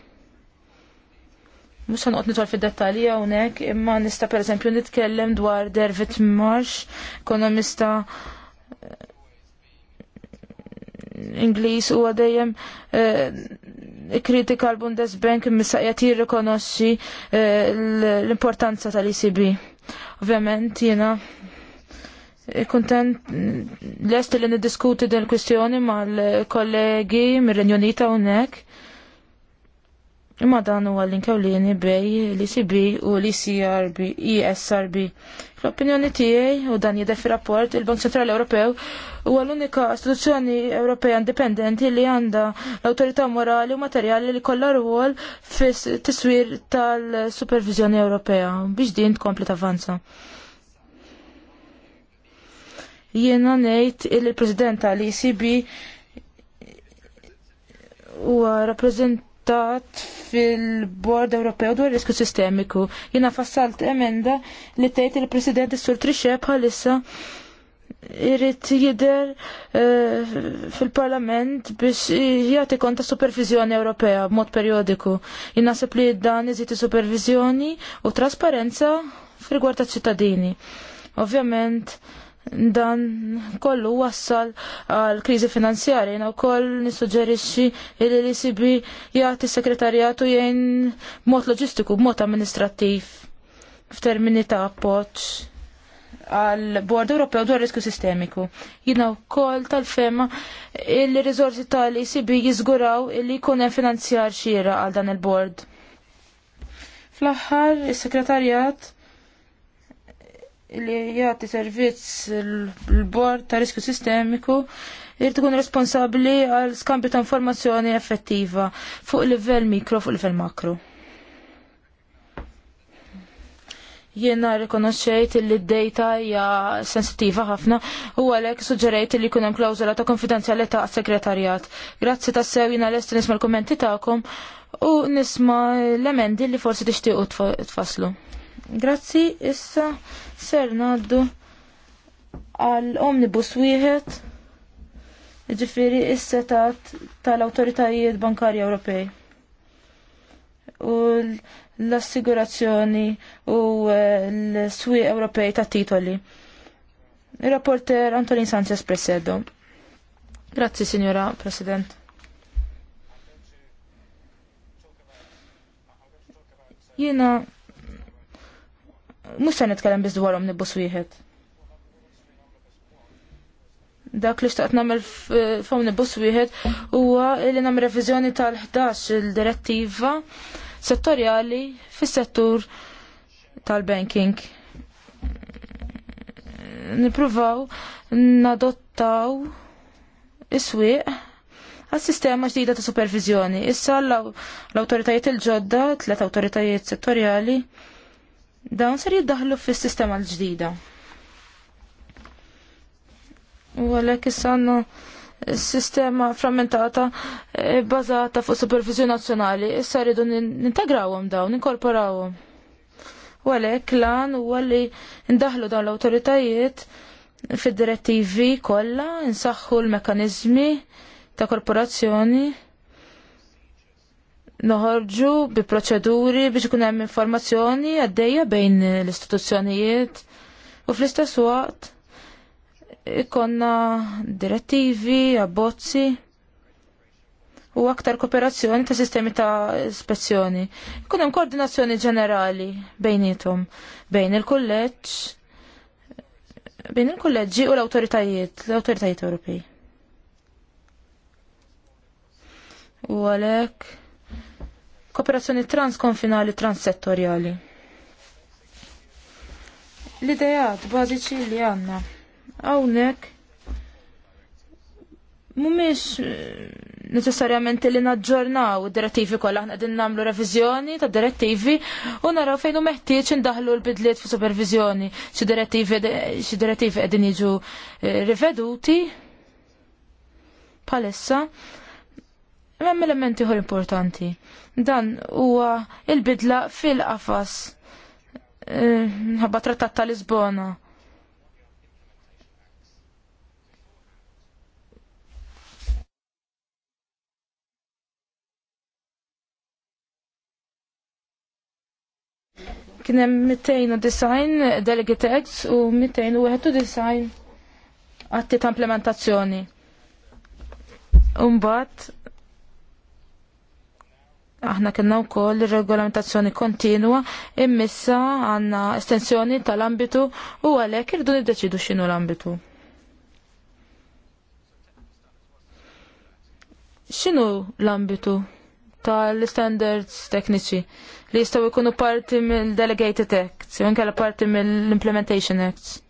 Mux ħanqot nitwal fil-dettali għonek, imma nista per eżempju nitkellem dwar Dervit Marsh, ekonomista eh, Ingliż u għadajem eh, kritika l-Bundesbank missa jati jirrikonosċi eh, l-importanza tal-ECB. Ovvjament jena kontent mm, l-est li niddiskuti din kwistjoni mal-kollegi mir-Renjonita unek Imma dan huwa l-inkewlieni bej li CB u li CRB, ESRB. L-opinjoni tiegħi u dan jidher rapport il-Bank Centrali Ewropew huwa l-unika istituzzjoni Ewropea indipendenti li għandha l-awtorità morali u materjali li kollha rwol fis-tiswir tal-Supervizjoni Ewropea biex din tkompli tavanza. Jiena ngħid il-President tal-ECB huwa rappreżent adottat fil-Bord Ewropew dwar risku sistemiku. Jina fassalt emenda li tgħid il-President Sur Trixxe bħalissa irrit jider eh, fil-parlament biex jagħti konta supervizjoni Ewropea b'mod periodiku. naħseb li dan iżiti supervizjoni u trasparenza fil-gwarta ċittadini. Ovvjament, dan kollu wassal għal kriżi finanzjarja jina wkoll nissuġġerixxi li l-ECB jagħti segretarjatu jgħin mod loġistiku b'mod amministrattiv f'termini ta' appoġġ għal Bord Ewropew dwar riskju sistemiku. Jina wkoll tal-fema il rizorsi tal-ECB jiżguraw li jkun hemm finanzjar xira għal dan il-bord. Fl-aħħar, is-sekretarjat li jagħti servizz l-bord ta' riskju sistemiku irid ikun responsabbli għal skambju ta' informazzjoni effettiva fuq livell mikro fuq livell makro. Jiena rikonoxxejt li d-data hija sensittiva ħafna u għalhekk suġġerejt li jkun hemm klawżola ta' konfidenzjalità segretarjat. Grazzi tas sew jiena lest nisma' l-kummenti tagħkom u nisma' l-emendi li forsi tixtiequ tfasslu. Grazzi, issa ser naddu għal omnibus wieħed ġifiri is-setat tal-autoritajiet bankarji Ewropej. U l-assigurazzjoni u eh, l-swi Ewropej ta' titoli. Il-rapporter Antonin Sanchez Presedo. Grazzi, signora President. Jena mhux se nitkellem biss dwarhom nibbus wieħed. Dak li xtaqt nagħmel f'hawn nibbus wieħed huwa li nam reviżjoni tal-11 il-direttiva settorjali fis-settur tal-banking. Nippruvaw nadottaw is-swieq għas-sistema ġdida ta' supervizjoni. Issa l-autoritajiet il-ġodda, tlet autoritajiet settorjali, dawn ser jiddaħlu fis-sistema l-ġdida. U għalhekk s eh, sistema frammentata eh, bbażata fuq supervizju nazzjonali, issa rridu nintegrawhom dawn, ninkorporawhom. U għalhekk lan huwa li ndaħlu dawn l-awtoritajiet fid-direttivi kollha, insaħħu l-mekkaniżmi ta' korporazzjoni noħorġu bi proċeduri biex ikun hemm informazzjoni għaddejja bejn l-istituzzjonijiet u fl-istess waqt ikonna direttivi, abbozzi u aktar kooperazzjoni ta' sistemi ta' ispezzjoni. Ikun hemm koordinazzjoni ġenerali bejnietom bejn il-kulleġġ bejn il-kulleġġi u l-awtoritajiet, l-awtoritajiet Ewropej. U għalhekk kooperazzjoni transkonfinali transsettorjali. L-idejat bażiċi li għanna hawnhekk mumiex eh, neċessarjament li naġġornaw id-direttivi kollha aħna qegħdin nagħmlu reviżjoni ta' direttivi u naraw fejn hu meħtieġ indaħlu l-bidliet fi supervizjoni xi direttivi xi direttivi qegħdin jiġu eh, riveduti palissa Mem elementi ħor importanti. Dan huwa il-bidla fil-qafas eh, ħabba trattat ta' Lisbona. Kien hemm 290 delegate acts u design atti ta' implementazzjoni. Umbat, Aħna kena u koll regolamentazzjoni kontinua immissa għanna estensjoni tal-ambitu u għalek irdu niddeċidu xinu l-ambitu. Xinu l-ambitu tal-standards tekniċi li jistaw ikunu parti mill-delegated acts, jwen kalla parti mill-implementation acts?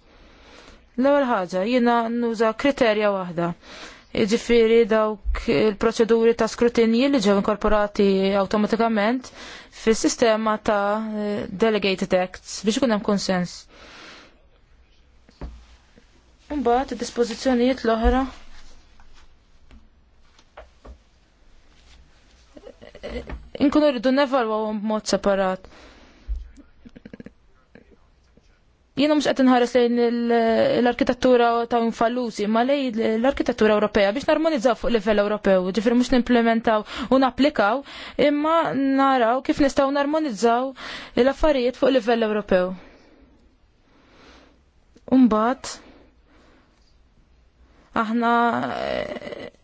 L-ewwel ħaġa jiena nuża kriterja waħda Ġifiri dawk il-proċeduri ta' skrutinji li ġew inkorporati awtomatikament fis sistema ta' delegated acts biex ikun hemm konsens. Imbagħad id-dispożizzjonijiet l-oħra inkunu rridu nevalwaw b'mod separat. Jiena mhux qed inħares lejn l-arkitettura ta' unfallusi, ma lej l-arkitettura Ewropea biex narmonizzaw fuq livell Ewropew, ġifir mhux nimplementaw u napplikaw, imma naraw kif nistgħu narmonizzaw l-affarijiet fuq livell Ewropew. Umbat, aħna eh,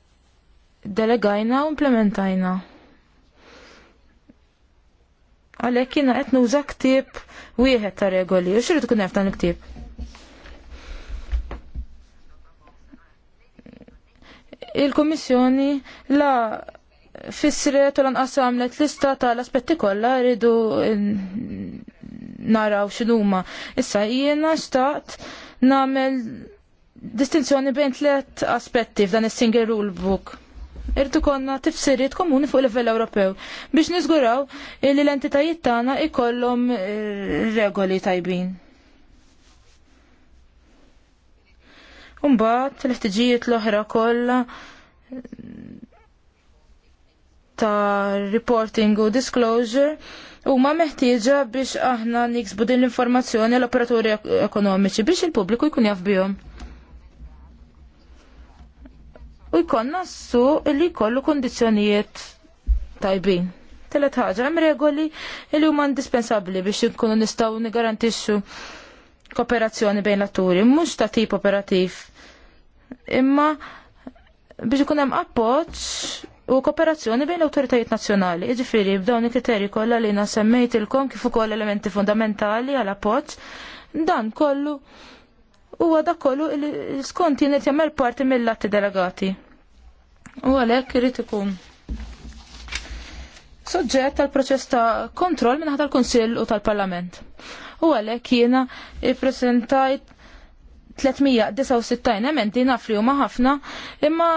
delegajna u implementajna għalhekk jiena qed nuża ktieb wieħed ta' regoli. U x'irid tkun hemm dan il-ktieb? Il-Kummissjoni la fissret u lanqas għamlet lista l aspetti kollha rridu naraw x'inhuma. Issa jiena xtaqt nagħmel distinzjoni bejn tliet aspetti f'dan is-single rule book irtu konna tifsiriet komuni fuq livell Ewropew biex niżguraw li l-entitajiet tagħna ikollhom eh, regoli tajbin. Umbagħad l-ħtiġijiet l-oħra kollha ta' reporting u disclosure huma meħtieġa biex aħna niksbu din l-informazzjoni l-operaturi ekonomiċi biex il-pubbliku jkun jaf bihom u jkollna nassu li jkollu kundizzjonijiet tajbin. Telet ħaġa, hemm regoli li huma indispensabbli biex jkunu nistgħu nigarantixxu kooperazzjoni bejn l-atturi, mhux ta' tip operattiv. Imma biex ikun hemm appoġġ u kooperazzjoni bejn l-autoritajiet nazzjonali. Iġifieri b'dawn il-kriterji kollha li nasemmejt ilkom kif ukoll elementi fundamentali għal appoġġ dan kollu huwa dak kollu li skont jien qed jagħmel parti mill-atti delegati. U għalhekk irid ikun soġġett tal proċess ta' kontroll minn tal-Kunsill u tal-Parlament. U għalhekk jiena ippresentajt 369 emendi nafli huma ħafna, imma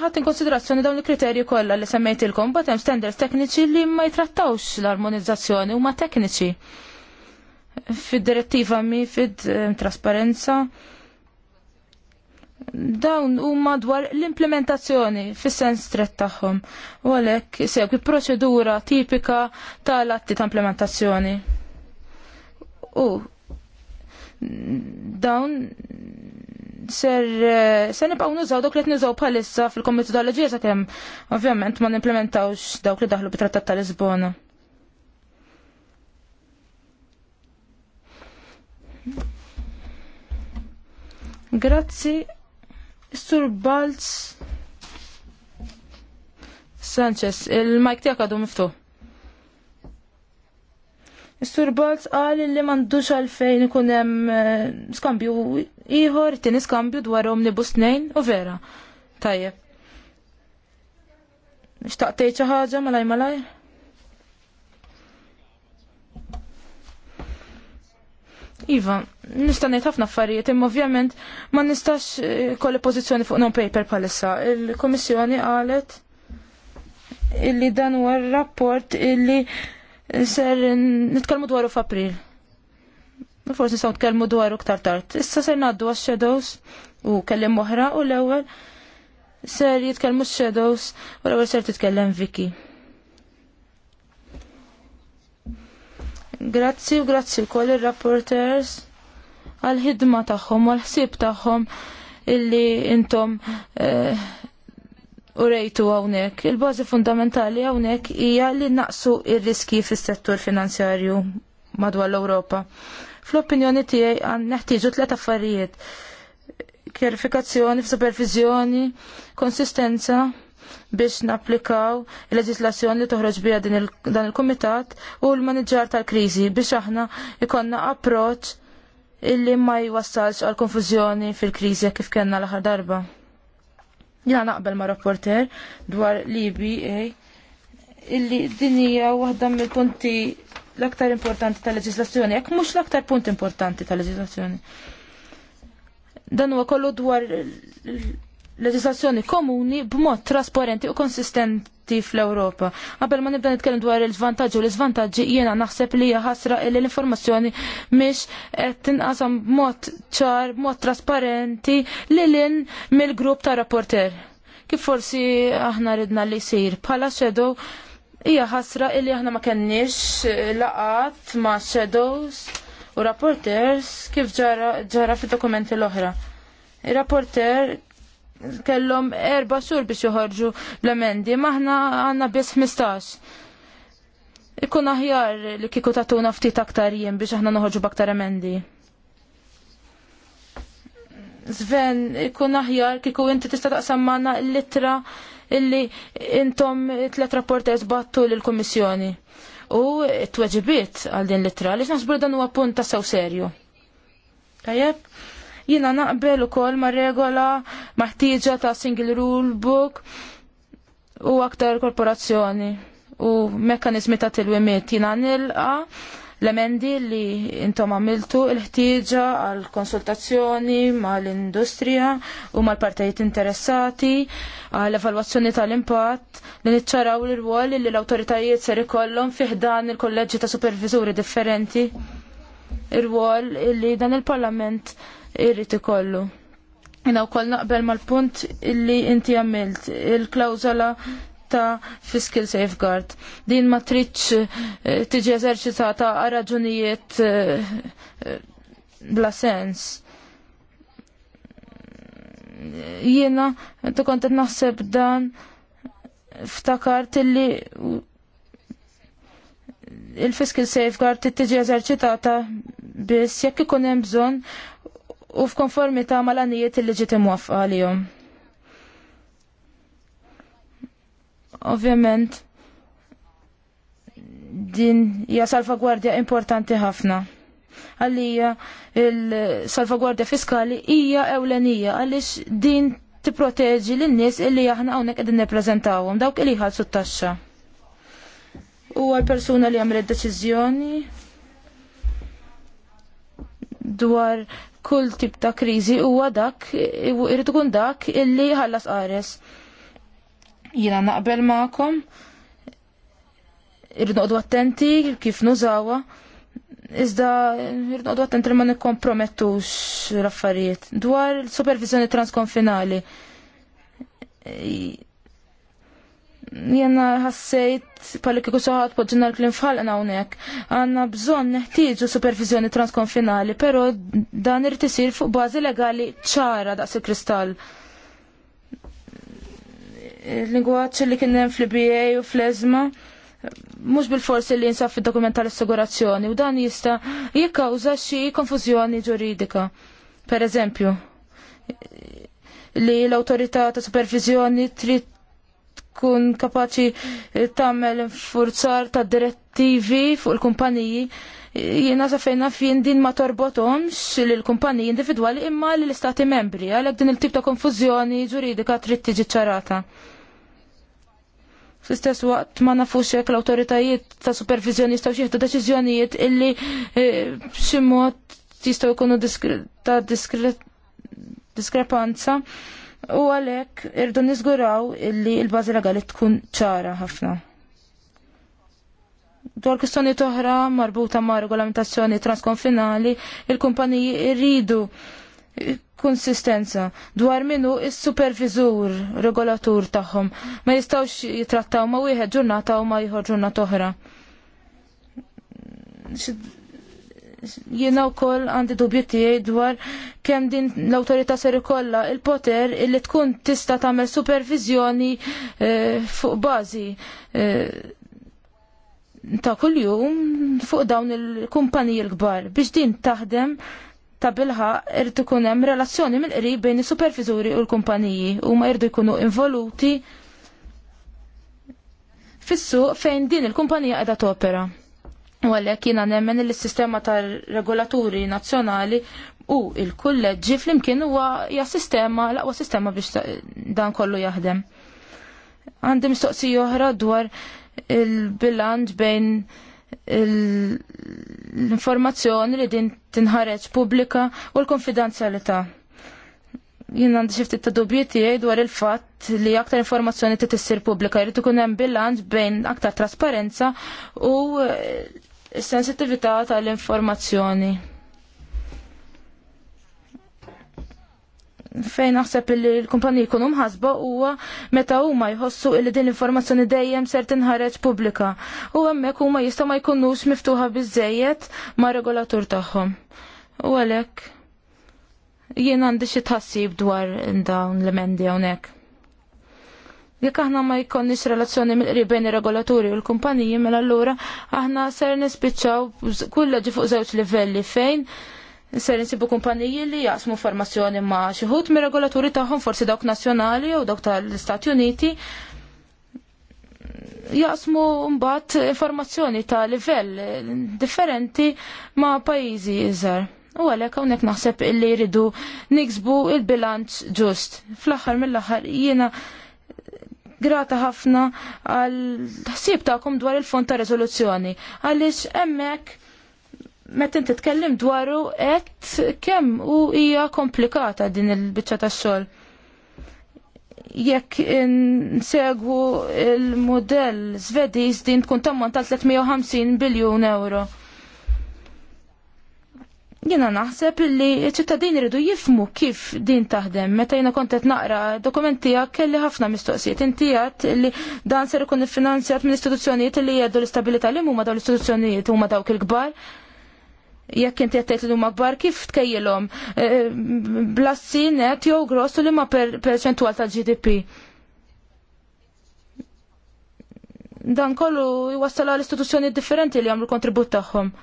ħadd konsiderazzjoni dawn il-kriterji kollha li semmejtilkom bad hemm standards tekniċi li ma jitrattawx l-armonizzazzjoni huma tekniċi. Fid-direttiva mi fid-trasparenza. Eh, dawn huma dwar l-implementazzjoni fis-sens strett tagħhom. U għalhekk segwi proċedura tipika tal-atti ta' implementazzjoni. U dawn ser, ser nibqgħu nużaw dawk li qed niżgħu bħalissa fil-Kommitu tal-Leġija sakemm ovvjament ma nimplementawx dawk li daħlu bit-Trattat ta' Lisbona. Grazzi Sur Balz Sanchez, il mike tijak għadu miftu. Sur Balz għal li mandux għalfejn ikun hemm eh, skambju iħor, tini skambju dwar omnibus tnejn u vera. Tajjeb. Xtaqtej xi ħaġa malaj malaj? Iva, nista' ngħid ħafna affarijiet, imma ovvjament ma nistax eh, kolli pożizzjoni fuq non paper palissa. Il-Kummissjoni qalet illi dan huwa rapport illi ser nitkellmu dwaru f'April. Forsi nistgħu nitkellmu dwaru ktar tard. Issa ser ngħaddu għax-shadows u kellim oħra u l-ewwel ser jitkellmu x-shadows u l-ewwel ser titkellem Vicky. Grazzi u grazzi l-koll il-rapporters għal-ħidma tagħhom u l-ħsieb tagħhom illi intom eh, u rejtu għawnek. Il-bazi fundamentali għawnek hija li naqsu il-riski fis settur finanzjarju madwar l-Europa. Fl-opinjoni tiegħi għan neħtieġu tliet affarijiet. Kjarifikazzjoni, supervizjoni, konsistenza biex napplikaw il-leġislazzjoni li toħroġ biha dan il-Kumitat u l-maniġġar tal-kriżi biex aħna ikonna approċ illi ma jwassalx għal konfużjoni fil-kriżi kif kellna l-aħħar darba. Jina naqbel ma' rapporter dwar l-EBA illi dinija waħda mill-punti l-aktar importanti tal-leġislazzjoni, jekk mhux l-aktar punt importanti tal-leġislazzjoni. Dan huwa kollu dwar leġislazzjoni komuni b'mod trasparenti u konsistenti fl-Ewropa. Qabel ma nibda nitkellem dwar il-vantaġġi u l-iżvantaġġi jiena naħseb li hija ħasra li l-informazzjoni mhix qed tinqasam b'mod ċar, b'mod trasparenti lin mill-grupp ta' rapporter. Kif forsi aħna ridna li jsir bħala shadow hija ħasra li aħna ma kenniex laqat ma' shadows u rapporters kif ġara, ġara fid-dokumenti l-oħra. Il-rapporter kellhom erba' sur biex joħorġu l-emendi, maħna għandna biss 15. Ikun aħjar li kieku tatuna ftit aktar jien biex aħna noħorġu b'aktar emendi. Sven, ikun aħjar kieku inti tista' taqsam magħna l-ittra illi intom tlet rapporters battu lill-Kummissjoni. U t-tweġibiet għal din l-ittra, li naħsbu dan huwa punt ta' sew serju. Tajjeb? Jiena naqbel ukoll ma' regola maħtieġa ta' single rule book u aktar korporazzjoni u mekkanizmi ta' tilwimiet. Jiena nilqa' l-emendi li intom għamiltu il-ħtieġa għal konsultazzjoni mal-industrija u mal-partijiet interessati għal evalwazzjoni tal-impatt li niċċaraw l-rwol li l-autoritajiet ser ikollhom fiħdan il-kolleġġi ta' supervizuri differenti ir-rwol li dan il-Parlament irrid ikollu. Jina u koll naqbel mal-punt illi inti għamilt, il-klawzola ta' fiscal safeguard. Din ma tridx eh, tiġi eżerċitata għal raġunijiet eh, eh, bla sens. Jiena, tu kontet naħseb dan ftakart illi il-fiscal safeguard tiġi eżerċitata biss jekk ikun hemm bżonn u f'konformità mal-għanijiet il-leġitimu għalihom. Ovvjament, din hija salvagwardja importanti ħafna. Għalija il-salvagwardja fiskali hija ewlenija għaliex din tipproteġi lin-nies illi aħna hawnhekk qegħdin nippreżentawhom dawk illi jħallsu t-taxxa. U għal-persuna li għamlet deċiżjoni dwar kull tip ta' kriżi huwa dak irid ikun dak illi ħallas qares. Jiena naqbel magħkom irrid attenti kif nużawha. Iżda irnoqdu attenti li ma nikkompromettux l-affarijiet dwar il-supervizjoni transkonfinali jenna ħassejt palli kiku soħat podġinna l-klim għana unek. Għanna bżon neħtieġu supervizjoni transkonfinali, pero dan irtisir isir fuq bażi legali ċara daqs il-kristall. Il-lingwaċ li kien hemm fl-BA u fl-ezma mhux bil-forsi li jinsab fid dokumentar tal-assigurazzjoni u dan jista' jikkawża xi konfużjoni ġuridika. Per eżempju, li l-autorità ta' supervizjoni trid tkun kapaċi eh, tagħmel furzar ta' direttivi fuq il-kumpaniji jiena sa fejna fjen din ma torbotomx lil kumpaniji individwali imma lill istati membri għalhekk din il-tip ta' konfużjoni ġuridika trid tiġi ċarata. Fl-istess waqt ma nafux jekk l-awtoritajiet ta' supervizjoni jistgħu xieħdu deċiżjonijiet illi eh, b'xi mod jistgħu jkunu ta' diskrepanza U għalhekk irdu niżguraw illi l-bażi il legali tkun ċara ħafna. Dwar kwistjoni toħra marbuta ma' regolamentazzjoni transkonfinali, il-kumpaniji irridu konsistenza dwar minu il-supervizur regolatur tagħhom ma jistawx jitrattaw ma wieħed ġurnata u ma jħor ġurnata oħra jiena wkoll għandi dubju tiegħi dwar kemm din l-awtorità ser kolla il-poter illi tkun tista' tagħmel supervizjoni eh, fuq bażi eh, ta' kuljum fuq dawn il-kumpaniji l-kbar biex din taħdem ta' bilħa irdu ikun hemm relazzjoni mill-qrib bejn is-supervizuri u l-kumpaniji u ma irdu jkunu involuti fissu fejn din il-kumpanija qiegħda topera. U għalhekk jiena nemmen il s-sistema tar-regolaturi nazzjonali u il-kulleġġi flimkien huwa hija sistema l-aqwa sistema biex dan kollu jaħdem. Għandi mistoqsija oħra dwar il-bilanċ bejn l-informazzjoni li din tinħareġ pubblika u l-konfidenzjalità. Jien għandi xi ftit ta' dubji tiegħi dwar il-fatt li aktar informazzjoni trid issir pubblika jrid ikun hemm bilanċ bejn aktar trasparenza u sensitività tal-informazzjoni. Fejn naħseb li l kumpani jkunu mħasba huwa meta huma jħossu li din l-informazzjoni dejjem ser tinħareġ pubblika. U hemmhekk huma jista' ma jkunux miftuħa biżejjed ma' regolatur tagħhom. U għalhekk jien għandi xi tħassib dwar dawn l-emendi hawnhekk. Jekk aħna ma jkollniex relazzjoni mill-qrib bejn ir-regolaturi u l-kumpaniji, mela allura aħna ser nispiċċaw kull ġi fuq żewġ livelli fejn ser nsibu kumpaniji li jaqsmu formazzjoni ma' xi ħut mir-regolaturi tagħhom forsi dawk nazzjonali jew dawk tal-Istati Uniti jaqsmu mbagħad informazzjoni ta' livell differenti ma' pajjiżi iżgħar. U għalhekk hawnhekk naħseb illi jridu niksbu il-bilanċ ġust. Fl-aħħar mill-aħħar jiena grata ħafna għal ħsieb tagħkom dwar il-fond ta' rezoluzzjoni. Għaliex hemmhekk meta inti tkellim dwaru qed kemm u hija komplikata din il-biċċa tax-xogħol. Jekk insegwu il-modell Svediż din tkun tammont għal 350 biljun euro. Jena naħseb li ċittadini rridu jifmu kif din taħdem. Meta jena kontet naqra dokumenti għak kelli ħafna mistoqsijiet. Inti għat li dan ser ikun finanzjat minn istituzzjonijiet li jeddu l-istabilita li huma daw l-istituzzjonijiet huma dawk il-kbar. Jekk inti għattajt li huma kbar, kif tkejjilhom? Eh, eh, blassi net jew grossu li ma perċentwal tal-GDP. Dan kollu jwassal l istituzzjoni differenti li għamlu kontribut tagħhom.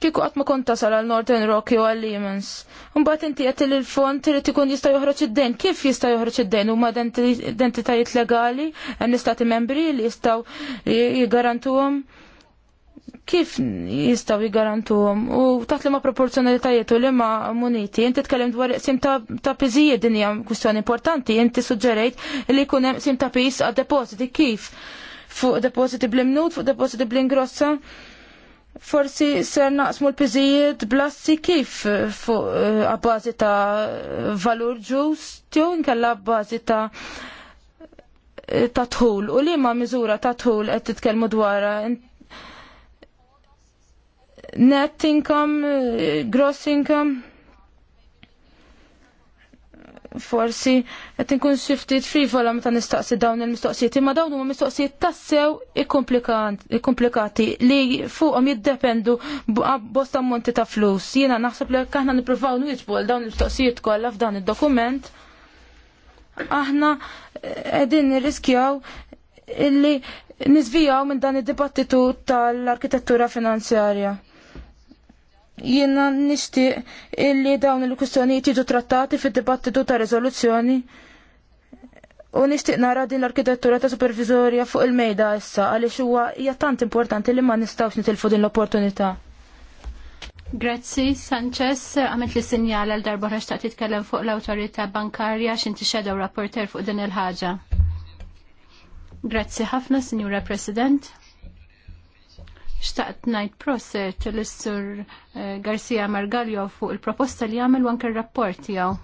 kieku qatt ma kont tasal għal Northern Rock jew għal Lehman's. Imbagħad inti qed il fond irid ikun jista' joħroġ id-dejn. Kif jista' joħroġ id-dejn huma identitajiet legali hemm istati membri li jistgħu jgarantuhom kif jistaw jigarantuhom u taħt li ma proporzjonalitajiet u li ma muniti. Inti tkellem dwar sim ta' piżijiet din hija kwistjoni importanti, inti suġġerejt li jkun hemm sim ta' pis għad depositi kif fuq depositi bl-imnut, fuq depositi bl-ingrossa. fuq depositi bl imnut fuq depositi bl ingrossa forsi ser naqsmu l-piżijiet blassi kif fuq għabbażi eh, ta' valur ġust, jew inkella għabbażi ta' eh, ta' tħul u li ma' miżura ta' tħul qed titkellmu dwarha eh, net income, gross income forsi qed inkun xi ftit frivola meta nistaqsi dawn il-mistoqsijiet, imma dawn huma mistoqsijiet tassew ikkomplikati li fuqhom jiddependu bosta ammonti ta' flus. Jiena naħseb li jekk aħna nippruvaw nwieġbu għal dawn il-mistoqsijiet kollha f'dan id-dokument, aħna eh, qegħdin nirriskjaw illi nizvijaw minn dan id-dibattitu tal-arkitettura finanzjarja. Jiena nixtieq illi dawn il-kwistjonijiet jiġu trattati fid-dibattitu ta' riżoluzzjoni u nixtieq nara din l-arkitettura ta' supervizorja fuq il-mejda issa għaliex huwa hija tant importanti li ma nistgħux nitilfu din l-opportunità. Grazzi, Sanchez, għamilt li sinjal għal darba ħax ta' titkellem fuq l-autorita bankarja xinti xedaw rapporter fuq din il-ħagġa. Grazzi ħafna, Signora President. Xtaqt najt proset l-Sur eh, Garcia Margalio fuq il-proposta li għamil wank il-rapport jaw.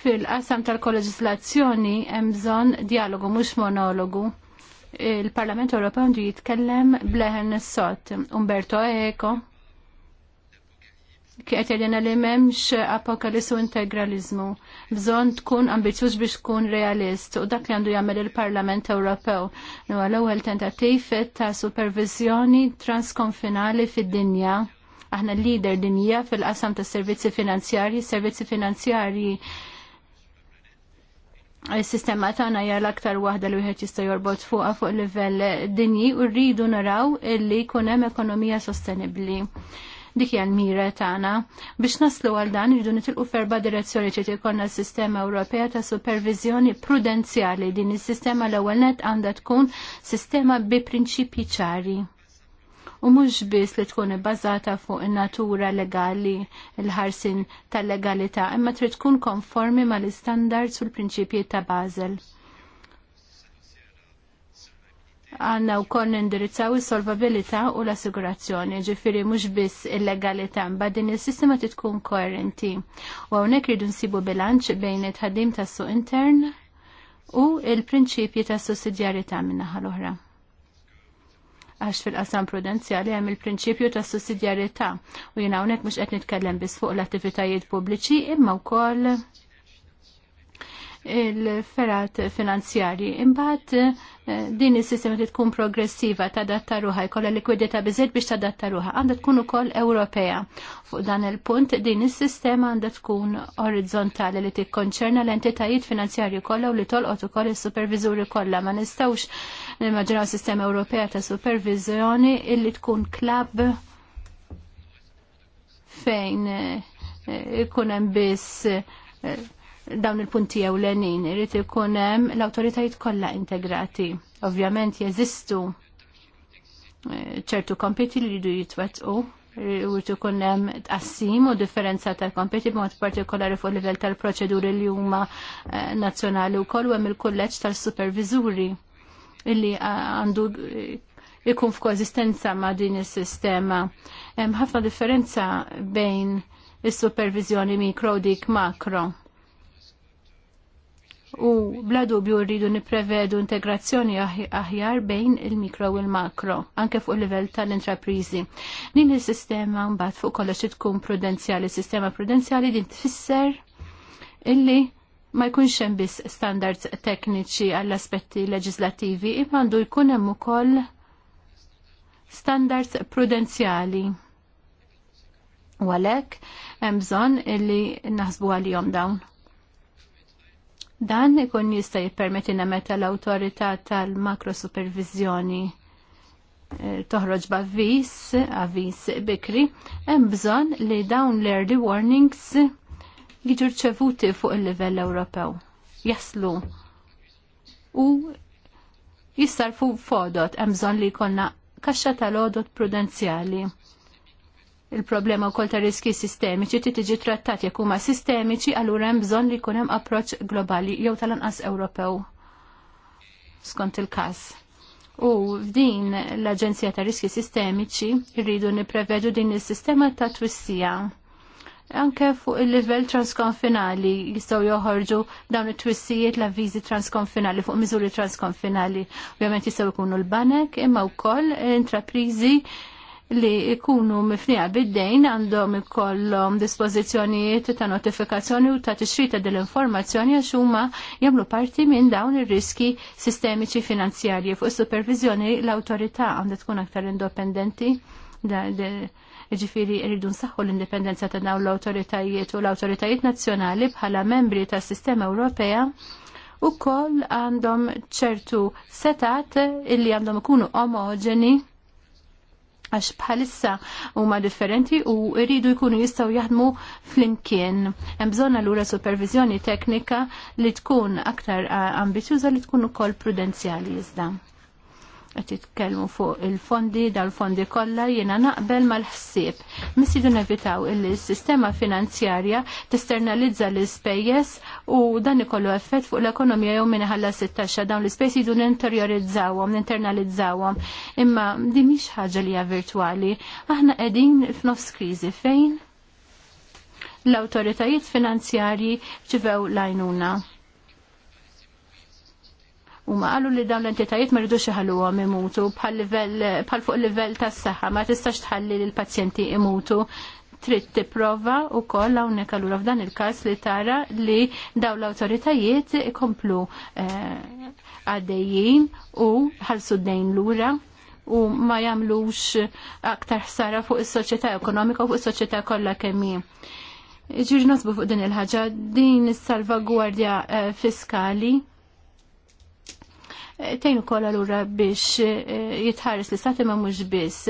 Fil-qasam tal-kolleġislazzjoni hemm bżonn dialogu mhux monologu. Il-Parlament Ewropew għandu jitkellem bleħen s-sot. Umberto Eco hawnhekk qed jgħidilna li m'hemmx apokalissu integralizmu. Bżonn tkun ambizjuż biex tkun realist u dak li għandu jagħmel il-Parlament Ewropew. Huwa l-ewwel tentattiv ta' supervizjoni transkonfinali fid-dinja. Aħna l-lider dinja fil-qasam tas servizzi finanzjarji, servizzi finanzjarji il-sistema tagħna hija aktar waħda li wieħed jista' jorbot fuqha fuq livell dinji u rridu naraw illi jkun hemm ekonomija sostenibbli dik hija l-mira tagħna. Biex naslu għal dan irridu nitilqu ferba direzzjoni ċiet ikollna s-sistema Ewropea ta' supervizjoni prudenzjali din is-sistema l-ewwel net għandha tkun sistema bi prinċipji ċari u mhux biss li tkun ibbażata fuq in-natura legali l-ħarsin tal-legalità, imma trid tkun konformi mal-istandards u l-prinċipji ta' Basel għanna u konn nindirizzaw il-solvabilita u l-assigurazzjoni, ġifiri mux biss il-legalità, badin din il-sistema titkun koerenti. U għonek rridu nsibu bilanċ bejn it-ħaddim tas suq intern u il-prinċipji tas sussidjarjetà minna l-oħra. Għax fil-qasam prudenzjali hemm il-prinċipju ta' sussidjarjetà u għonek hawnhekk mhux qed nitkellem bis fuq l-attivitajiet pubbliċi imma wkoll il-ferat finanzjari. Imbagħad Eh, din is-sistema li tkun progressiva ta' datta ruħa jkollha likwidità biżejt biex ta' datta ruħa għandha tkun ukoll Ewropea. Fuq dan il-punt din is-sistema għandha tkun orizzontali li tikkonċerna l-entitajiet finanzjarji kollha u li tolqot ukoll is-superviżuri kollha. Ma nistgħux nimmaġinaw sistema Ewropea ta' supervizjoni illi tkun klab fejn eh, ikun hemm biss eh, dawn il-punti ewlenin, irrid ikun hemm l-awtoritajiet kollha integrati. Ovvjament jeżistu eh, ċertu kompiti li jridu jitwettqu u ikun hemm tqassim u differenza tal-kompiti b'mod partikolari fuq livell tal-proċeduri li huma eh, nazzjonali wkoll u hemm il-kulleġġ tal-superviżuri illi eh, għandu ikun f'kożistenza ma' din is-sistema. Hemm ħafna differenza bejn is-supervizjoni mikro u dik makro u bla dubju rridu niprevedu integrazzjoni aħjar bejn il-mikro u l-makro, anke fuq il-livell tal-intraprizi. Din il-sistema mbagħad fuq kollox tkun prudenzjali, sistema prudenzjali din tfisser illi ma jkunx hemm biss standards tekniċi għall aspetti leġislattivi imma għandu jkun hemm ukoll standards prudenzjali. U għalhekk hemm bżonn illi naħsbu għalihom dawn. Dan ikun jista' jippermettina meta l-awtorità tal-makro supervizjoni eh, toħroġ b'avviż, avviż bikri, hemm bżonn li dawn l-early warnings jiġu rċevuti fuq il-livell Ewropew. Jaslu u jissarfu fodot hemm bżonn li jkollna kaxxa tal-odot prudenzjali il-problema wkoll ta' riski sistemiċi ti tiġi trattat jekk huma sistemiċi allura hemm bżonn li jkun hemm approċċ globali jew tal-anqas Ewropew skont il-każ. U f'din l-Aġenzija ta' Riski Sistemiċi rridu nipprevedu din is-sistema ta' twissija anke fuq il-livell transkonfinali jistgħu joħorġu dawn it-twissijiet l avviżi transkonfinali fuq miżuri transkonfinali. Ovvjament jistgħu jkunu l-banek imma wkoll intraprizi li ikunu mifnija bid-dejn għandhom ikollhom dispożizzjonijiet ta' notifikazzjoni u ta' tixrita dell-informazzjoni għax huma jagħmlu parti minn dawn ir-riski sistemiċi finanzjarji fuq supervizjoni l-awtorità għandha tkun aktar indipendenti ġifiri rridu nsaħħu l-indipendenza ta' dawn l-autoritajiet u l-autoritajiet nazzjonali bħala membri tas sistema Ewropea u koll għandhom ċertu setat illi għandhom ikunu omogeni għax bħalissa huma differenti u rridu jkunu jistgħu jaħdmu flimkien. Hemm bżonn allura supervizjoni teknika li tkun aktar eh, ambizjuża li tkun ukoll prudenzjali iżda qed jitkellmu fuq il-fondi dal-fondi kollha jiena naqbel mal-ħsieb. Missidu nevitaw il s-sistema finanzjarja testernalizza l-ispejjeż u dan ikollu effett fuq l-ekonomija jew min ħalla 16 dawn l spejjes jidu ninterjorizzawhom, ninternalizzawhom. Imma di mhix ħaġa li hija virtwali. Aħna qegħdin f'nofs kriżi fejn l-awtoritajiet finanzjarji ċivew lajnuna U ma qalu li dawn l-entitajiet ma rridux iħalluhom imutu bħal livell bħal fuq livell tas-saħħa ma tistax tħalli li l pazjenti imutu trid tipprova wkoll hawnhekk allura f'dan il-każ li tara li dawn l-awtoritajiet ikomplu eh, għaddejjin u ħalsu d-dejn lura u ma jagħmlux aktar ħsara fuq is-soċjetà ekonomika u fuq is-soċjetà kollha kemm hi. Jiġifieri nasbu fuq din il-ħaġa, din is-salvagwardja eh, fiskali tejn ukoll allura biex eh, jitħares l-istati ma mhux biss.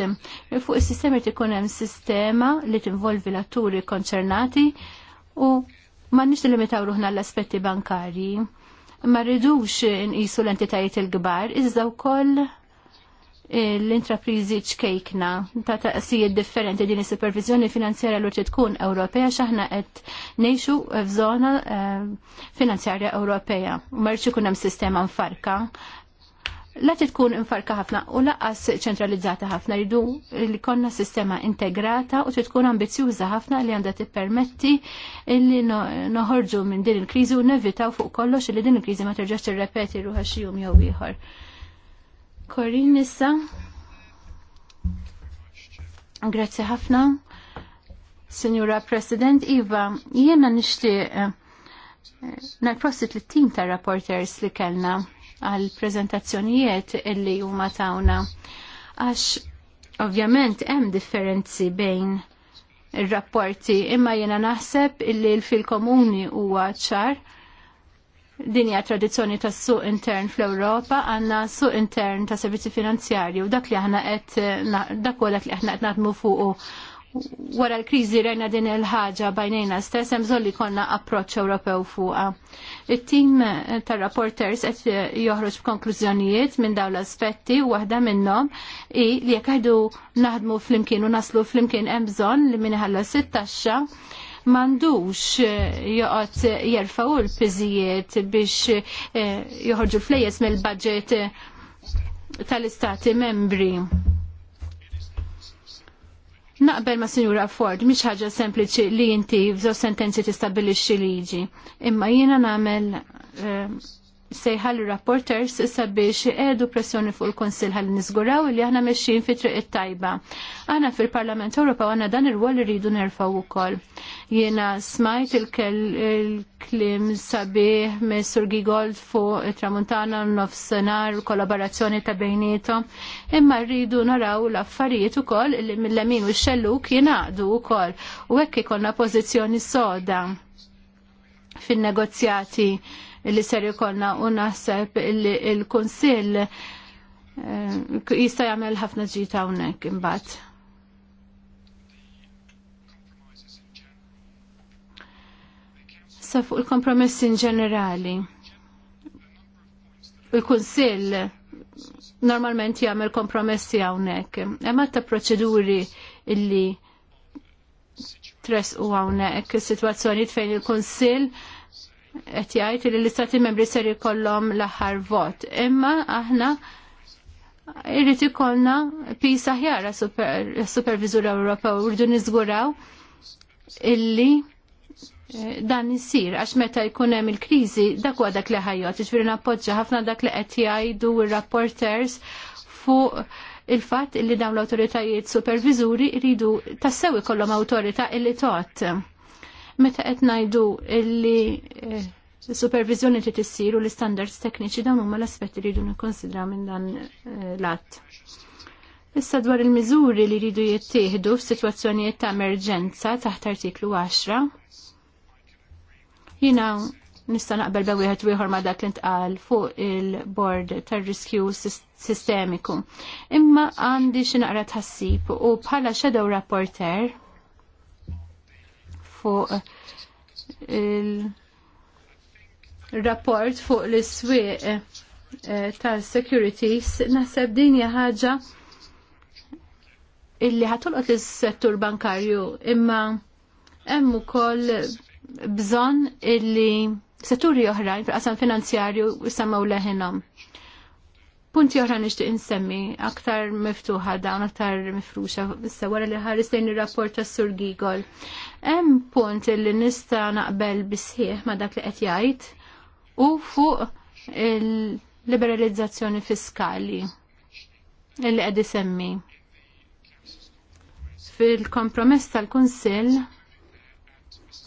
Fuq is-sistemi ikun hemm sistema li tinvolvi l-atturi konċernati u ma nix limitaw ruħna l-aspetti bankarji. Ma rridux nqisu l-entitajiet il-kbar, iżda wkoll eh, l-intraprizi ċkejkna ta' taqsijiet differenti din is-supervizjoni finanzjarja l tkun Ewropea x'aħna qed ngħixu f'żona eh, finanzjarja Ewropea. rridx ikun hemm sistema mfarka la tkun infarka ħafna u laqas ċentralizzata ħafna jridu li konna sistema integrata u tkun ambizjuża ħafna li għandha tippermetti li noħorġu minn din il-kriżi u nevitaw fuq kollox li din il-kriżi ma terġax tirrepeti ruħa xi jum jew ieħor. Korin issa. Grazzi ħafna. Signora President Iva, jiena nixtieq eh, nal-prosit li tim ta' rapporters li kellna għal prezentazzjonijiet illi huma tawna. Għax ovvjament hemm differenzi bejn ir-rapporti imma jiena naħseb illi l-fil komuni huwa ċar din hija tradizzjoni tas suq intern fl-Ewropa, għandna suq intern ta' servizzi finanzjarji u dak li aħna qed dak li aħna qed nagħdmu fuq wara l-kriżi rajna din il-ħaġa bajnejna stess hemm bżonn li konna approċċ Ewropew fuqha. It-tim tar-rapporters qed joħroġ b'konklużjonijiet minn dawn l-aspetti u waħda minnhom hi li jekk ħajdu naħdmu flimkien u naslu flimkien hemm bżonn li min iħallas it-taxxa mandux joqot jerfaw l-piżijiet biex eh, joħorġu flejjes mill-budget tal-istati membri Naqbel ma' Sinjura Ford, mhix ħaġa sempliċi li inti f'żewġ sentenzi tistabilixxi liġi, imma jiena nagħmel eh, sejħa l-rapporters sabiex erdu pressjoni fuq il-Konsil ħalli nizguraw li aħna mexxin fi triq it-tajba. Aħna fil-Parlament Ewropa għana dan ir-rwol li rridu nerfaw ukoll. Jiena smajt il-klim sabiħ me Surgi Gigold fuq it-Tramuntana n-nofsenar kollaborazzjoni ta' bejnietom, imma rridu naraw l-affarijiet ukoll li mill lamin u xelluk jingħaqdu ukoll u hekk ikollna pożizzjoni soda fin-negozjati li ser ikolna u naħseb li l-Kunsill eh, jista' jagħmel ħafna ġita hawnhekk imbagħad. Sa fuq il-kompromessi in ġenerali. Il-Kunsill normalment jagħmel kompromessi hawnhekk. Hemm ta' proċeduri illi tres u hawnhekk situazzjonijiet fejn il-Kunsill qed jgħid li l-istati membri ser jkollhom l-aħħar vot. Imma aħna irrid ikollna pisa aħjar għas-Superviżur Ewropew irridu niżguraw illi eh, dan isir għax meta jkun hemm il-kriżi dak huwa dak li ħajjot, jiġifieri nappoġġa ħafna dak li qed jgħidu r-rapporters fuq il-fatt li dawn l-awtoritajiet superviżuri jridu tassew ikollhom awtorità illi tot. Meta qed ngħidu li eh, supervizjoni li tissir u l istandards tekniċi dawn huma l-aspetti li jridu nikkonsidra minn dan eh, l-att. Issa dwar il-miżuri li jridu jittieħdu f'sitwazzjonijiet ta' emerġenza taħt artiklu 10. Jina nista' naqbel be wieħed wieħor ma' dak li ntqal fuq il-bord tar-riskju sistemiku. Imma għandi xi naqra tħassib u bħala shadow rapporter fuq il-rapport fuq l-iswieq eh, tal-securities naħseb din hija ħaġa illi ħatolqot l-settur bankarju imma hemm ukoll bżonn illi setturi oħrajn fil-qasam finanzjarju jisamaw leħinhom. Punti oħra nixtieq insemmi aktar miftuħa dawn aktar mifruxa issa wara li ħares lejn ir-rapport tas-Sur Gigol. Hemm punt li nista' naqbel bisħieħ ma' dak li qed jgħid u fuq il-liberalizzazzjoni fiskali illi qed isemmi. Fil-kompromess tal-Kunsill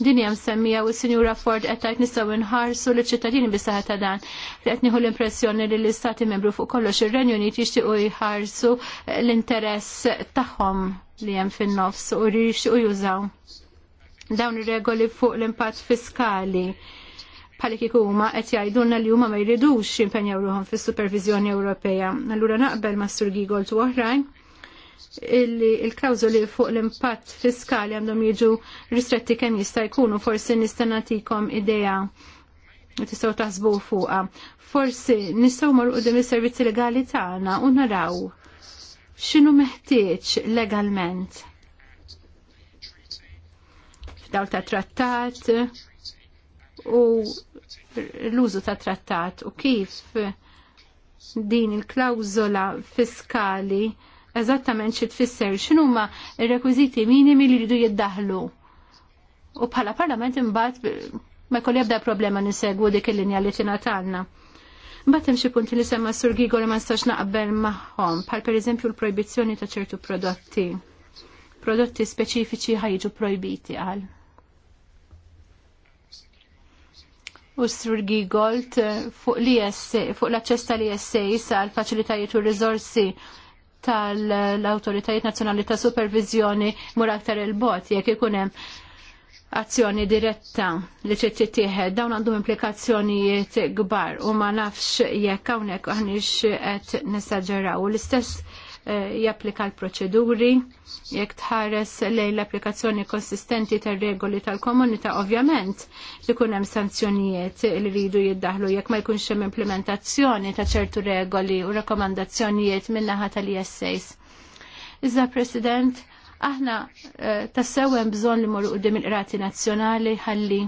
Din hija msemmija u s-Sinjura Ford qed tgħid nistgħu nħarsu liċ-ċittadini bisaħħa ta' dan. Qed nieħu l-impressjoni li l-Istati Membru fuq kollox ir-Renju Unit jixtiequ jħarsu l-interess tagħhom li hemm fin-nofs u jixtiequ jużaw dawn ir-regoli fuq l-impatt fiskali bħalli kik huma qed jgħidulna li huma ma jridux jimpenjaw ruhom fis-supervizjoni Ewropea. Allura naqbel ma' Sur Gigol tu oħrajn illi il-klawżoli fuq l-impatt fiskali għandhom jiġu ristretti kemm jista' jkunu forsi nista' nagħtikom idea tistgħu taħsbu fuqha. Forsi nistgħu mar qudiem is-servizzi legali tagħna u naraw x'inhu meħtieġ legalment. F'dawl ta' trattat u l-użu ta' trattat u kif din il-klawżola fiskali eżattament xi tfisser x'inhuma r-rekwiżiti minimi li jridu jiddaħlu. U bħala parlament imbagħad ma jkollu ebda problema nisegwu dik il-linja li għandna. Mbagħad hemm xi punti li semma Sur Gigol ma nistax naqbel magħhom, bħal pereżempju l-projbizzjoni ta' ċertu prodotti. Prodotti speċifiċi ħajġu projbiti għal. u Sur Gigolt fuq l-ISA, fuq l aċċess tal-ISA għal faċilitajiet u rizorsi tal-Awtoritajiet Nazzjonali ta' Supervizjoni mur aktar il-bot jekk ikun hemm azzjoni diretta li trid tittieħed dawn għandhom implikazzjonijiet kbar u ma nafx jekk hawnhekk aħniex qed nistaġġeraw l-istess Eh, japplika l-proċeduri, jekk tħares lejn l-applikazzjoni konsistenti tar-regoli tal-komunità ovvjament li kun hemm sanzjonijiet li rridu jiddaħlu jekk ma jkunx hemm implementazzjoni ta' ċertu regoli u rakkomandazzjonijiet min-naħa tal-ISAs. Iżda President, aħna eh, tassew hemm bżonn li morru qudiem il-qrati nazzjonali ħalli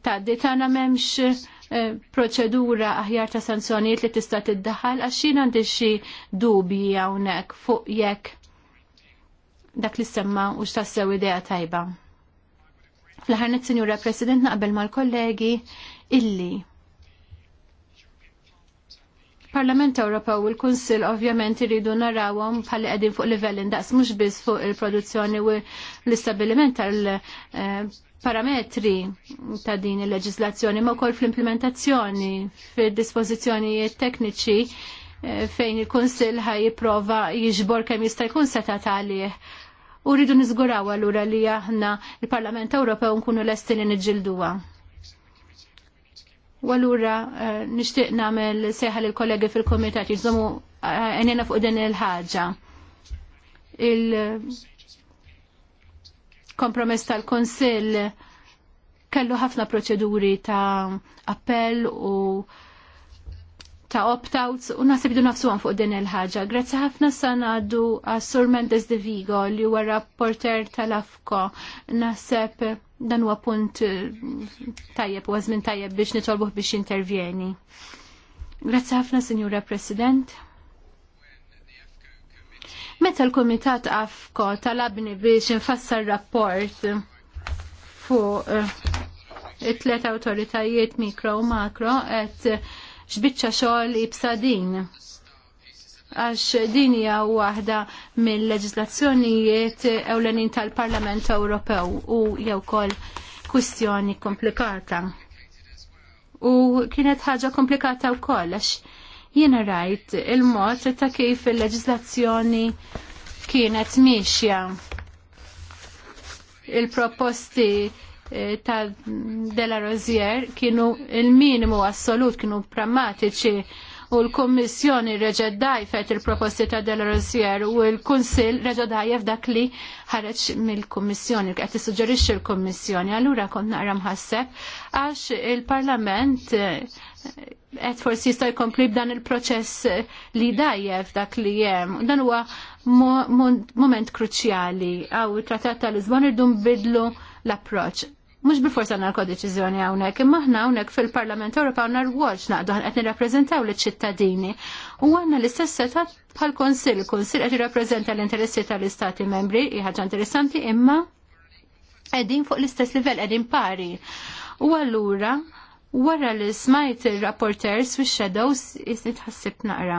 ta' ditana memx Eh, proċedura aħjar ta' sanzjonijiet li tista' tiddaħħal għax xi għandi xi dubji hawnhekk fuq jekk dak li semma u x'tassew idea tajba. Fl-aħħar nett, Sinjura President, naqbel mal-kollegi illi Parlament Ewropew u l-Kunsill ovvjament iridu narawhom bħal qegħdin fuq livell indaqs mhux biss fuq il-produzzjoni u l istabbiliment tal eh, parametri ta' din il-leġislazzjoni ma' wkoll fl-implementazzjoni fil-dispożizzjonijiet tekniċi eh, fejn il-Kunsill ħaj jipprova jiġbor kemm jista' jkun seta' għalih. U rridu niżguraw allura li aħna il-Parlament Ewropew nkunu lesti li niġġilduha. U allura eh, nixtieq nagħmel seħħa lill kollegi fil-Kumitat jiżommu għenjena eh, fuq din il-ħaġa. il ħaġa kompromess tal konsil kellu ħafna proċeduri ta' appell u ta' opt-outs u nasib du nafsu għan fuq din il-ħagġa. Grazzi ħafna sanadu għas-Sur Mendes de Vigo li huwa rapporter tal-Afko. Nasib dan huwa punt eh, tajjeb u għazmin tajjeb biex nitolbuh biex intervjeni. Grazzi ħafna, Signora President. Meta l-Kumitat Afko talabni biex infassar rapport fuq eh, it-tlet awtoritajiet mikro u makro qed xbiċċa xogħol ibsa din għax din hija waħda mill-leġislazzjonijiet ewlenin tal-Parlament Ewropew u jew ukoll kwistjoni komplikata. U kienet ħaġa komplikata wkoll għax jiena rajt il-mod ta' kif il-leġislazzjoni kienet miexja. Il-proposti eh, ta' Della Rosier kienu il-minimu assolut, kienu prammatiċi u l-Kommissjoni reġeddaj fet il-proposti ta' Della Rosier u l-Kunsil reġeddaj dak li ħareċ mill-Kommissjoni, qed tissuġġerixxi l-Kommissjoni. Allura kont naqra mħasseb għax il-Parlament qed forsi jista' jkompli b'dan il-proċess li dajjef dak li hemm. Dan huwa moment kruċjali għaw it-Trattat ta' Lisbon irdu bidlu l-approċċ. Mhux bil-forsa narko deċiżjoni hawnhekk, imma aħna hawnhekk fil-Parlament Ewropew nar watch naqdu qed nirrappreżentaw l ċittadini u għandna l-istess setat bħal konsil konsil għetni qed jirrappreżenta l-interessi tal-Istati membri, hi interessanti imma qegħdin fuq l-istess livell qegħdin pari. U allura Wara li smajt il-rapporters fi shadows jisni ħassib naqra.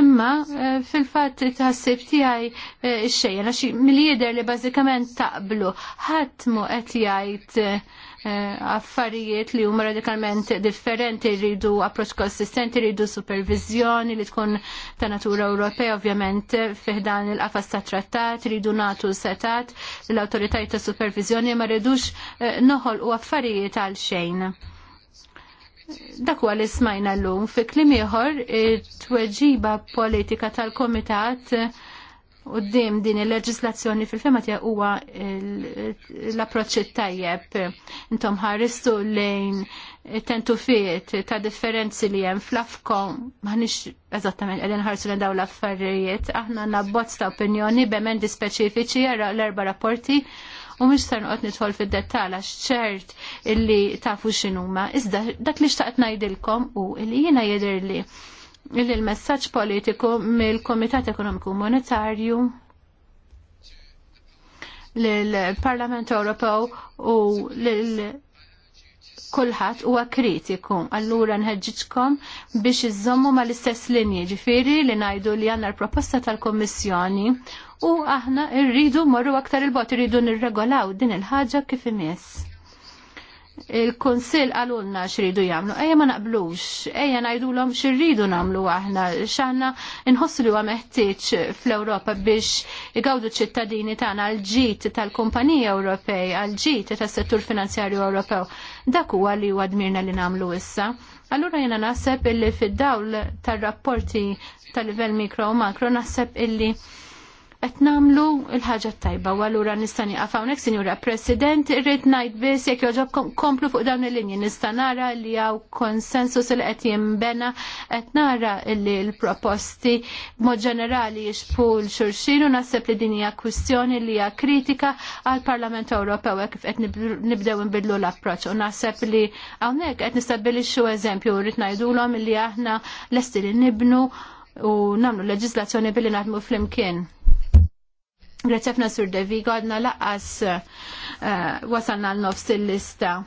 Imma eh, fil-fatt tħassib tiegħi eh, xejja naxi mill jider li bażikament taqblu ħadd mu qed jgħid eh, Eh, affarijiet li huma radikalment differenti rridu approċċ konsistenti, rridu supervizjoni li tkun ta' natura Ewropea ovvjament fiħdan il-qafas ta' trattat, rridu natu setat l-autoritajiet ta' supervizjoni ma rridux eh, noħol u affarijiet għal xejn. Dak huwa li smajna llum fi kliem ieħor it-tweġiba politika tal-Komitat Uddim din il-leġislazzjoni fil-fema tija huwa l-approċċ tajjeb. Intom ħaristu lejn fiet ta' differenzi li hemm flafkom maħniex eżattament qegħdin ħarsu lejn dawn l-affarijiet. Aħna nabbozz ta' opinjoni b'emendi speċifiċi jara l-erba' rapporti u mhux sar noqgħod nidħol fid-dettall għax ċert illi tafu x'inhuma. Iżda dak li xtaqt ngħidilkom u illi jiena jidher li li l-messaġġ politiku mill-Komitat Ekonomiku Monetarju l-Parlament Ewropew u l kulħadd huwa kritiku. Allura nħeġġitkom biex iżommu mal-istess linji ġifieri li ngħidu li għandna l-proposta tal-Kommissjoni u aħna rridu morru aktar il-bot, irridu nirregolaw din il-ħaġa kif imiss il-konsil għalulna xridu jamlu, eja ma naqblux, eja najdu l-om xirridu namlu aħna, xaħna nħossu li għameħtieċ fl-Europa biex igawdu ċittadini tagħna għal-ġit tal-kumpanija Ewropej, għal-ġit tas-settur finanzjarju Ewropew. Dak huwa li għadmirna li namlu issa. Allura jena naħseb illi fid-dawl tal-rapporti tal-livell mikro u makro naħseb illi qed nagħmlu l-ħaġa tajba u allura nista' nieqaf hawnhekk Sinjura President irrid ngħid biss jekk joġob komplu fuq dawn il-linji nista' nara li hawn konsensus li qed jinbena qed nara li l-proposti b'mod ġenerali jixbu l xulxin u naħseb li din hija kwistjoni li hija kritika għall Parlament Ewropew hekk kif qed nibdew nbidlu l-approċċ u naħseb li hawnhekk qed nistabbilixxu eżempju rrid ngħidulhom li aħna lesti li nibnu u namlu leġislazzjoni billi naħdmu flimkien. Graċefna Sur Devi, għadna laqas eh, wasalna l-nofs il-lista.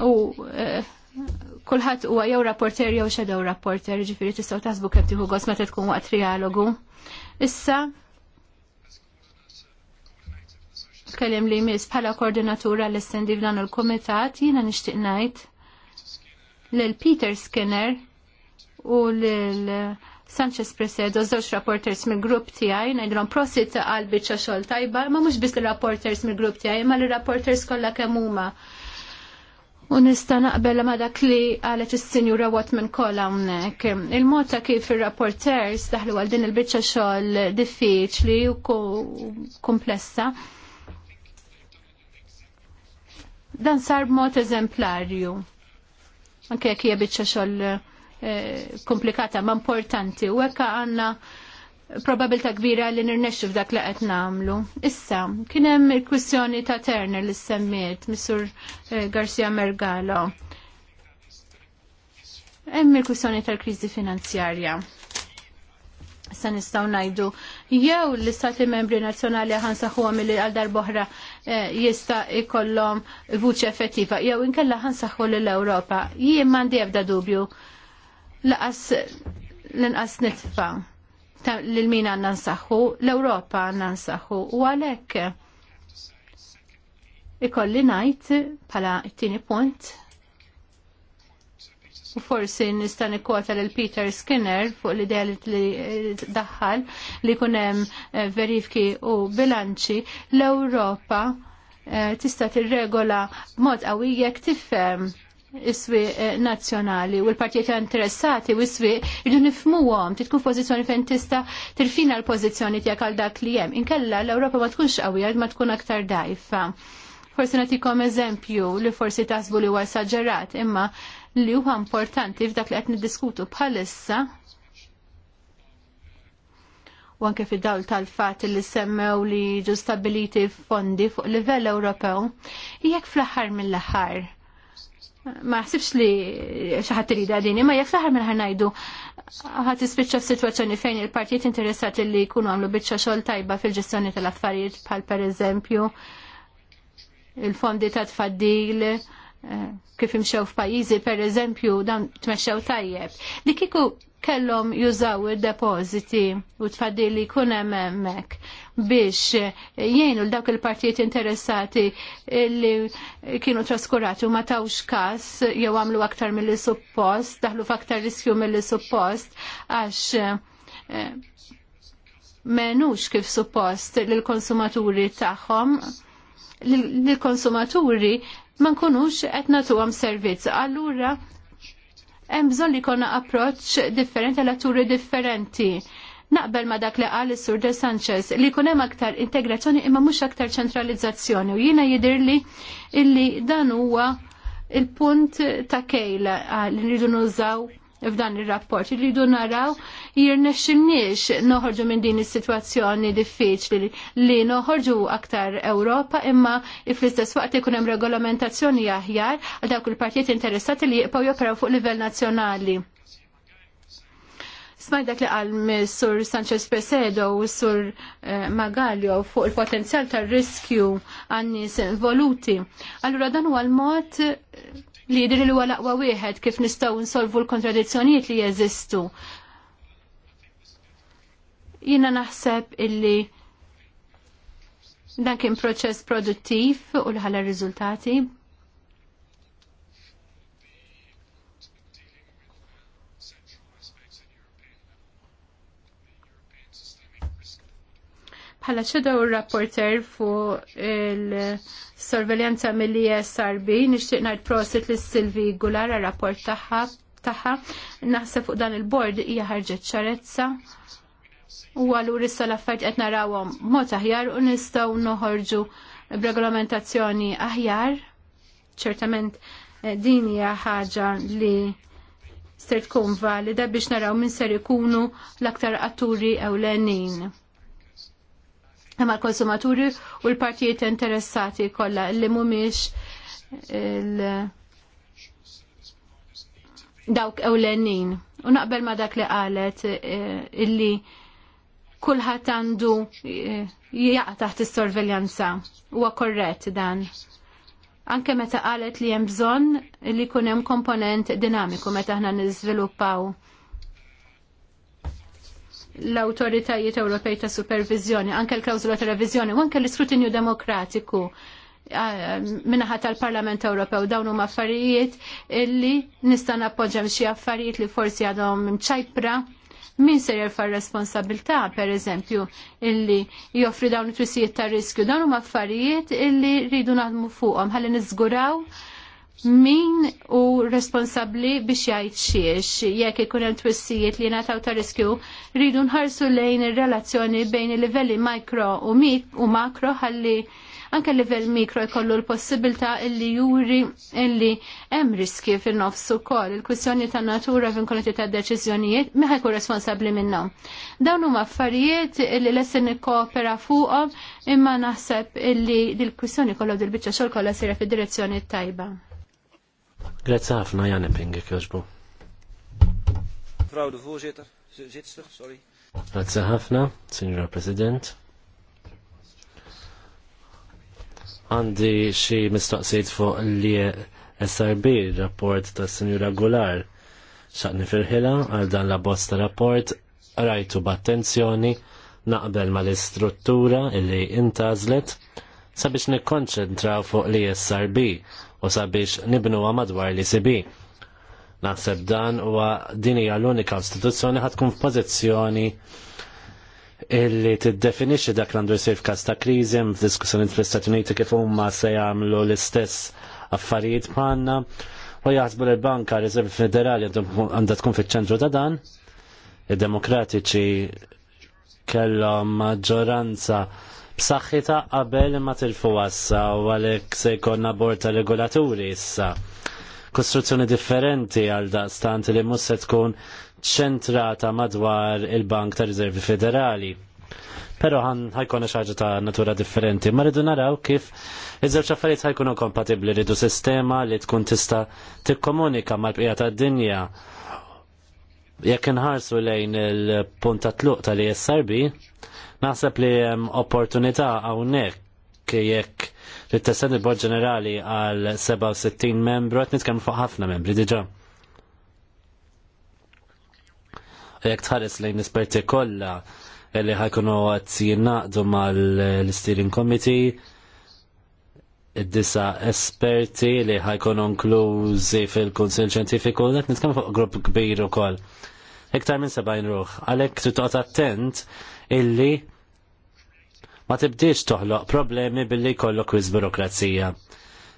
U uh, eh, kullħat huwa jew rapporter jew shadow rapporter, ġifieri tistgħu tasbu kemm tieħu gost meta tkun waqt trialogu. Issa tkellem li jmiss bħala koordinatura l-estendi f'dan il-kumitat jiena nixtieq ngħid lil Peter Skinner u lil Sanchez Presedo, żewġ rapporters mill grupp tiegħi ngħidilhom prosit għal biċċa xogħol tajba, ma mhux biss l-rapporters mill grupp tiegħi, ma l-rapporters kollha kemm huma. U nista' naqbel ma dak li qalet is-Sinjura Watman koll hawnhekk. Il-mod ta' kif ir-rapporters daħlu għal din il-biċċa xogħol diffiċli u komplessa. Dan sar b'mod eżemplarju. Anke jekk hija biċċa xogħol Eh, komplikata ma importanti u hekk għandna probabilta kbira li nirnexxu f'dak li qed nagħmlu. Issa, kien hemm il kwissjoni ta' Turner li semmiet, Missur eh, Garcia Mergalo. Hemm il-kwistjoni tal-kriżi finanzjarja. Issa nistgħu ngħidu jew l-istati membri nazzjonali ħansaħuhom li għal darb'oħra eh, jista' ikollhom vuċi effettiva, jew inkella ħansaħu lill-Ewropa. Jien m'għandi ebda dubju laqas l-inqas nitfa l-min għanna nsaħħu, l-Europa għanna nsaħħu, u għalek ikolli najt pala it-tini punt u forsi nista' nikkota lil Peter Skinner fuq l-idea li daħħal li kunem eh, verifki u bilanċi l-Ewropa eh, tista' tirregola b'mod qawwi jekk tifhem is nazjonali eh, nazzjonali u l-partijiet interessati u iswi swieq nifmu għom, titkun pozizjoni fejn tista' tirfina l-pożizzjoni tiegħek għal dak li hemm. Inkella l-Ewropa ma tkunx għawija, ma tkun aktar dajfa. Forsi nagħtikom eżempju li forsi tasbu li huwa imma li huwa importanti f'dak li qed niddiskutu bħalissa u anke fid-dawl tal-fat li semmew li ġu fondi fuq livell Ewropew, jekk fl-aħħar mill-aħħar ma jaħsibx li xaħat rida dini, ma jek fl-ħar minn ħanajdu ħat ispiċċa f-situazzjoni fejn il-partijiet interessati li jkunu għamlu bieċċa xol tajba fil-ġestjoni tal-affarijiet bħal per eżempju il-fondi ta' tfaddil Eh, kif imxew f'pajjiżi pereżempju dawn tmexxew tajjeb. Dik kiku kellhom jużaw id-depożiti u tfadili jkun hemm hemmhekk biex eh, jgħinu l dawk il-partijiet interessati li kienu traskurati u ma tawx kas jew għamlu aktar mill suppost, daħlu f'aktar riskju mill suppost għax eh, menux kif suppost l-konsumaturi tagħhom l-konsumaturi ma nkunux qed nagħtuhom servizz. Allura hemm bżonn li jkollna approċċ differenti għal atturi differenti. Naqbel ma dak li qal is-Sur De Sanchez li jkun hemm aktar integrazzjoni imma mhux aktar ċentralizzazzjoni u jiena jidhirli illi dan huwa il-punt ta' kejla ah, li nridu nużaw f'dan ir-rapport. Rridu naraw jirnexxilniex noħorġu minn din is-sitwazzjoni diffiċli li noħorġu aktar Ewropa imma fl-istess waqt ikun hemm regolamentazzjoni aħjar għal dawk il-partijiet interessati li jibqgħu joperaw fuq livell nazzjonali. Smaj dak li għal sur Sanchez Pesedo u sur eh, Magalio fuq il-potenzjal tal riskju għannis voluti. Allura dan huwa l-mod li jidri li huwa aqwa wieħed kif nistgħu nsolvu l-kontradizzjonijiet li jeżistu. Jiena naħseb illi dan kien proċess produttiv u l-ħala riżultati. Bħala xedaw rapporter fu il- sorveljanza mill-ISRB, nixtieq ngħid prosit lis Silvi Gular rapport tagħha tagħha. Naħseb fuq dan il-bord hija ħarġet ċarezza. U għallur issa l-affarijiet qed narawhom mod aħjar u nistgħu noħorġu b'regolamentazzjoni aħjar. Ċertament eh, din hija ħaġa li ser tkun valida biex naraw min ser ikunu l-aktar atturi ewlenin ma' l-konsumaturi u l-partijiet interessati kollha li mhumiex il- dawk ewlenin. U naqbel ma dak li qalet eh, illi kulħadd għandu eh, jaqa taħt is-sorveljanza. Huwa korrett dan. Anke meta qalet li hemm bżonn li jkun hemm komponent dinamiku meta aħna niżviluppaw l-autoritajiet Ewropej ta' supervizjoni, anke l-klawzula ta' revizjoni, u anke l-iskrutinju demokratiku minnaħat tal-Parlament Ewropew dawn huma affarijiet illi nista' nappoġġem xi affarijiet li forsi għadhom mċajpra min se jerfa' responsabilità pereżempju illi joffri dawn it twissijiet ta' riskju dawn huma affarijiet illi rridu naħdmu fuqhom ħalli niżguraw min u responsabli biex jajt xiex jekk ikun hemm twissijiet li nataw ta' riskju rridu nħarsu lejn ir-relazzjoni bejn il-livelli mikro u, mik u makro ħalli anke livell mikro jkollu l-possibilità illi juri illi hemm riski fin-nofs ukoll. Il-kwistjoni ta' natura vinkolati ta' deċiżjonijiet meħa jkun responsabbli minnhom. Dawn huma affarijiet illi lesin nikkoopera fuqhom imma naħseb illi dil-kwistjoni kollha dil-biċċa xogħol kollha sira fid-direzzjoni tajba. Grazzi ħafna Jan Epping jogħġbu. Frau de voorzitter, zitster, sorry. Grazzi ħafna, Signora President. Għandi xi mistoqsijiet fuq li SRB, rapport ta' Signora Gular. Xaqni firħila għal dan la bosta rapport, rajtu b'attenzjoni, naqbel mal-istruttura illi intazlet sabiex nikkonċentraw fuq l-ISRB u sabiex nibnuha madwar li sibi. Naħseb dan huwa din hija l-unika istituzzjoni ħatkun tkun f'pożizzjoni illi tiddefinixxi dak l-għandu jsir f'każ ta' kriżi hemm f'diskussjoni fl-Istati Uniti kif huma se jagħmlu l-istess affarijiet bħalna u jaħsbu l-Banka Rezervi Federali għandha tkun fiċ-ċentru ta' dan, il demokratiċi kellhom maġġoranza b'saħħitha qabel ma tilfu issa u għalhekk se jkollna bord ta' regolaturi issa. Kostruzzjoni differenti għal daqstant li mhux se tkun ċentrata madwar il-Bank ta' Riservi Federali. Pero ħan ħajkun xaġa ta' natura differenti. Ma rridu naraw kif iż-żewġ affarijiet ħajkunu kompatibbli rridu sistema li tkun tista' tikkomunika mal-bqija tad-dinja. Jekk inħarsu lejn il-punt ta' tluq tal-ISRB, Naħseb li hemm opportunità hawnhekk jekk li tessed il-Bord Ġenerali għal 67 membru qed nitkellmu fuq ħafna membri diġà. Jekk tħares lejn l-esperti kollha li ħajkunu għat jinnaqdu mal-Steering Committee, id-disa esperti li ħajkunu nkluzi fil konsil Ċentifiku, għet nitkam fuq grupp kbir u koll. Iktar minn sebajn ruħ, għalek titoqt attent illi ma tibdiex toħloq problemi billi jkollok wis burokrazija.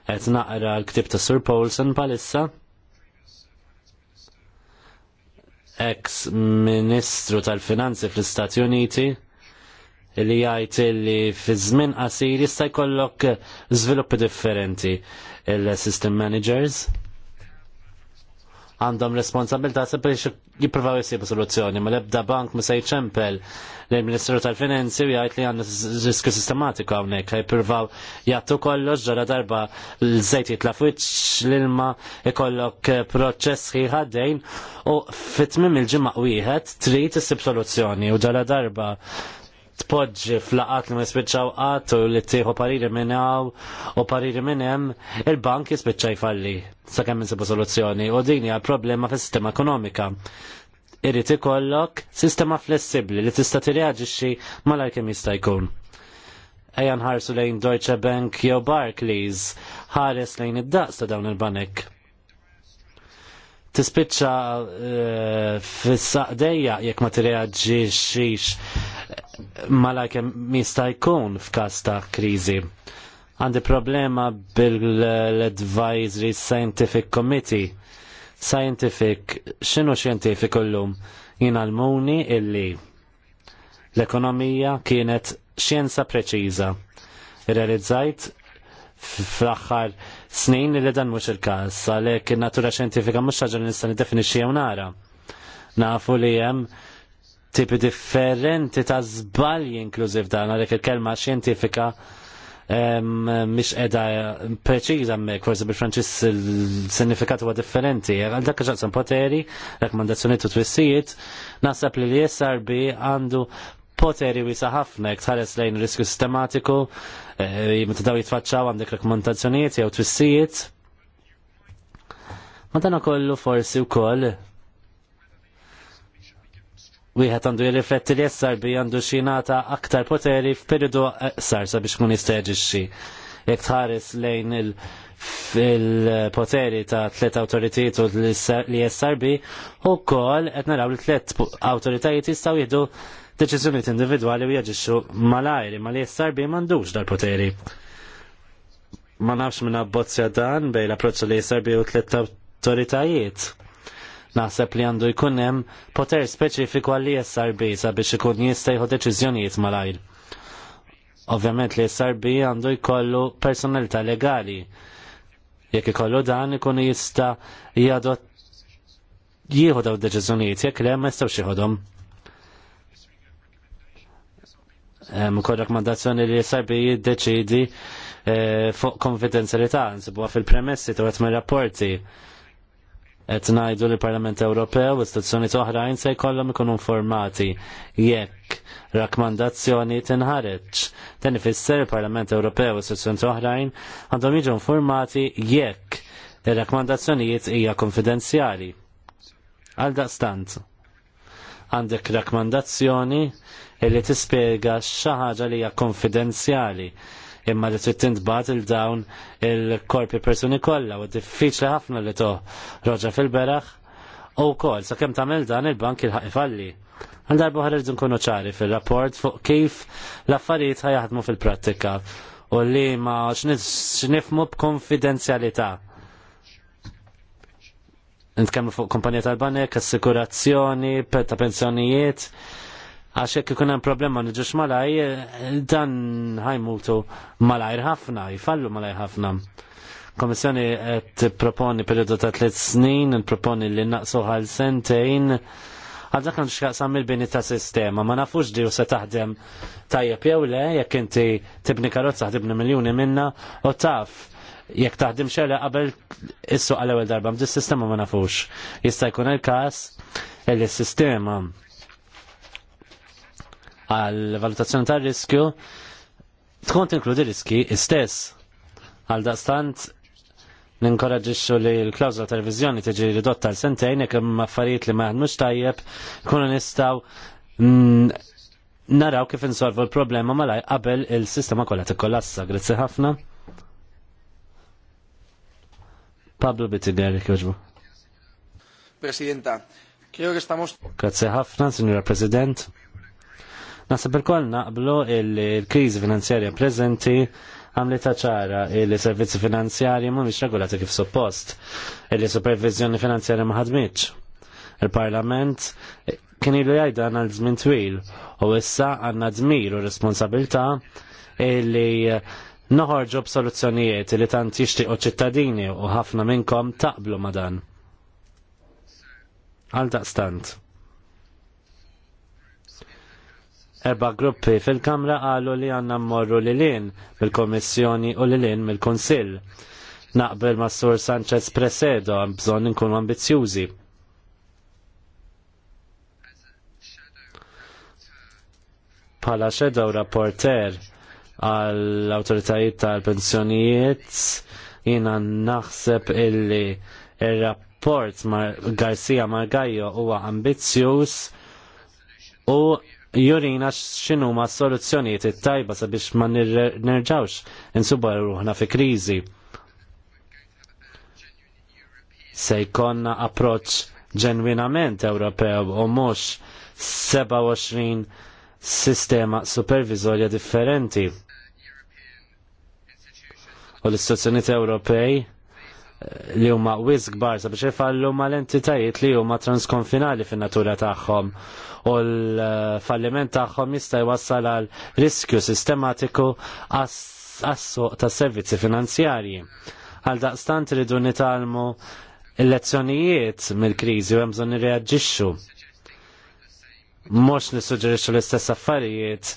Qed naqra l-ktib ta' Sir Paulson palissa. Ex-Ministru tal-Finanzi fl-Istati Uniti li jgħid li fi żmien qasir jista' jkollok żviluppi differenti il-system managers għandhom responsabilità sabiex jipprovaw jisibu soluzzjoni, ma lebda bank ma se jċempel l-Ministru tal-Finanzi u jgħid li għandna riskju sistematiku hawnhekk jippruvaw jagħtu kollox ġara darba l-żejt jitla l-ilma ikollok eh, proċess ħaddejn u fit-tmim il-ġimgħa wieħed trid issib soluzzjoni u ġara darba tpoġġi flaqat li ma jispiċċaw qatt u li tieħu pariri minn hawn u pariri minn hemm, il-bank jispiċċa jfalli sakemm insibu soluzzjoni u din hija problema fis-sistema ekonomika. Irid ikollok sistema flessibbli li tista' tirreaġixxi malajr kemm jista' jkun. Ejja nħarsu lejn Deutsche Bank jew Barclays ħares lejn id-daqs ta' dawn il-banek tispiċċa eh, fis-saqdejja jekk ma tirreaġixxix malajkem mista jkun f'każ ta' krizi. Għandi problema bil-Advisory Scientific Committee. Scientific, xinu xjentifik ullum? Jina l-muni illi l-ekonomija kienet xjenza preċiża. Realizzajt fl-axħar snin li dan mhux il-każ, għalhekk in-natura xjentifika mhux ħaġa li nista' niddefinixxi hawn nara. Nafu li hemm tipi differenti ta' żbalji inklużiv dan għalhekk il-kelma xjentifika mish edha preċiża mek, forse bil-Franċis il-sinifikat huwa differenti. Għal dak ġaqsam poteri, rekomandazzjoni u twissijiet, nasab li l SRB għandu poteri wisa ħafna jek lejn riskju sistematiku, eh, meta daw jitfaċċaw għandek rakkomandazzjonijiet jew twissijiet. Ma dan kollu forsi wkoll wieħed għandu jirrifletti li s bi għandu xinata aktar poteri f'periodu sar sabiex kun jisteġixxi. Jekk tħares lejn il-poteri ta' tliet awtoritajiet u li s bi, u koll qed naraw li tlet awtoritajiet jistgħu jieħdu deċiżjonijiet individwali u jaġixxu malajr ma li s bi m'għandux dal-poteri. Ma nafx minn abbozja dan bejn l-approċċ li s bi u tliet awtoritajiet Naħseb li għandu jkun hemm poter speċifiku għalli e SRB sabiex ikun jista' jieħu deċiżjonijiet malajr. Ovvjament li e SRB għandu jkollu personalità legali. Jekk ikollu dan ikun jista' jgħadu jieħu daw deċiżjonijiet jekk le ma jistgħux jieħodhom. Hemm ukoll rakkomandazzjoni li e sarbi jiddeċidi eh, fuq konfidenzjalità nsibuha fil-premessi tuqgħod mir-rapporti qed ngħidu li Parlament Ewropew u istituzzjoni oħrajn se jkollhom ikunu informati jekk rakkomandazzjoni tinħareġ. Dan ifisser il-Parlament Ewropew u istituzzjoni oħrajn għandhom jiġu informati jekk ir-rakkomandazzjonijiet hija konfidenzjali. Għal daqstant, għandek rakkomandazzjoni li tispjega xi ħaġa li hija konfidenzjali imma li trid tintbagħat il dawn il-korpi persuni kollha u diffiċli ħafna li roġa fil-beraħ u wkoll sakemm tagħmel dan il-bank il ifalli. Għal darba ħarġ nkunu ċari fil-rapport fuq kif l-affarijiet ħajaħdmu fil-prattika u li ma x'nifmu b'konfidenzjalità nitkellmu fuq kumpanija tal-banek, assikurazzjoni, ta' pensjonijiet, għax jekk ikun hemm problema niġux malaj, eh, dan ħajmutu malajr ħafna, jfallu malajr ħafna. Komissjoni qed proponi periodu ta' tliet snin, proponi li naqsu għal sentejn, għal dak għandu xaqsam il-bini ta' sistema, ma nafux di u se taħdem tajjeb jew le, jekk inti tibni karozza ħdibni miljuni minna u taf jekk taħdim xele qabel issu għal ewwel darba, mdi sistema ma nafux. Jista' jkun il-każ il-sistema il każ il sistema il il sistema għal valutazzjoni tar riskju tkun tinkludi riski istess. Għal dastant, ninkoraġixxu li l-klawżola tal-revizjoni tiġi ridotta għal sentejn jekk hemm affarijiet li ma mux tajjeb, kunu nistaw naraw kif insolvu l-problema malaj qabel il-sistema kollha kollassa Grazzi ħafna. Pablo Bittiger, kjoġbu. Presidenta, creo Grazie ħafna, signora President. Nasib il-koll naqblu il-krizi finanzjarja prezenti għamlet ċara il-servizzi finanzjarji mhumiex regolati kif suppost, il-supervizjoni finanzjarja ma ħadmitx. Il-Parlament kien ilu għanna l żmien twil u issa għandna zmir u responsabilità li noħorġu soluzzjonijiet li tant jixtiequ ċittadini u ħafna minnkom taqblu ma dan. Għal daqstant. erba gruppi fil-Kamra għalu li għanna mmorru li l-in mill-Komissjoni u li l-in mill-Konsil. Naqbel ma' Sur Sanchez Presedo għan bżon nkunu ambizjużi. Pala xedo rapporter għall-autoritajiet tal-pensjonijiet jina naħseb illi il-rapport ma' Garcia Margajo huwa ambizjuż u jurina xinu ma soluzzjonijiet it-tajba sabiex ma nerġawx insuba ruħna fi kriżi. Se jkollna approċċ ġenwinament Ewropew u mhux 27 sistema supervizorja differenti. U l-istituzzjonijiet Ewropej li huma wisq bar sabiex ifallu ma l-entitajiet li huma transkonfinali fin-natura tagħhom u l-falliment tagħhom jista' jwassal għal riskju sistematiku għas-suq tas servizzi finanzjarji. Għal daqstant ridu nitalmu il-lezzjonijiet mill-kriżi u hemm bżonn irreaġixxu. Mhux nissuġġerixxu l-istess affarijiet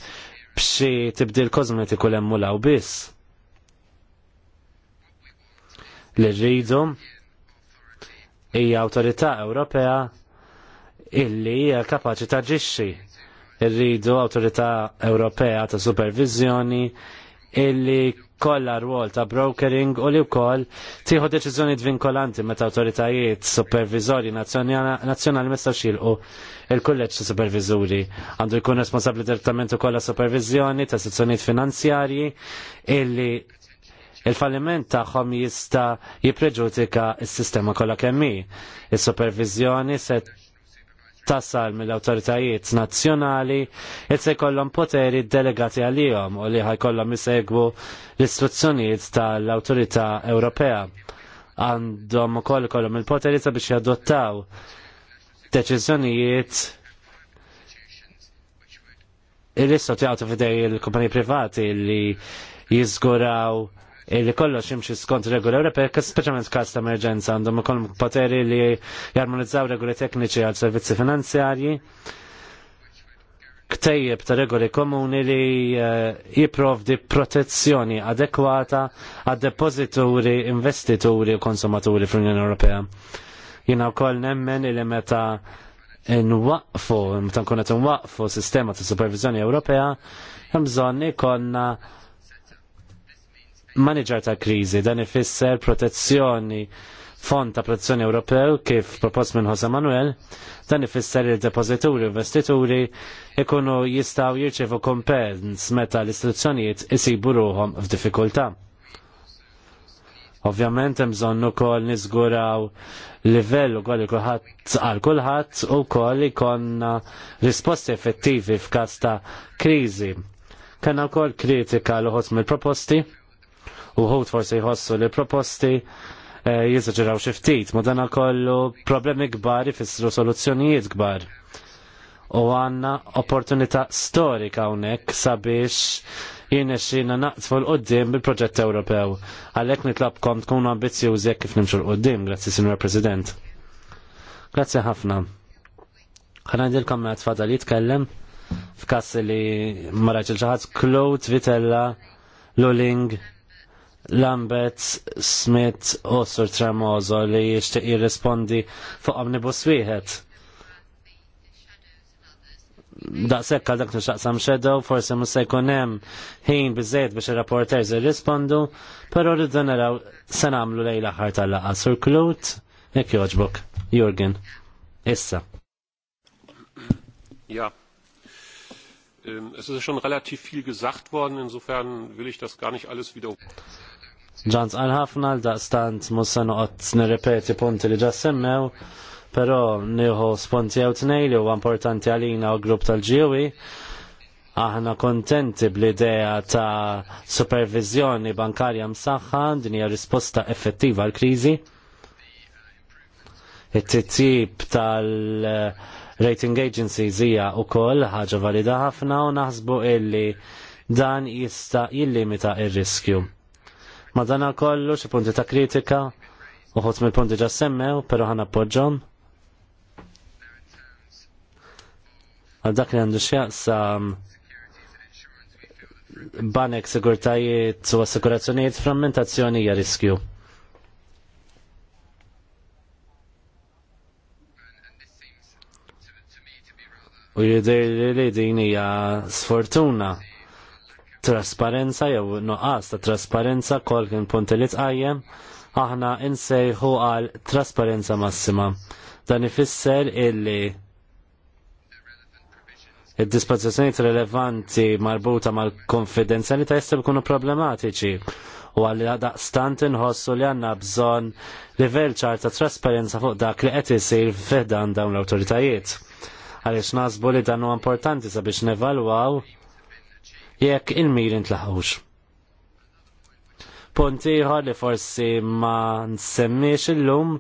b'xi tibdil kosmetiku l-emmulaw biss li rridu hija awtorità Ewropea illi hija kapaċi taġixxi. Irridu awtorità Ewropea ta' supervizjoni illi kollha rwol ta' brokering u li wkoll tieħu deċiżjoni dvinkolanti meta awtoritajiet supervizori nazzjonali mistgħu xilqu il-kulleġġ ta' supervizuri. Għandu jkun responsabbli direttament ukoll supervizjoni ta' sezzjonijiet finanzjarji illi il-falliment tagħhom jista' jippreġudika s-sistema kollha kemm hi. Is-supervizjoni se tasal mill-awtoritajiet nazzjonali il se jkollhom poteri delegati għalihom u li ħajkollhom isegwu l-istruzzjonijiet tal-Awtorità Ewropea. Għandhom ukoll ikollhom il-poteri sabiex jadottaw deċiżjonijiet il-istot jgħatu fidej il kumpani privati li jizguraw li kollox jimxi skont regoli Ewropej, speċjalment każ ta' emerġenza għandhom ikollhom poteri li jarmonizzaw regoli tekniċi għal servizzi finanzjarji. Ktejjeb ta' regoli komuni li eh, jiprovdi protezzjoni adekwata għad depozituri, investituri u konsumaturi fl-Unjoni Ewropea. Jiena wkoll nemmen li meta nwaqfu, meta nkunet qed nwaqfu sistema ta' supervizjoni Ewropea, hemm bżonn ikollna Manager ta' kriżi dan ifisser protezzjoni fond ta' protezzjoni Ewropew kif propost minn Jose Manuel, dan ifisser il-depozituri investituri ikunu jistaw jirċevu kompens meta l-istituzzjonijiet isibu ruhom f'diffikultà. Ovvjament hemm bżonn ukoll niżguraw livell ukoll kulħadd għal kulħadd u wkoll ikonna risposti effettivi f'każ ta' kriżi. Kanna wkoll kritika l mill-proposti ħut forsi jħossu li proposti eh, jizzaġeraw xiftit, ma dana kollu problemi gbar jifissru soluzzjonijiet gbar. U għanna opportunità storika unek sabiex jien xina naqtfu l-qoddim bil-proġett Ewropew. Għalek nitlabkom tkun ambizjużi kif nimxu l-qoddim, grazzi Signor President. Grazzi ħafna. Għana dilkom għat fada li jitkellem f'kass li marraġil ċaħat Claude Vitella Luling Lambert Smith u Sir Tramozo li jishtiq jirrispondi fuq omnibus wieħed. Da' sekka dak nixaqsam xedow, forse mhux se jkun hemm ħin biżejjed biex ir-rapporters jirrispondu, però rridu naraw se nagħmlu lejn aħħar tal-laqgħa. Sur Klut, jekk jogħġbok, Jurgen. Issa. Ja, ähm, Es ist schon relativ viel gesagt worden, insofern will ich das gar nicht alles wiederholen ġans għal ħafna l-daqstant musa noqgħod nirrepeti punti li ġas semmew, però nieħu sponti għaw tnej li huwa importanti għalina u grupp tal ġiwi aħna kontenti bl-idea ta' supervizjoni bankarja msaħħa din hija risposta effettiva għal kriżi it-titjib tal-rating agencies hija wkoll ħaġa valida ħafna u naħsbu illi dan jista' jillimita ir-riskju. Il Madana kollu xi punti ta' kritika, uħut mill-punti ġa semmew, pero ħana appoġġhom. Għal dak li għandu x'jaqsam mm, banek sigurtajiet u assikurazzjonijiet frammentazzjoni hija riskju. U jidir li din hija sfortuna trasparenza jew nuqqas ta' trasparenza kol kien punti li tqajjem aħna insejħu għal trasparenza massima. Dan ifisser illi id-dispożizzjonijiet rilevanti marbuta mal-konfidenzjalità jistgħu jkunu problematiċi u għalli daqstant inħossu li għanna bżon livell ċar ta' trasparenza fuq dak li qed isir f'dan dawn l-awtoritajiet. Għaliex nasbu li dan huwa importanti sabiex nevalwaw jekk il-mir intlaħawx. Punt ieħor li forsi ma nsemmiex illum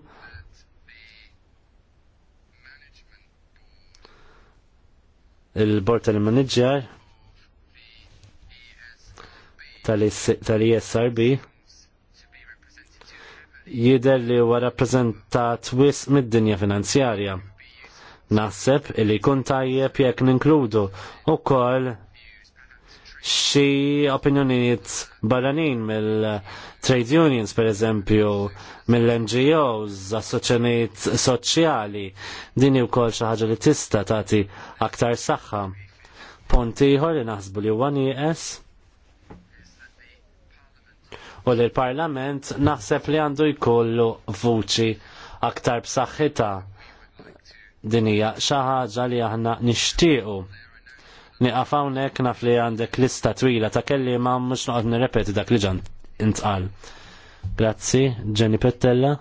il-bord tal-manager tal isrb jider li huwa rappreżentat wis mid-dinja finanzjarja. Naħseb li kun tajjeb jekk ninkludu ukoll xi opinjonijiet barranin mill-trade unions, per eżempju, mill-NGOs, assoċjonijiet soċjali, din u kol xaħġa li tista tagħti aktar saħħa. Punt ieħor li naħsbu li huwa nieqes u li l-Parlament naħseb li għandu jkollu vuċi aktar b'saħħita. din hija xi ħaġa li aħna nixtiequ Niqaf hawnhekk naf li għandek lista twila ta' kelli ma mhux noqgħod nirrepeti dak li ġan intqal. Grazzi, Jenny Pettella.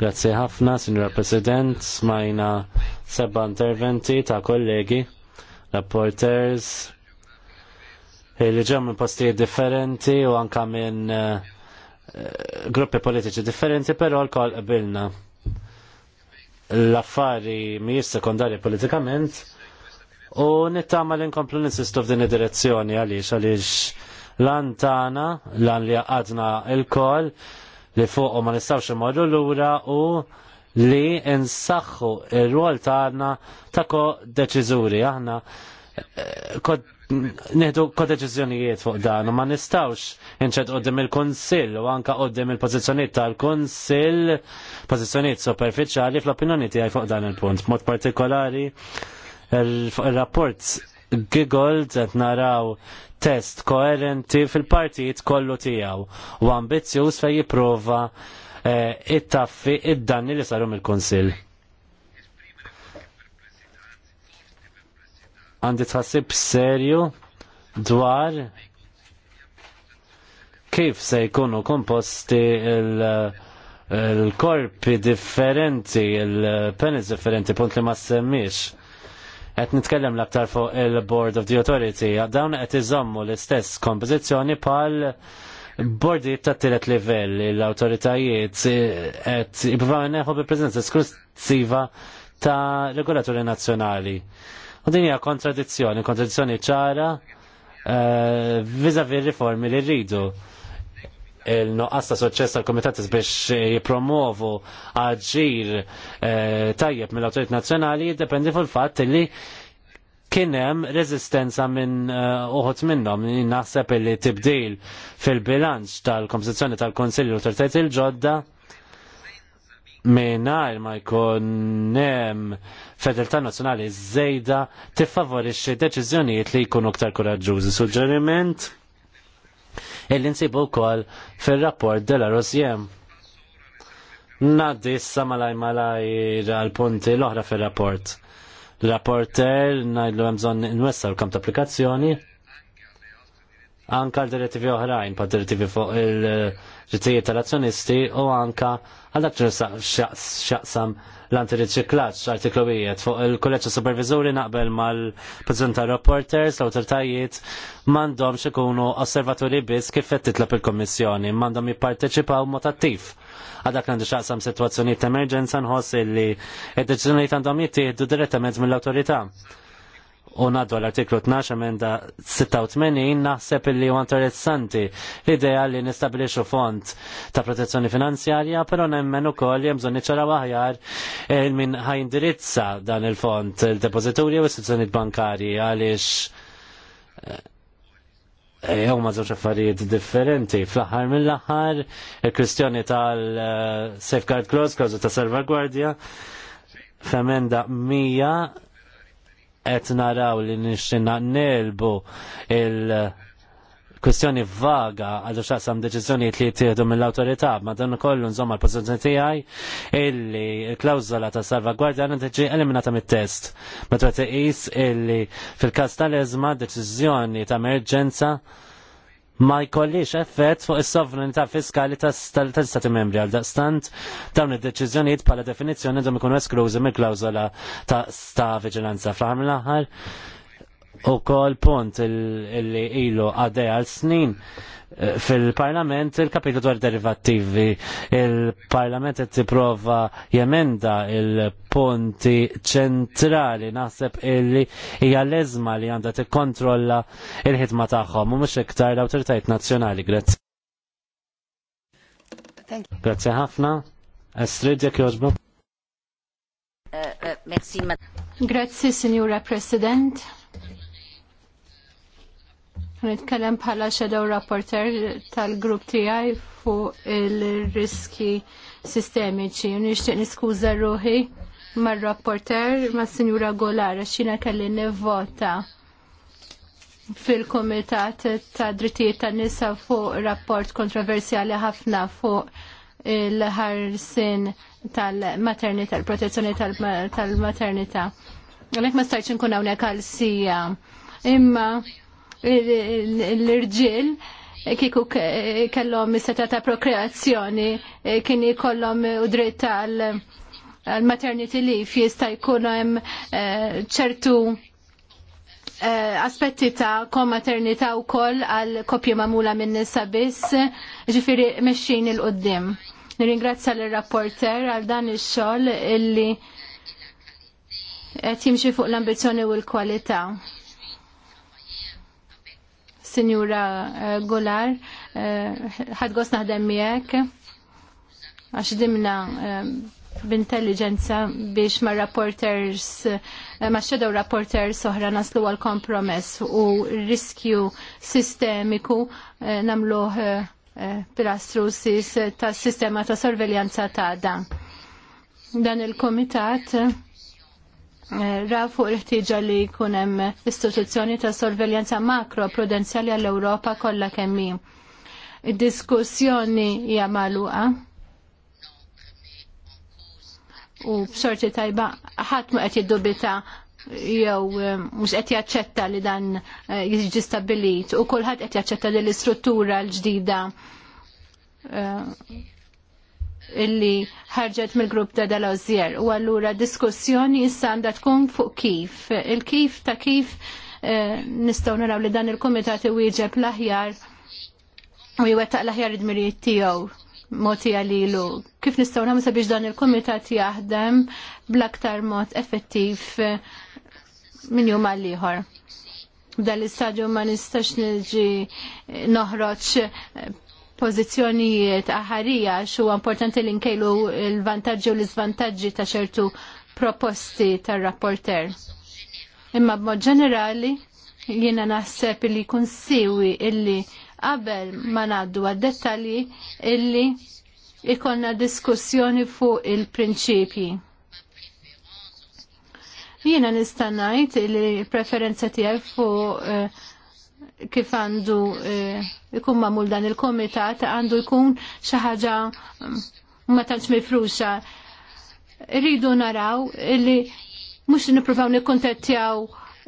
Grazzi ħafna, Signora President, smajna seba interventi ta' kollegi, rapporters, eh, li ġew minn postijiet differenti u anka minn uh, gruppi politiċi differenti, però l-kol qabilna l-affari mhijiex sekondarji politikament u nittama l-inkomplu ninsistu f'din id-direzzjoni għaliex għaliex lan tagħna lan li għadna il-kol li fuq ma nistawx imorru lura u li nsaxħu il-rol tagħna ta' ko deċiżuri aħna eh, kod neħdu kodeċizjonijiet fuq dan, ma nistawx inċed qoddim il-Konsil u anka qoddim il-pozizjoniet tal-Konsil, pozizjoniet superficiali fl-opinjoni tiegħi fuq dan il-punt. Mod partikolari il-rapport Gigold qed naraw test koerenti fil-partijiet kollu tiegħu u ambizzjuż fejn jipprova eh, it-taffi id-danni li sarum il-Konsil. għandi tħassib serju dwar kif se jkunu komposti il-korpi differenti, il-penis differenti, punt li ma semmix. Et nitkellem l-aktar fuq il-Board of the Authority, għaddawn qed iżommu l-istess kompożizzjoni pal bordijiet ta' tielet livell, l-autoritajiet qed jippruvaw neħu bi preżenza esklusiva ta' regolatori nazzjonali. U din hija kontradizzjoni, kontradizzjoni ċara eh, viżavi riformi li rridu il-noqqas ta' soċċess tal-Komitat biex jipromovu għagġir eh, tajjeb mill-Awtorit Nazzjonali jiddependi fuq fatt li kien hemm reżistenza minn eh, uħut minnhom naħseb li tibdil fil-bilanċ tal-kompożizzjoni tal-Konsilju u tal-Tajt il-ġodda menar ma jkun fedeltà nazzjonali żejda tiffavorixxi deċiżjonijiet li jkunu aktar koraġġużi. Suġġeriment illi nsibu wkoll fir-rapport della Rosjem. Naddi issa malaj malaj għal-punti l-oħra fir-rapport. Rapporter ngħidlu hemm bżonn inwessaw kam ta' applikazzjoni anka l-direttivi oħrajn, pa' direttivi fuq il- ġittijiet tal-azzjonisti u anka għal dak xaqsam l antiriċiklaċ artiklu wieħed fuq il-kulleġġ supervizuri naqbel mal prezenta Reporters l-awtoritajiet m'għandhomx ikunu osservaturi biss kif fettit il-Kommissjoni, m'għandhom jipparteċipaw mod attiv. Għadak għandu xaqsam situazzjoni ta' emerġenza nħoss illi id-deċiżjonijiet għandhom jittieħdu direttament mill-awtorità u l-artiklu 12 emenda 86 naħseb li huwa interessanti l-idea li nistabilixu fond ta' protezzjoni finanzjarja, però nemmen ukoll jemżon bżonn niċċaraw aħjar min ħajindirizza dan il-fond il depozituri u istituzjoni bankarji għaliex Jew eh, eh, ma żewġ affarijiet differenti. Fl-aħħar mill-aħħar, il-kwistjoni tal-safeguard clause, clause ta' salvaguardja, f'emenda mija qed naraw li nixxina nelbu il- kwestjoni vaga għal xaqsam deċizjoni li jittieħdu mill-autorità, ma dan kollu nżomma l-pozizjoni tiegħi illi l-klawżola ta' salvagwardja għandha tiġi eliminata mit-test. Meta tqis illi fil-każ tal-eżma deċiżjoni ta' emerġenza ma jkollix effett fuq is-sovranità fiskali tal-Stati membri għal daqstant dawn id-deċiżjonijiet bħala definizzjoni dom ikunu esklużi mill-klawżola ta' sta' viġilanza fl-aħħar mill-aħħar u kol punt il-li ilu għadej għal snin eh, fil-parlament il-kapitlu dwar derivativi. Il-parlament qed tipprova jemenda il-punti ċentrali naħseb illi hija leżma li għandha tikkontrolla il-ħidma tagħhom u mhux iktar l-awtoritajiet nazzjonali. Grazzi. Grazzi ħafna. Estrid jek joġbu? Eh, eh, Grazzi, Signora President nitkellem bħala shadow rapporter tal-grupp tiegħi fuq il-riski sistemiċi. Nixtieq niskuża ruħi mar-rapporter mas-Sinjura Golara x'ina kelli nivvota fil kumitat ta' Drittijiet tan-Nisa fuq rapport kontroversjali ħafna fuq il-ħarsin tal maternità l-protezzjoni tal maternità Għalek ma stajċ inkun hawnhekk għal sija. Imma l-irġiel kieku kellhom is-seta ta' prokreazzjoni kien jkollhom u dritt tal maternity leave jista' jkun hemm eh, ċertu eh, aspetti ta' komaternità u koll għal kopji mamula minn nisa biss, ġifiri meċċin il-qoddim. Nirringrazzja l-rapporter għal dan il-xol illi jimxi fuq l-ambizjoni u l-kwalità. Sinjura eh, Golar, eh, ħadgos naħdem miegħek għax dimna eh, b'intelligenza biex ma' rapporters, ma' shadow rapporters oħra naslu għal kompromess u riskju sistemiku namluħ pilastru sis ta' sistema ta' sorveljanza ta' dan. Dan il-komitat Eh, Raw fuq il-ħtiġa li jkun hemm istituzzjoni ta' sorveljanza makro prudenzjali għall-Ewropa kollha kemm hi. Id-diskussjoni hija magħluqa. U b'sorti tajba ħadd ma qed jiddubita jew eh, mhux qed jaċċetta li dan eh, jiġi stabbilit u kulħadd qed jaċċetta li l-istruttura l-ġdida illi ħarġet mill-grupp ta' Dalosier u allura diskussjoni issa għandha tkun fuq kif. Il-kif ta' kif eh, nistgħu naraw li dan il-kumitat wieġeb l-aħjar u jwettaq l-aħjar id-mirijiet tiegħu moti għalilu. Kif nistgħu nagħmlu sabiex dan il-kumitat jaħdem bl-aktar mod effettiv eh, minn jum għal ieħor. Dal-istadju ma nistax niġi eh, noħroġ pożizzjonijiet aħarija huwa importanti li nkejlu l-vantaġġi u l-iżvantaġġi ta' ċertu proposti tar-rapporter. Imma b'mod ġenerali jiena naħseb li jkun siwi illi qabel ma ngħaddu għad-dettalji illi ikonna diskussjoni fuq il-prinċipji. Jiena nista' ngħid li preferenza tiegħi fuq uh, kif għandu e, ikun mamul dan il-komitat għandu jkun xi ħaġa mm, ma tantx mifruxa. Rridu naraw li mhux nippruvaw nikkuntettjaw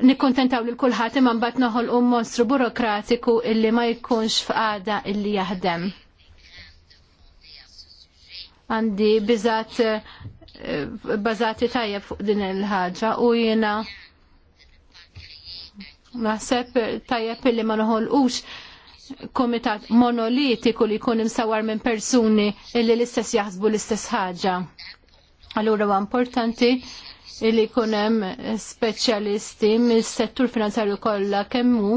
nikkontentaw li kulħadd imma mbagħad noħolqu monstru burokratiku illi ma jkunx f'qagħda illi jaħdem. għandi bizat e, bażati tajjeb fuq din il-ħaġa u jiena Naħseb tajjeb li ma noħolqux komitat monolitiku li jkun imsawar minn persuni illi l-istess jaħsbu l-istess ħaġa. Allura huwa importanti illi hemm speċjalisti mis-settur finanzarju kollha kemmu,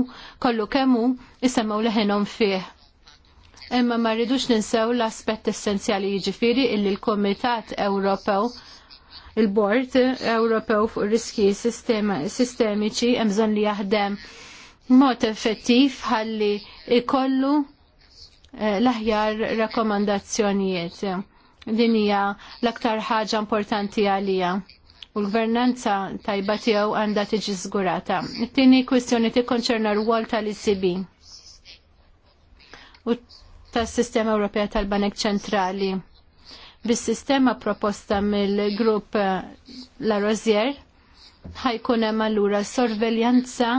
kollu kemmu isemmaw leħenhom fih. Imma ma rridux ninsew l-aspett essenzjali jiġifieri illi l-Kumitat Ewropew il-Bord Ewropew fuq riski sistemiċi hemm bżonn li jaħdem mod effettiv ħalli ikollu eh, l-aħjar rakkomandazzjonijiet. Din hija l-aktar ħaġa importanti għalija u l-gvernanza tajba tiegħu għandha tiġi żgurata. It-tieni kwistjoni tikkonċerna r-wol tal icb u tas-Sistema Ewropea tal-Banek Ċentrali bis-sistema proposta mill-grupp eh, La Rosier ħajkun hemm allura sorveljanza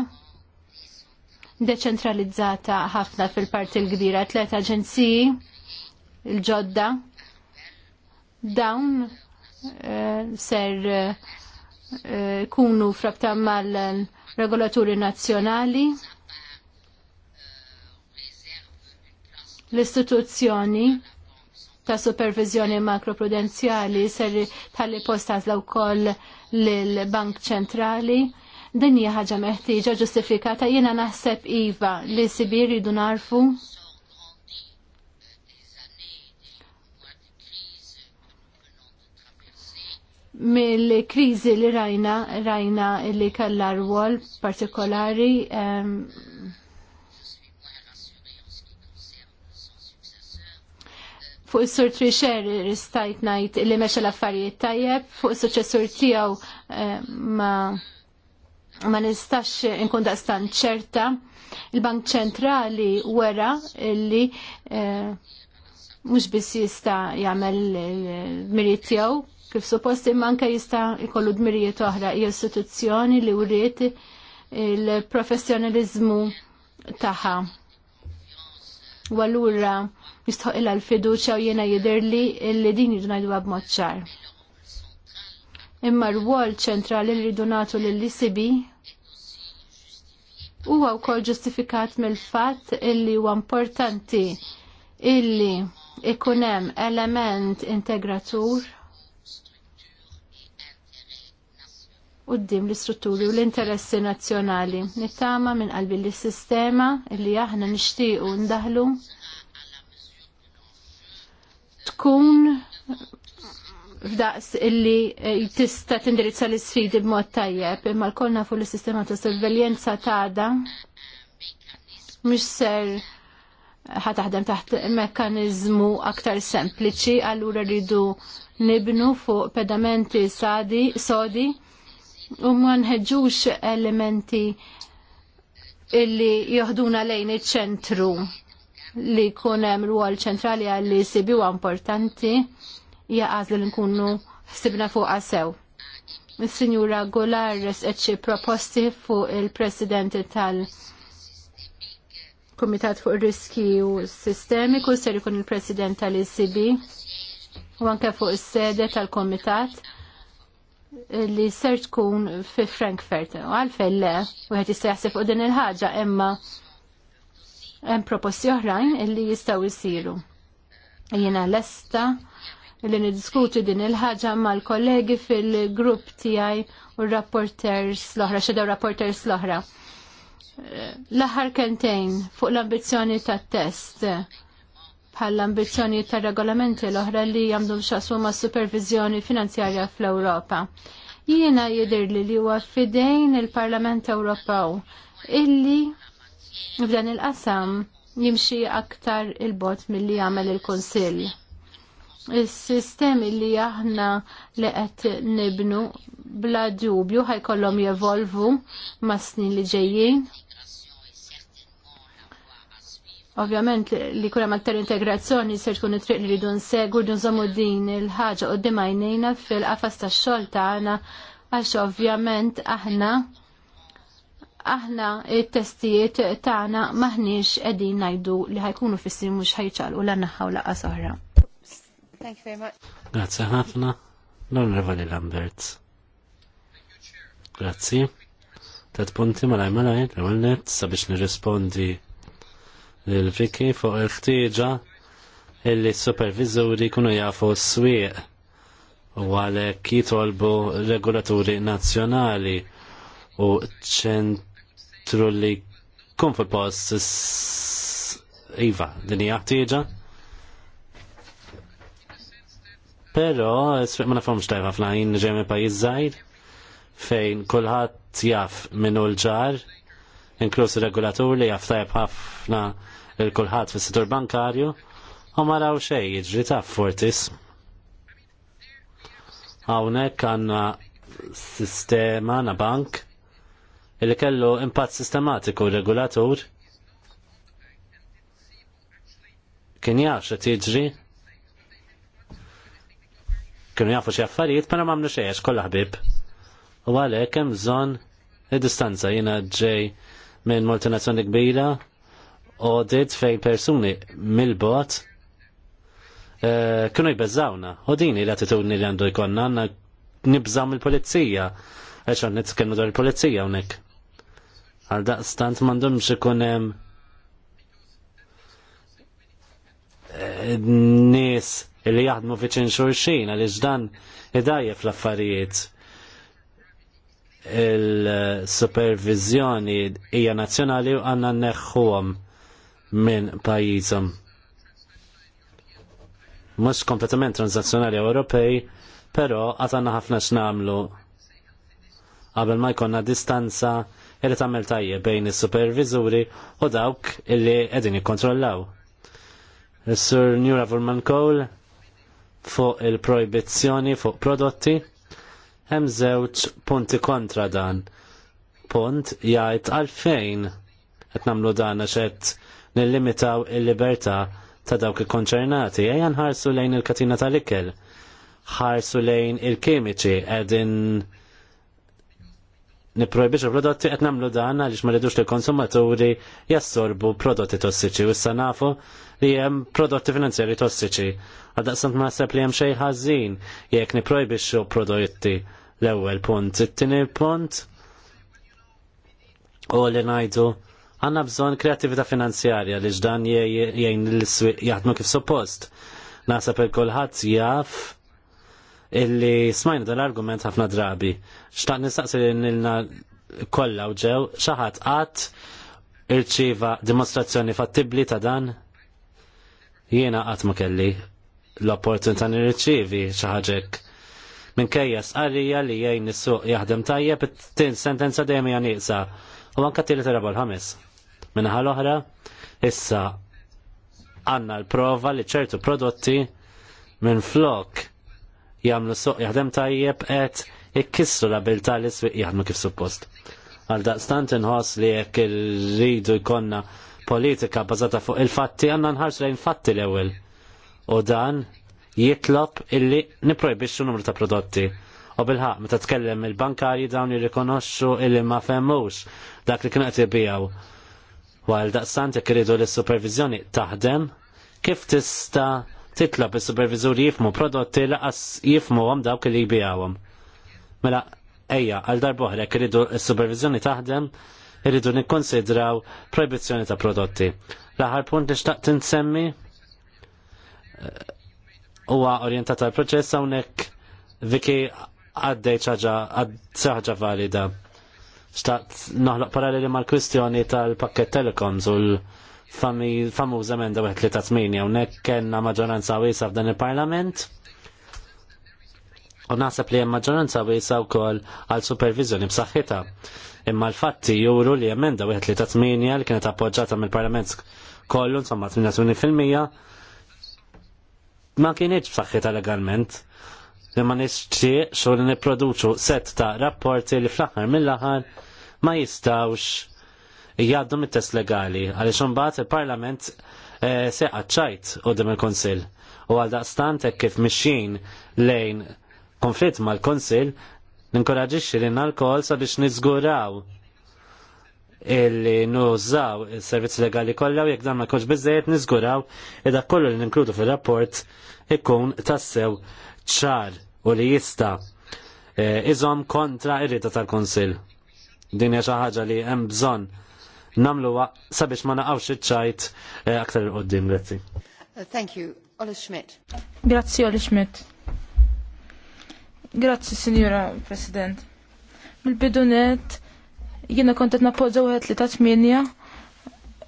deċentralizzata ħafna fil-parti l-kbira tliet aġenziji il-ġodda dawn eh, ser eh, kunu frabta mal-regolaturi nazzjonali l-istituzzjoni ta' supervizjoni makroprudenzjali ser tal-li postazla u l-Bank ċentrali. Din hija ħaġa meħtieġa ġustifikata jiena naħseb iva li sibir jridu narfu mill-krizi li rajna, rajna li kalla rwol partikolari ehm, Fuq is-sur Trixer stajt ngħid li mexa l-affarijiet tajjeb, fuq is-suċessur tiegħu eh, ma ma nistax inkun daqstan ċerta. Il-Bank Ċentrali wera li eh, mhux biss jista' jagħmel l-mirijiet tiegħu kif suppost imma anke jista' jkollu dmirijiet oħra hija istituzzjoni li wriet il-professjonaliżmu tagħha U għallura nistħu ilha l-fiduċja u jiena jidherli li din jiġu ngħidulha b'mod ċar. Imma r-wol ċentrali li rridu nagħtu lill u huwa wkoll ġustifikat mill-fatt illi huwa importanti illi ikun hemm element integratur qoddim l-istrutturi u l-interessi nazzjonali. Nittama minn qalbi l-sistema li aħna nixtiequ ndaħlu tkun f'daqs illi eh, tista tindirizza l-sfidi b'mod tajjeb, imma l-koll nafu l-sistema ta' sorveljenza tagħda mhux ser ħataħdem taħt mekkanizmu aktar sempliċi, allura rridu nibnu fuq pedamenti sadi, sodi u ma nħeġġux elementi illi joħduna lejn iċ-ċentru li jkun hemm rwol ċentrali għalli sibiwa huwa importanti jaqgħad li nkunu ħsibna fuqha sew. Is-Sinjura Golar resqet xi proposti fuq il-Presidenti tal- Komitat fuq riski u Sistemiku ser ikun il-President tal-ECB u anke fuq is-sede tal-Komitat li ser tkun fi Frankfurt. U għalfejn le, u għet jista' jaħseb u din il-ħaġa, imma hemm proposti oħrajn li jistgħu jsiru. Jiena lesta li niddiskuti din il-ħaġa mal-kollegi fil-grupp tiegħi u rapporters l-oħra, xedew rapporters l-oħra. L-aħħar kentejn fuq l-ambizzjoni tat-test bħal ambizjoni tar regolamenti l-oħra li jamdu xasmu ma' supervizjoni finanzjarja fl-Ewropa. Jiena jidir li huwa fidejn il-Parlament Ewropew illi f'dan il-qasam jimxi aktar il-bot mill-li jagħmel il-Kunsill. Is-sistemi li aħna li qed nibnu bla dubju ħajkollhom jevolvu ma' snin li ġejjin Ovvjament li kura ma aktar integrazzjoni se tkun it-triq li ridu nsegu rridu nżommu din il-ħaġa qudiem għajnejna fil-qafas tax-xogħol tagħna għax ovvjament aħna aħna it-testijiet tagħna maħniex qegħdin ngħidu li ħajkunu fissir mhux ħajċalqu la naħħa u laqas oħra. Thank you very much. Grazzi ħafna. L-Onorevoli Lambert. Grazzi. Tat punti malaj malaj, l-għalnet sabiex nirrispondi l-viki fuq il-ħtieġa illi s-supervizuri kunu jafu s-swieq u għalek jitolbu regolaturi nazjonali u ċentru li kun fil post Iva, din hija ħtieġa. Però s-swieq ma nafhomx tajba fl-ħin ġejmi pajjiż żgħir fejn kulħadd jaf minn l-ġar, inkluż regulatur li jaf tajb ħafna il-kulħadd fis situr bankarju u ma raw xejn jiġri ta' Fortis. Hawnhekk għandna sistema na bank illi kellu impatt sistematiku regulatur kien jaf x'qed jiġri kienu jafu xi affarijiet, pera m'għamlu xejn kollha ħbib. U għalhekk hemm bżonn id-distanza jiena ġej minn multinazzjoni kbira audit fej persuni mill-bot eh, kunu jbeżawna. U din l-attitudni li għandu jkonna għanna nibżaw mill-polizija. Għax għan nitkellmu dwar il-polizija unek. Għal daqstant mandumx ikunem eh, nis li jaħdmu fiċin xurxin għaliex dan idajje fl-affarijiet il-supervizjoni hija nazzjonali u għanna neħħuħom minn pajjiżhom. Mhux kompletament transazzjonali Ewropej, però għatanna ħafna x'namlu qabel ma jkollna distanza li tagħmel tajjeb bejn is-superviżuri u dawk illi qegħdin jikkontrollaw. Is-Sur Nura Vurman Cole fuq il-proibizzjoni fuq prodotti hemm żewġ punti kontra dan. Punt jgħid għalfejn qed nagħmlu dan għax qed nillimitaw il-libertà ta' dawk il-konċernati. Ejja nħarsu lejn il-katina tal-ikel, ħarsu lejn il-kimiċi qegħdin niprojbiċu prodotti qed nagħmlu dan għaliex ma ridux li konsumaturi jassorbu prodotti tossiċi u issa nafu li hemm prodotti finanzjari tossiċi. s-sant ma s-sepp li hemm xejn ħażin jekk niprojbiċu prodotti l-ewwel punt. It-tieni punt u li ngħidu Għanna bżon kreativita finanzjarja li ġdan jgħin l swi jaħdmu kif suppost. Nasa il-kolħat jaf illi smajna dal-argument ħafna drabi. Xtaqt nistaqsi li nilna kolla u ġew, xaħat għat irċiva dimostrazzjoni fattibli ta' dan jiena għat ma kelli l-opportunità nirċivi xaħġek. Minkejja sqarrija li jgħin nissu jaħdem tajjeb, tin sentenza dejjem hija nieqsa. U anka tieli terabol ħames. Minnaħa l-oħra, issa għanna l-prova li ċertu prodotti minn flok jamlu suq jaħdem tajjeb et ikkissru l-abilta li s jaħdmu kif suppost. Għal daqstant inħoss li jekk rridu jkonna politika bazata fuq il-fatti għanna nħarġ lejn fatti l-ewel. U dan jitlob illi niprojbixxu numru ta' prodotti. U bilħaq, meta tkellem il-bankarji dawn jirrikonoxxu illi ma femmux dak li kien qed U għal daqsant jek iridu li supervizjoni taħdem, kif tista titlob is-supervizur jifmu prodotti laqas jifmu għom dawk li jibijawom. Mela, ejja, għal darboħra jek iridu s-supervizjoni taħdem, iridu nikkonsidraw proibizzjoni ta' prodotti. L-aħar punt xtaqt insemmi eh, huwa orjentata għal proċess hawnhekk viki għaddej ċaġa għad valida. Staqt noħloq paralleli mal-kwistjoni tal-pakket telecoms u l-famuż emenda 138 hawnhekk kellna maġġoranza wiesa f'dan il-Parlament. U naħseb li hemm maġġoranza wiesa wkoll għal supervizjoni b'saħħitha. Imma l-fatti juru li emenda wieħed li ta' li kienet appoġġata mill-Parlament kollu, insomma 88% ma kienieċ b'saħħitha legalment li ma nixtieqx xo li nipproduċu set ta' rapporti li fl-aħħar mill-aħħar ma jistawx jgħaddu mit-test legali għaliex imbagħad il-Parlament e, eh, seqa ċajt qudiem il-Kunsill u għal daqstant kif mixjin lejn konflitt mal-Kunsill ninkoraġiċi li nalkohol sabiex niżguraw illi nużaw il-servizz legali kollha u jekk dan ma jkunx biżejjed niżguraw id kollu li ninkludu fir-rapport ikun tassew ċar u li jista eh, iżom kontra irrita tal-Konsil. Din hija xi ħaġa li hemm bżonn nagħmluha sabiex ma naqgħux iċ-ċajt eh, aktar il qoddim grazzi. Uh, thank you, Oli Schmidt. Grazzi Oli Schmidt. Grazzi, Signora President. mil bidunet jiena kontet qed nappoġġa li ta' tminja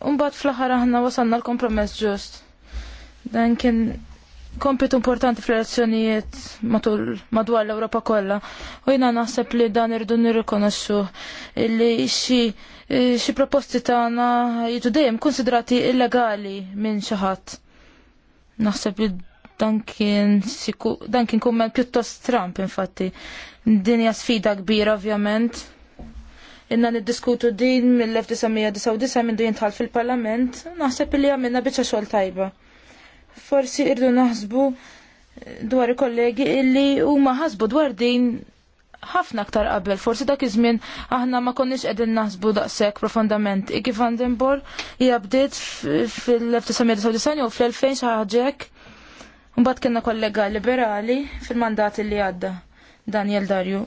u mbagħad fl-aħħar aħna wasanna l-kompromess ġust. Dan kien kompitu importanti fl-relazzjonijiet matul madwar l-Ewropa kollha. U jina naħseb li dan irdu nirrikonoxxu li xi xi proposti tagħna jiġu dejjem konsidrati illegali minn xi ħadd. Naħseb li dan kien dan kien kumment pjuttost Trump infatti. Din hija sfida kbira ovvjament. Inna niddiskutu din mill-1999 minn din tħal fil-parlament, naħseb li għamilna biċċa xogħol tajba Forsi irdu naħsbu eh, dwar kollegi illi huma ħasbu dwar din ħafna aktar qabel, forsi dak iż-żmien aħna ma konniex qegħdin naħsbu daqshekk profondament. Iki Vandenborg hija bdiet fil-1999 u fl-2000 xi ħaġek. Mbagħad kellna kollega liberali fil-mandat li għadda Daniel Darju.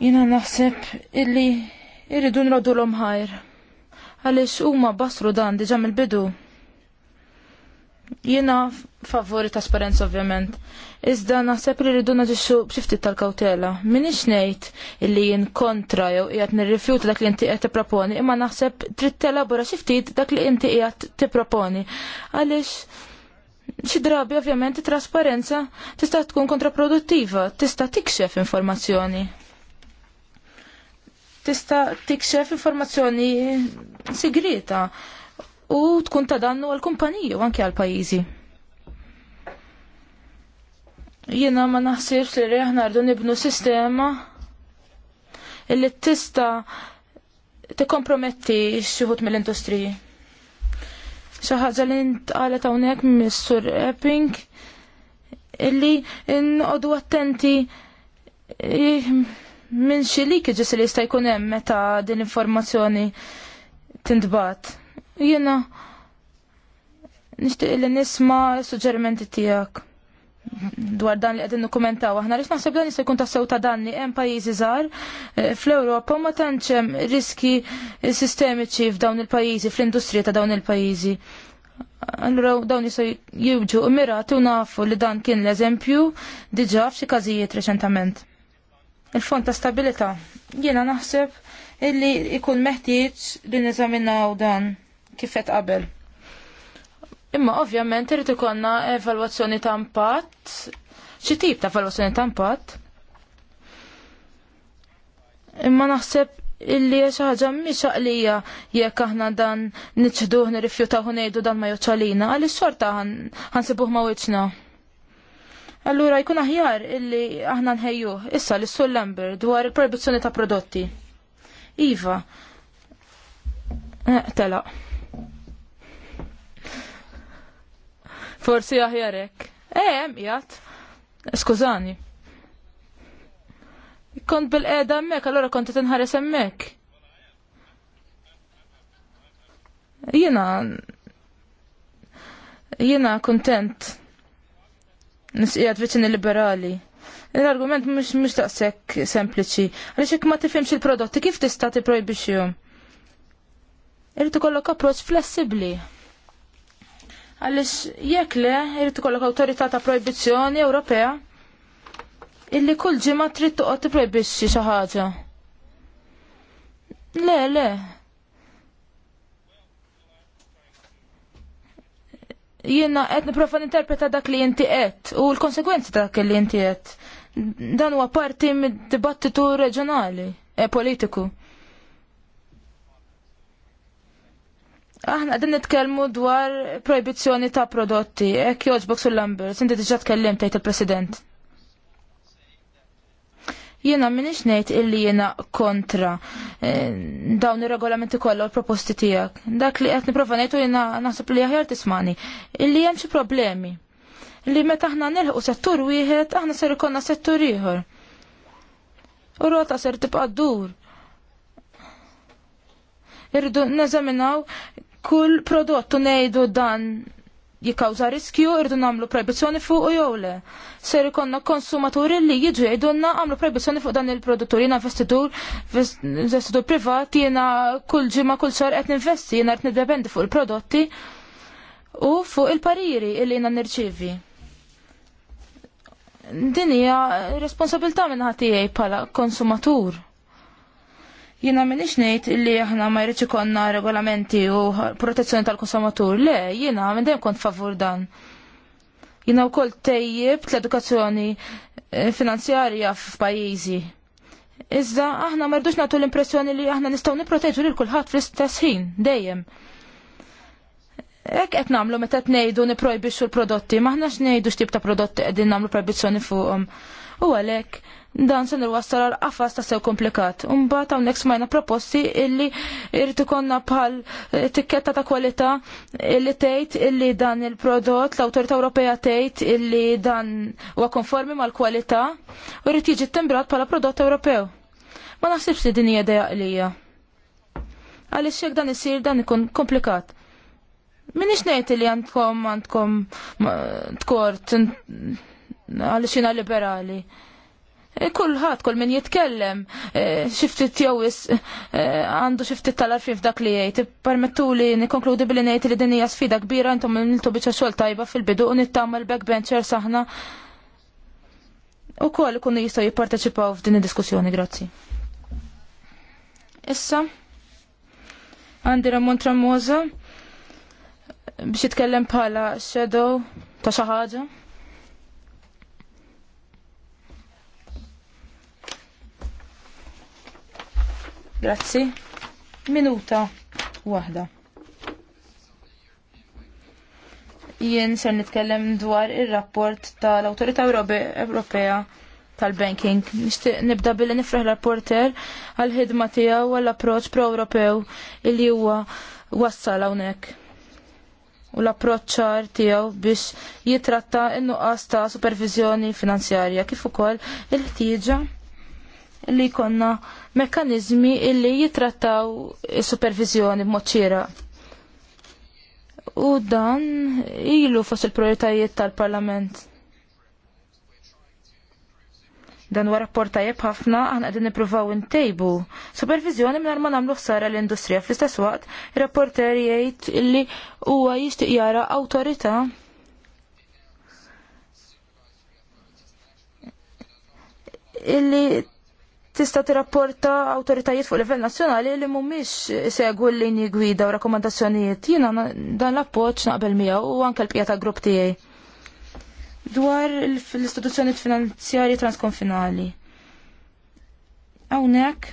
Jiena naħseb illi irridu nrodulhom ħajr għaliex huma basru dan diġà mill-bidu. Jiena favori trasparenza ovvjament. Iżda naħseb li rridu naġixxu b'xifti tal-kawtela. Minix ngħid illi jien kontra jew qiegħed nirrifjuta dak li inti qed tipproponi, imma naħseb trid telabora xi ftit dak li inti qiegħed tipproponi. Għaliex xi drabi ovvjament trasparenza tista' tkun kontraproduttiva, tista' tikxef informazzjoni tista tikxef informazzjoni segreta u tkun ta' dannu għal kumpaniji u anke għal pajjiżi. Jiena ma naħsir li reħna rdu nibnu sistema illi tista tikkomprometti x-xuħut mill-industriji. Xi ħaġa li ntqalet hawnhekk mis-Sur Epping illi n-qodu attenti eh, minn xi li kieġis li jista' jkun hemm meta din l-informazzjoni tintbat. Jiena nixtieq li nisma' suġġerimenti tiegħek dwar dan li qegħdin nikkumentaw aħna rix naħseb dan jista' jkun tassew ta' danni hemm pajjiżi żgħar eh, fl-Ewropa ma tantx hemm riski sistemiċi f'dawn il-pajjiżi fl-industrija ta' dawn il-pajjiżi. Allura dawn jistgħu u mirati u nafu li dan kien l-eżempju diġà f'xi każijiet reċentament il-fond ta' stabilita. Jiena naħseb illi ikun meħtieġ li neżaminaw dan kifet qabel. Imma ovvjament irid ikonna evalwazzjoni ta' impatt, xi tip ta' evalwazzjoni ta' impatt. Imma naħseb illi xi ħaġa mhix għalija jekk aħna dan niċċduh nirrifjutaw ngħidu dan ma joċċalina, għaliex xorta ħansibuh ma wiċċna. Allura jkun aħjar illi aħna nħejju issa l sul Lambert dwar il-produzzjoni ta' prodotti. Iva. Eh, tela. Forsi aħjarek. Eh, jgħat. Skużani. Kont bil-qeda mek, allora kont tinħares emmek. Jena. Jena kontent nisqijat viċin liberali. L-argument mux mux taqsek sempliċi. Għalix ma tifimx il-prodotti, kif tista ti projbixjum? Irritu ikollok approċ flessibli. Għalix jekk le, irritu ikollok autorità ta' projbizjoni Ewropea illi kull ġima trid toqgħod tipprojbixxi xi ħaġa. Le, le, jiena qed niprofa ninterpreta dak li inti qed u l-konsekwenzi ta' dak li inti qed. Dan huwa parti mid-dibattitu reġjonali e politiku. Aħna qegħdin nitkellmu dwar proibizzjoni ta' prodotti, ekk joġbok sul lambers inti diġà tkellim tgħid il-President. Jiena minix ngħid illi jena kontra eh, dawn ir-regolamenti kollha l proposti tiegħek. Dak li qed nipprova ngħidu jiena naħseb li aħjar tismani. Illi hemm xi problemi. Li meta aħna nilħu settur wieħed aħna ser ikollna settur ieħor. U rota ser tibqa' dur. Irridu neżaminaw kull prodottu ngħidu dan jikkawża riskju irdu nagħmlu proibizzjoni fuq u jew le. Ser ikonna konsumaturi li jiġu jgħidulna għamlu proibizzjoni fuq dan il-produttur. Jiena investitur, investitur privat, jiena kull ġima kull xar qed ninvesti, jiena qed niddependi fuq il-prodotti u fuq il-pariri li jiena nirċievi. Din hija responsabilità minn ħadd tiegħi bħala konsumatur. Jina minix nejt illi aħna ma jridx konna regolamenti u protezzjoni tal-konsumatur. Le, jina minn dajem kont favur dan. Jina wkoll tejjib tal edukazzjoni eh, finanzjarja f'pajjiżi. Iżda aħna ma rridux nagħtu l-impressjoni li aħna nistgħu nipproteġu lil kulħadd fl-istess ħin dejjem. Ek qed nagħmlu meta qed ngħidu niprojbixxu l-prodotti, ma aħna x'ngħidu x'tip ta' prodotti qegħdin nagħmlu proibizzjoni fuqhom. U għalhekk dan se wassal għal qafas ta' sew komplikat. Umbat hawnhekk smajna proposti illi irritu konna bħal eh, tikketta ta' kwalità illi tgħid illi dan il-prodott l-Awtorità Ewropea tgħid illi dan huwa konformi mal-kwalità u jrid jiġi timbrat bħala prodott Ewropew. Ma naħsibx li din hija idea qlija. Għaliex jekk dan isir dan ikun komplikat. Minix nejt li għandkom għandkom tkort għalix jina liberali. Eh, kulħadd kull min jitkellem eh, xiftit jowis eh, għandu xiftit tal arfi f'dak li jgħid. Permettu li nikonkludi billi ngħid li din hija sfida kbira intom niltu biċċa xogħol tajba fil-bidu u nittama l-backbencher saħna u koll kun jistgħu jipparteċipaw f'din id-diskussjoni, grazzi. Issa, għandi Ramon Tramoza biex jitkellem bħala shadow ta' xi ħaġa. Grazzi. Minuta waħda. Jien ser nitkellem dwar ir-rapport tal-Awtorità Ewropea tal-banking. Nixtieq nibda billi nifraħ l-rapporter għal-ħidma tiegħu għall-approċċ pro-Ewropew li huwa wassal hawnhekk u l-approċċar tiegħu biex jitratta n-nuqqas ta' supervizjoni finanzjarja kif ukoll il-ħtieġa li jkollna mekkanizmi illi jitrattaw supervizjoni b'mod xieraq. U dan ilu fost il-prioritajiet tal-Parlament. Dan wara porta ħafna aħna qegħdin nippruvaw intejbu. Supervizjoni mingħajr ma nagħmlu ħsara l-industrija fl-istess waqt, ir-rapporter jgħid illi huwa jixtieq jara awtorità illi tista' tirrapporta awtoritajiet fuq livell nazzjonali li mhumiex segwu l-linji gwida u rakkomandazzjonijiet. Jiena dan l-appoġġ naqbel miegħu u anke l-pjata grupp tiegħi. Dwar l istituzzjoni finanzjarji transkonfinali. Hawnhekk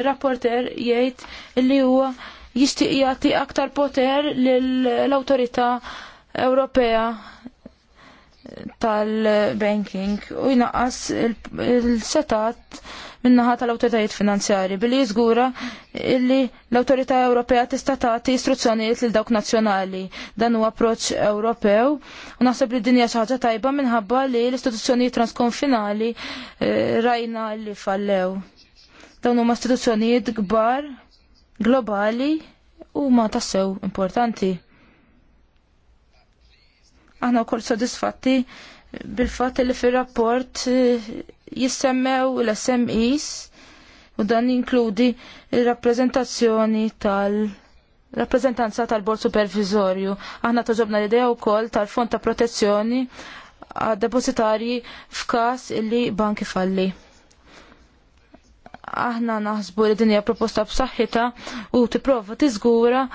ir-rapporter jgħid li huwa jixtieq jagħti aktar poter lill-awtorità Ewropea tal-banking u jnaqqas il-setat il minnaħa tal-autoritajiet finanzjari billi jizgura illi l-autorità Ewropea tista' tagħti istruzzjonijiet lil dawk nazzjonali. Dan huwa approċċ Ewropew u naħseb li dinja xi ħaġa tajba minħabba li l-istituzzjonijiet transkonfinali eh, rajna li fallew. Dawn huma istituzzjonijiet kbar globali u ma tassew importanti. Aħna wkoll sodisfatti bil-fatt li fir rapport eh, jissemmew l-SMEs u dan jinkludi il-rappresentazzjoni tal- rappresentanza tal-Bord Supervizorju. Aħna toġobna l-idea wkoll tal-Fond ta' Protezzjoni għad depozitarji f'każ illi banki falli. Aħna naħsbu li din hija proposta b'saħħitha u tipprova tiżgura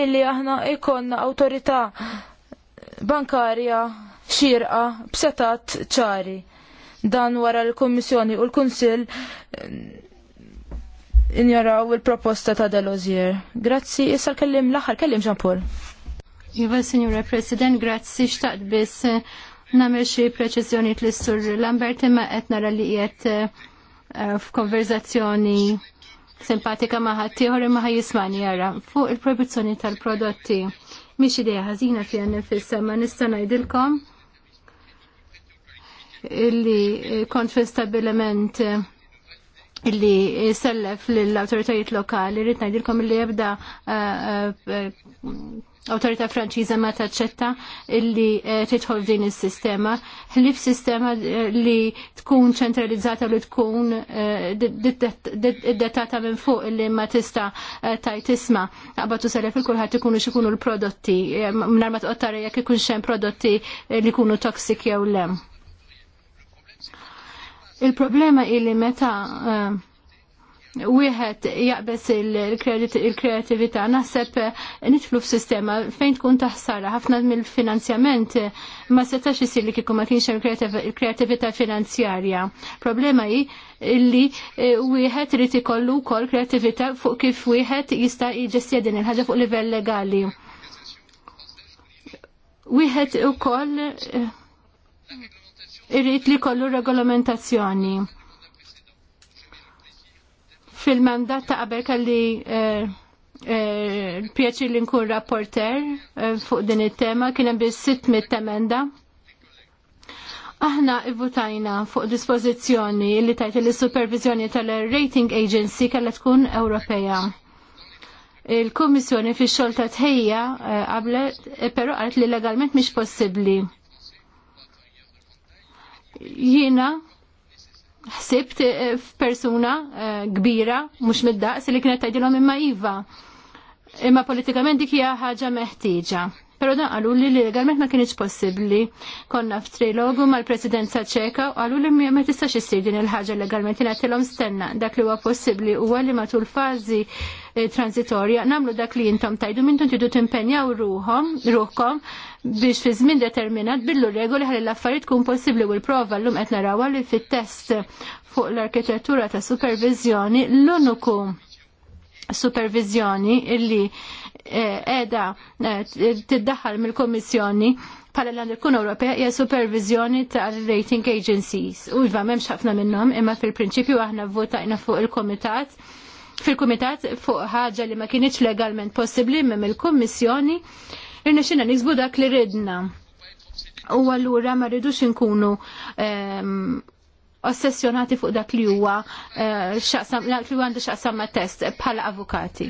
illi aħna ikonna awtorità bankarja xirqa b'setat ċari dan wara l-Kommissjoni u l-Kunsill eh, injaraw il-proposta ta' Delozier. Grazzi, issa l-kellim l-axar, kellim ġampur. Iva, Signora President, grazzi, xtaqt biss eh, namel xie preċizjoni t-lissur Lambert imma qed nara li eh, f-konverzazzjoni simpatika ma' ħaddieħor imma jismani jara fuq il-produzzjoni tal-prodotti. Mhix idea ħażina fiha nifissa ma nista' ngħidilkom illi kont fi stabilment illi sellef l-autoritajiet lokali, rrit najdilkom illi jibda eh, eh, autorita franċiża ma taċċetta illi eh, titħol din is-sistema. Hlif sistema li tkun ċentralizzata li tkun id-detata minn fuq illi ma tista tajt isma. Qabatu sara fil-kulħadd ikunu x'ikunu l-prodotti, minn ma tqottar jekk ikun xejn prodotti li jkunu toksik jew lem. Il-problema illi meta eh, wieħed jaqbess il-kreativita naħseb eh, nitflu f'sistema fejn tkun taħsara ħafna mill-finanzjament ma setax jisir li kieku ma kienx il-kreativita finanzjarja. Problema hi illi eh, wieħed irid ikollu wkoll kreativita fuq kif wieħed jista' jġestja din il ħagġa fuq livell legali. Wieħed ukoll irrit li kollu regolamentazzjoni. Fil-mandat ta' qabel kalli eh, eh, pjaċi li nkun rapporter eh, fuq din it-tema kien hemm biss 600 emenda. Aħna votajna fuq dispożizzjoni li tajt li supervizjoni tal-rating agency kellha tkun Ewropea. Il-Kummissjoni fix-xogħol ta' tħejja qablet, però qalt li legalment mhix possibbli Jiena ħsibt eh, f'persuna eh, kbira, mhux mid-daqs li kienet tgħidilhom imma iva. Imma politikament dik hija ħaġa meħtieġa. Però dan qalu li legalment ma kienx possibbli Konna f'trilogu mal-presidenza ċeka u qalu li ma tistax issir din il ħaġa legalment jinatilhom stenna. Dak li huwa possibbli huwa li matul fażi eh, transitorja namlu dak li jintom tajdu minn tidu timpenjaw ruhom, ruhkom biex fi żmien determinat billu regoli ħalli l-affarijiet tkun possibbli u l-prova llum qed narawha li fit-test fuq l-arkitettura ta' supervizjoni l-uniku supervizjoni illi eh, qiegħda eh, tiddaħħal mill-Kummissjoni bħala l-Kun Ewropea hija supervizjoni tal-rating agencies. U iva m'hemmx ħafna minnhom, imma fil-prinċipju aħna votajna fuq il-Kumitat fil-Kumitat fuq ħaġa li ma kienieċ legalment possibbli minn il-Kummissjoni irna xina nixbu dak li ridna. U għallura ma rridux nkunu ehm, ossessjonati fuq dak li huwa eh, xaqsam li għandu xaqsam ma' test bħala avukati.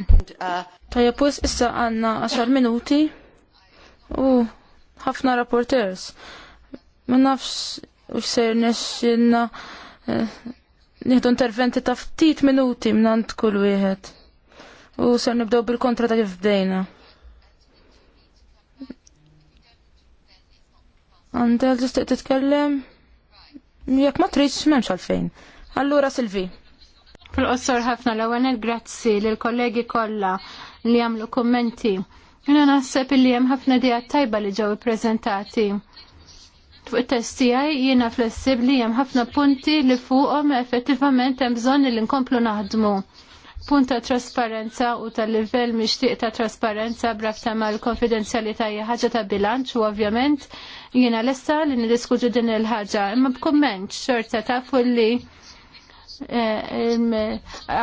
Tajja pus issa għanna 10 minuti u ħafna rapporters. Ma nafx u xser nesċinna eh, nieħdu interventi ta' ftit minuti minnant kull wieħed. U ser nibdew bil-kontra ta' kif bdejna. Għanda Għandel tistiq titkellem? Jekk ma tridx m'hemmx għalfejn. Allura Silvi. Fil-qossor ħafna l-ewwel grazzi l kollegi kollha li għamlu kummenti. Jena naħseb li hemm ħafna di tajba li ġew ippreżentati. Fuq it-test tiegħi jiena flessibbli hemm ħafna punti li fuqhom effettivament hemm bżonn li nkomplu naħdmu punt ta' trasparenza u tal-livell mixtieq ta' trasparenza brafta mal konfidenzjalità hija ħaġa ta' bilanċ u ovvjament jiena lesta li niddiskutu din il-ħaġa. Imma b'kumment xorta ta' fulli eh,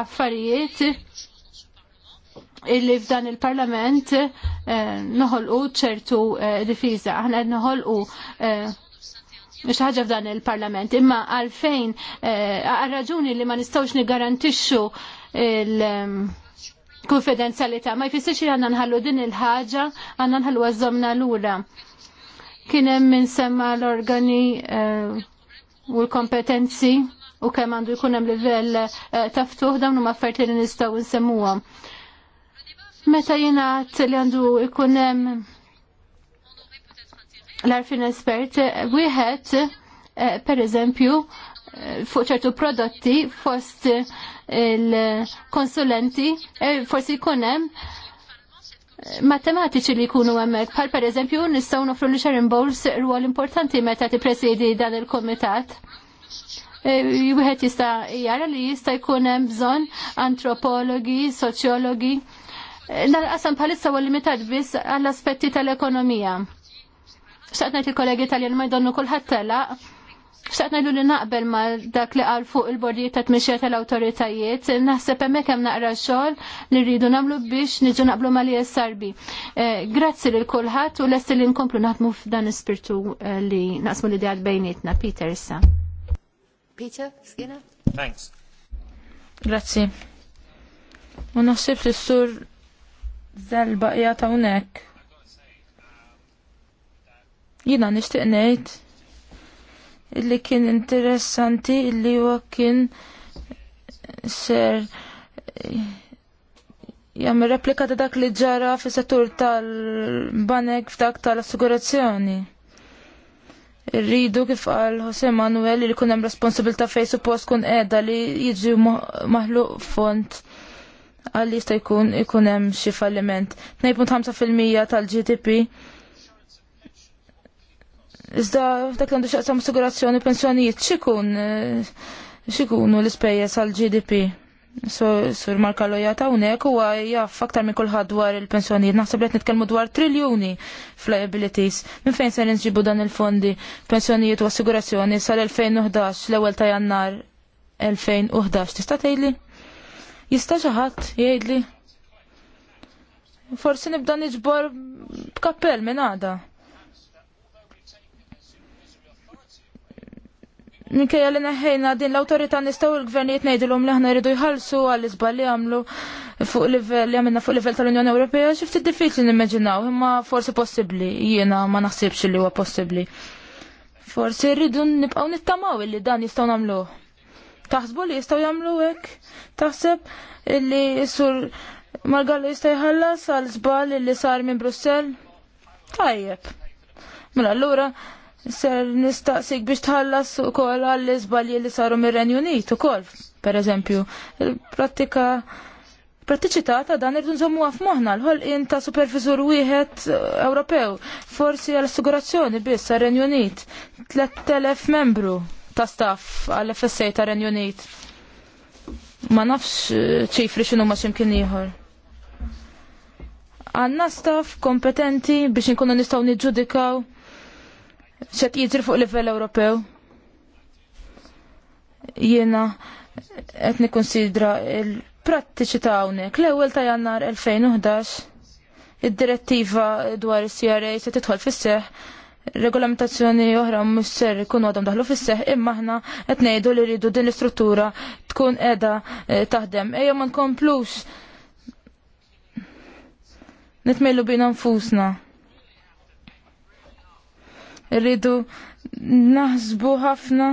affarijiet illi f'dan il-parlament eh, noħolqu ċertu eh, difiża. Aħna noħolqu mhux ħaġa f'dan il-Parlament, imma għalfejn eh, għal-raġuni li ma nistgħux nigarantixxu il-konfidenzjalità ehm, ma jfissirx li għandna nħallu din il-ħaġa għandna nħallu għazzomna lura. Kien hemm min semma l-organi eh, u l-kompetenzi u kemm għandu jkun hemm livell eh, ta' ftuħ dawn huma affarijiet li nistgħu nsemmuhom. Meta jingħad li għandu jkun hemm l-arfin espert wieħed eh, per eżempju eh, fuq ċertu prodotti fost il-konsulenti eh, forsi jkun hemm matematiċi li jkunu hemmhekk bħal pereżempju nistgħu nofru li Sharon bowls rwol importanti meta presidi dan il-kumitat. Wieħed jista' jara li jista' jkun hemm bżonn antropologi, soċjologi. dal bħalissa huwa limitat biss għall-aspetti tal-ekonomija. Xtaqnajt il-kollegi tal-jen ma jdonnu kullħat telaq. ngħidu li naqbel ma dak li għal fuq il-bordijiet ta' tmixja tal-autoritajiet, naħseb hemmhekk hemm naqra xogħol li rridu nagħmlu biex niġu naqblu ma li jessarbi. Eh, grazzi lil kulħadd u lesti li nkomplu naħdmu f'dan ispirtu eh, li naqsmu li idejat bejnietna. Peter issa. Peter, skina? Thanks. Grazzi. U naħseb li s-sur zelba baqja unek Jina nishtiq ngħid illi kien interessanti illi huwa kien ser eh, jam replika ta' dak li ġara fis-settur tal-banek f'dak tal-assigurazzjoni. Rridu kif qal Jose Manuel li kun hemm responsabilta fejn suppost kun qiegħda li jiġi maħluq font għal jista' jkun ikun hemm xi falliment. 2.5% tal-GDP Iżda dak għandu xaqsam sigurazzjoni pensjonijiet xikun eh, xikunu l-ispejjeż għal GDP. sur Marka Loja ta' unek u jaff aktar minn kulħadd dwar il-pensjonijiet. Naħseb li qed nitkellmu dwar triljuni fl-liabilities. Minn fejn se nġibu dan il-fondi pensjonijiet u assigurazzjoni sal-2011 l-ewwel ta' Jannar 2011. Tista' tgħidli? Jista' xi ħadd jgħidli? Forsi nibda niġbor b'kappell minn għada. Nkejja li neħħejna din l autorita nistgħu l-gvernijiet ngħidilhom li aħna jridu jħallsu għall iżbal li għamlu fuq livell li għamilna fuq livell tal-Unjoni Ewropea xi ftit diffiċli nimmaġinaw, imma forsi possibbli, jiena ma naħsibx li huwa possibbli. Forsi rridu nibqgħu nittamaw li dan jistgħu nagħmluh. Taħsbu li jistgħu jagħmlu hekk? Taħseb li sur Margallo jista' jħallas għal żbal li sar minn Brussell? Tajjeb. Mela allura ser nistaqsik biex tħallas ukoll għall iżbalji li saru mir-Renju Unit ukoll, pereżempju. Il-prattika Prattiċità ta' dan irdu nżommu għaf moħna l in ta' supervizur wieħed eh, Ewropew, forsi għal-assigurazzjoni biss ta' Renju Unit, 3000 membru ta' staff għall-FSA ta' Renju Unit. Ma nafx eh, ċifri xinu ma x'imkien ieħor għanna staff kompetenti biex nkunu nistaw nġudikaw set jiġri fuq livell Ewropew. Jiena qed nikkunsidra il-prattiċi ta' hawnhekk. L-ewwel ta' Jannar 2011 id-direttiva dwar is-CRA se tidħol fis-seħħ regolamentazzjoni oħra mhux ser ikun għadhom daħlu fis seħħ imma aħna qed ngħidu li rridu din l-istruttura tkun qiegħda eh, taħdem. Ejja ma nkomplux nitmejlu bina nfusna Irridu naħsbu ħafna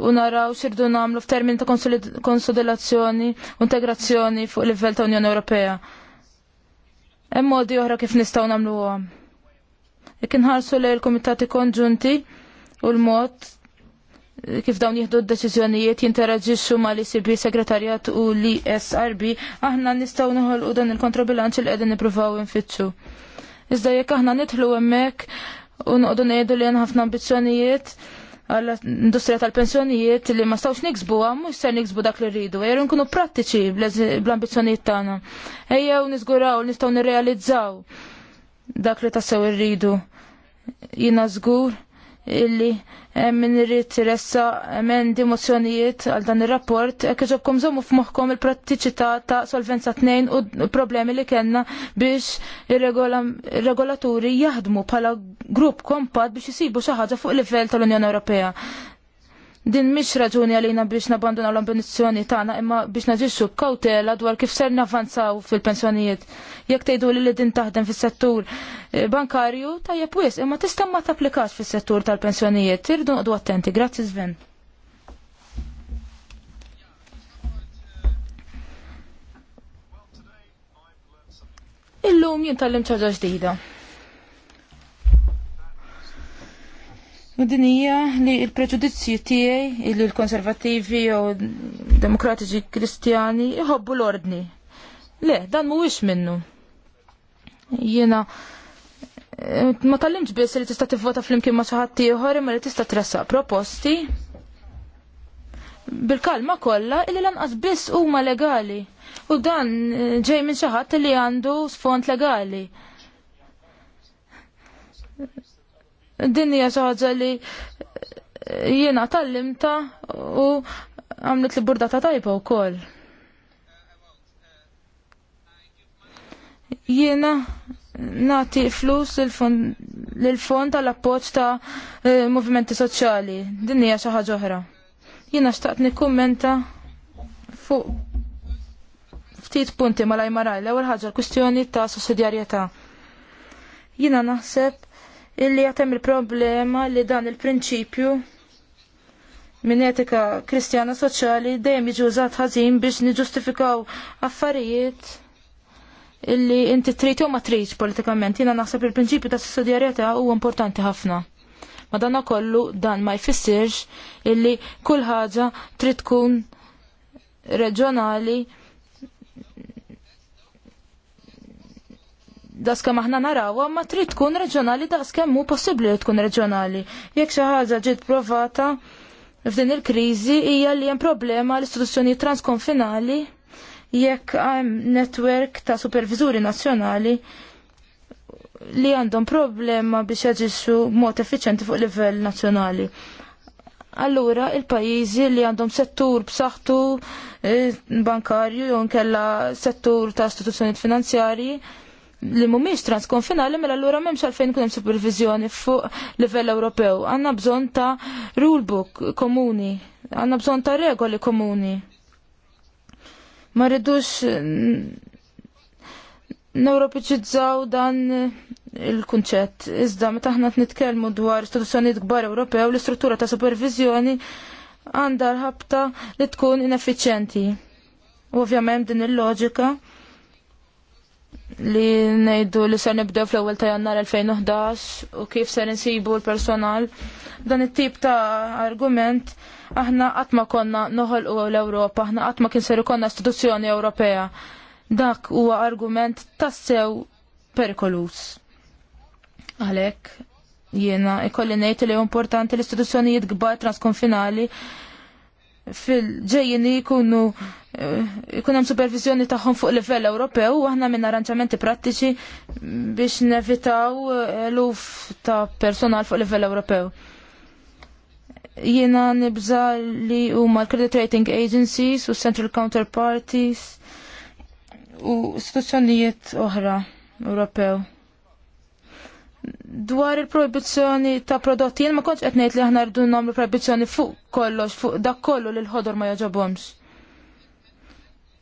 u naraw xirdu namlu f'termin ta' konsolidazzjoni u integrazzjoni fuq livell ta' Unjoni Ewropea. Hemm modi oħra kif nistgħu nagħmluhom. Jekk inħarsu lej il-kumitati konġunti u l-mod kif dawn jieħdu d-deċiżjonijiet jinteraġixxu mal-ICB segretarjat u l-ISRB, aħna nistgħu noħolqu dan il-kontrabilanċ li qegħdin nippruvaw infittxu. Iżda jekk aħna nidħlu hemmhekk u noqogħdu ngħidu li ħafna ambizzjonijiet għall-industrija tal-pensjonijiet li ma stawx niksbuha mhux ser niksbu dak li rridu, ejjew nkunu prattiċi bl-ambizzjonijiet tagħna. Ejjew niżguraw nistgħu nirrealizzaw dak li tassew irridu. Jiena żgur illi eh, min irrid ressa emendi mozzjonijiet għal dan ir-rapport hekk iġobkom żommu f'moħħkom il-prattiċità ta' solvenza tnejn u problemi li kellna biex ir-regolaturi jaħdmu bħala grupp kompat biex jisibu xi ħaġa fuq livell tal-Unjoni Ewropea. Din mhix raġuni għalina biex nabandunaw l-ambizjoni tagħna imma biex naġixxu kawtela dwar kif ser navanzaw fil-pensjonijiet. Jekk tgħidu li li din taħdem fis-settur eh, bankarju tajjeb wis, imma tista' ma tapplikax fis-settur tal-pensjonijiet. Irdu noqdu attenti. Grazzi Sven. Illum jien tal-lim ġdida. U din hija li l-preġudizzji tiegħi illi l-konservattivi u demokratiċi kristjani jħobbu l-ordni. Le, dan mhuwiex minnu. Jiena eh, ma tallimx biss li tista' tivvota flimkien ma xi ħadd ieħor imma li tista' tressaq proposti bil-kalma kollha illi lanqas biss huma legali. U dan eh, ġej minn xi ħadd li għandu sfond legali. Din hija xi ħaġa li jiena tallimta u għamlet li burdata tajba wkoll. Jiena nagħti flus lill-fond tal-appoġġ ta' eh, movimenti soċjali. Din hija xi ħaġa oħra. Jiena xtaqt nikkummenta fuq ftit punti ma lajmaraj, l-ewwel ħaġa l-kwistjoni ta' sussidjarjetà. Jiena naħseb illi jatem il-problema li dan il-prinċipju minn etika kristjana soċjali dejjem jiġi użat ħażin biex niġustifikaw affarijiet illi inti trid jew ma tridx politikament. Jiena naħseb il-prinċipju ta' sussidjarjetà huwa importanti ħafna. Madonna kollu dan ma jfissirx illi kull ħaġa trid tkun reġjonali daska maħna naraw, ma trid tkun reġjonali daska mu possibbli li tkun reġjonali. Jekk xi ħaġa ġiet provata f'din il-kriżi hija li hemm problema l-istituzzjonijiet transkonfinali jekk hemm netwerk ta' supervizuri nazzjonali li għandhom problema biex jaġixxu mod effiċjenti fuq livell nazzjonali. Allura il-pajjiżi li għandhom settur b'saħħtu eh, bankarju jew nkella settur ta' istituzzjonijiet finanzjarji li mhumiex transkonfinali mela allura m'hemmx għalfejn kunem hemm supervizjoni fuq livell Ewropew. Għandna bżonn ta' rulebook komuni, għandna bżonn ta' regoli komuni. Ma rridux neuropiċizzaw dan il-kunċett. Iżda, meta t nitkellmu dwar istituzzjonijiet kbar Ewropew, l-istruttura ta' supervizjoni għandha l-ħabta li tkun ineffiċjenti. U ovvjament din il-loġika li nejdu li ser nibdew fl-ewwel ta' jannar 2011 u kif ser insibu l-personal. Dan it-tip ta' argument aħna qatt ma konna noħolqu l-Ewropa, aħna qatt ma kien ser konna istituzzjoni Ewropea. Dak huwa argument tassew perikolus. Għalhekk jiena ikolli ngħid li importanti l-istituzzjonijiet kbar transkonfinali fil-ġejjini jkunu eh, jkun hemm supervizjoni tagħhom fuq livell Ewropew u aħna minn arranġamenti prattiċi biex nevitaw eh, eluf ta' personal fuq livell Ewropew. Jiena nibża li huma l-credit rating agencies u central counterparties u istituzzjonijiet oħra Ewropew dwar il-proibizzjoni ta' prodotti, jien ma kontx qed ngħid li aħna rridu nagħmlu proibizzjoni fuq kollox, fuq dak kollu li l-ħodor ma jaġabomx.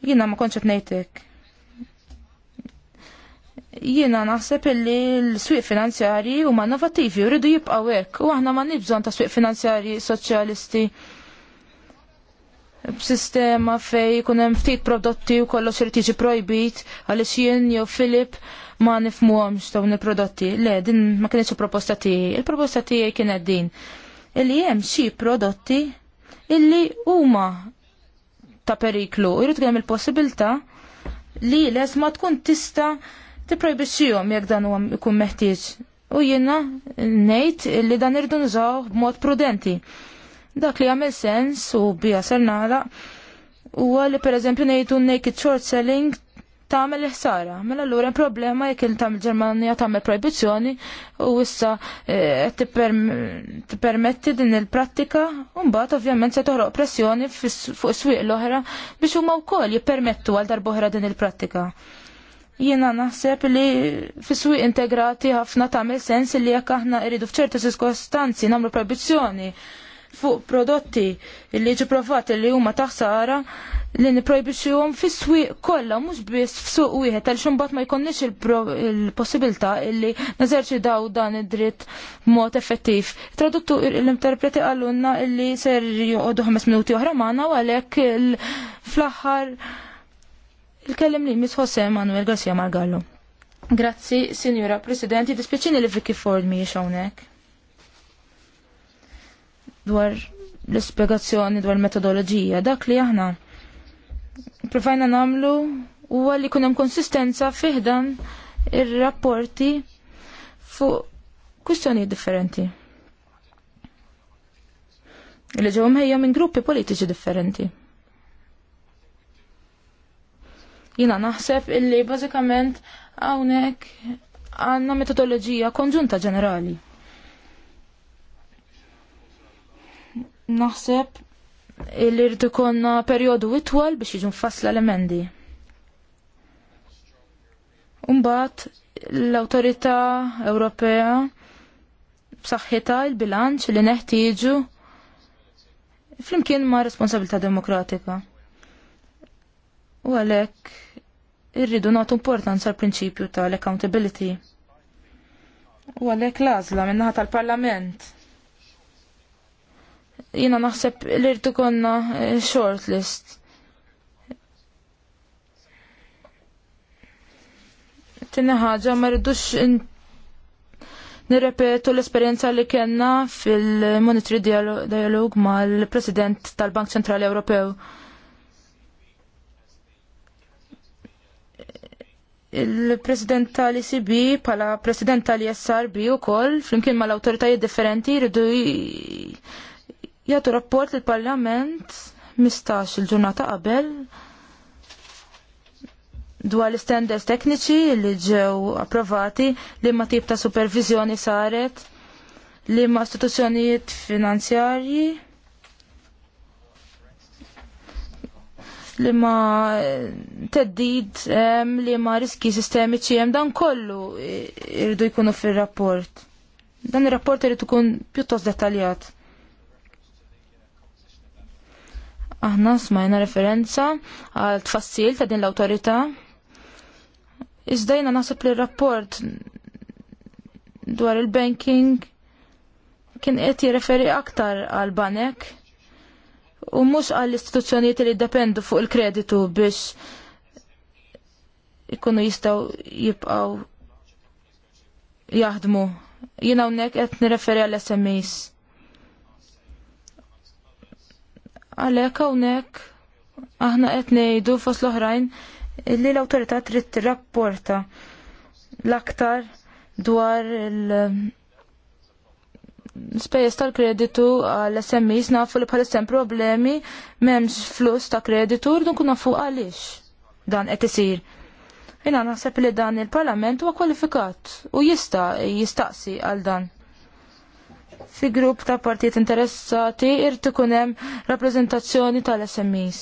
Jiena ma kontx qed ngħid hekk. Jiena naħseb illi l-swieq finanzjarji huma innovattivi u rridu jibqgħu hekk u aħna ma nibżon ta' swiq finanzjarji soċjalisti b'sistema fej jkun hemm ftit prodotti u kollox irid jiġi projbit għaliex jien jew Filip ma nifmuhomx dawn il-prodotti. Le, din ma kienx proposta tiegħi. Il-proposta tiegħi kienet din. Illi hemm xi prodotti illi huma ta' periklu. jrid kemm il-possibilità li les ma tkun tista' tipprojbixxihom jekk dan huwa jkun meħtieġ. U jiena ngħid li dan irdu nżaw b'mod prudenti. Dak li għamil sens u bija ser nagħlaq huwa li pereżempju ngħidu naked short selling tagħmel ħsara. Mela allura problema jekk il il-Ġermanja tagħmel proibizzjoni u issa eh, qed tippermetti din il-prattika u mbagħad ovvjament se toħroq pressjoni fuq is-swieq l-oħra biex huma wkoll jippermettu għal darbohra din il-prattika. Jiena naħseb li fis-swieq integrati ħafna tagħmel sens li jekk aħna rridu f'ċerti sirkostanzi nagħmlu proibizzjoni fuq prodotti li ġiprovati li huma taħsara li niprojbixxuhom fis-swieq kollha mhux biss f'suq wieħed għal xumbat ma jkollniex il-possibilità illi neżerċidaw dan id-dritt b'mod effettiv. Traduttu l-interpreti għallunna illi ser joqogħdu ħames minuti oħra magħna u għalhekk fl-aħħar il-kellem li Miss Jose Manuel Garcia Margallo. Grazzi, Signora Presidenti, dispieċini li Vicky Ford mi hawnhekk dwar l spiegazzjoni dwar metodoloġija. Dak li aħna profajna namlu huwa li kunem konsistenza fiħdan ir-rapporti fuq kustjoni differenti. Li ġew mħejja minn gruppi politiċi differenti. Jina naħseb illi bażikament hawnhekk għandna metodoloġija konġunta ġenerali. naħseb li rrid ikonna perjodu itwal biex jiġu nfassla l-emendi. Umbat l-Awtorità Ewropea b'saħħitha il-bilanċ li neħtieġu flimkien ma' responsabilità demokratika. U għalhekk irridu nagħtu importanza għall prinċipju tal-accountability. U għalhekk l-għażla min-naħa tal-Parlament Jina naħseb l-irtu konna eh, shortlist. Tina ħaġa ma rridux nirrepetu l-esperienza li kena fil-monetri dialog mal-President tal-Bank Centrali Ewropew. il-president tal-ICB pala president tal-ISRB u koll, flimkien ma l-autoritajiet differenti, rridu Jgħatu rapport il-Parlament mistax il-ġurnata qabel dwar l-standards tekniċi li ġew approvati li ma tip ta' supervizjoni saret li ma istituzzjonijiet finanzjarji li ma teddid li ma riski sistemiċi hemm dan kollu irdu jkunu fir-rapport. Dan ir-rapport irid ikun pjuttost dettaljat. Aħna smajna referenza għal tfassil ta' din l autorita Iżdajna nasib li rapport dwar il-banking kien qed jirreferi aktar għal banek u mhux għall istituzzjonijiet li jiddependu fuq il-kreditu biex ikunu jistgħu jibqgħu jaħdmu. Jien hawnhekk qed nirreferi għall SMEs. Għalhekk hawnhekk aħna qed ngħidu fost l-oħrajn li l-awtorità trid tirrapporta l-aktar dwar il spejjeż tal-kreditu għal SMEs nafu li bħal bħalissa problemi m'hemmx flus ta' kreditu rridu nkun nafu għaliex dan qed isir. Jina naħseb li dan il-Parlament huwa kwalifikat u jista' jistaqsi għal dan fi grupp ta' partijiet interessati irtu kunem rappresentazzjoni tal-SMEs.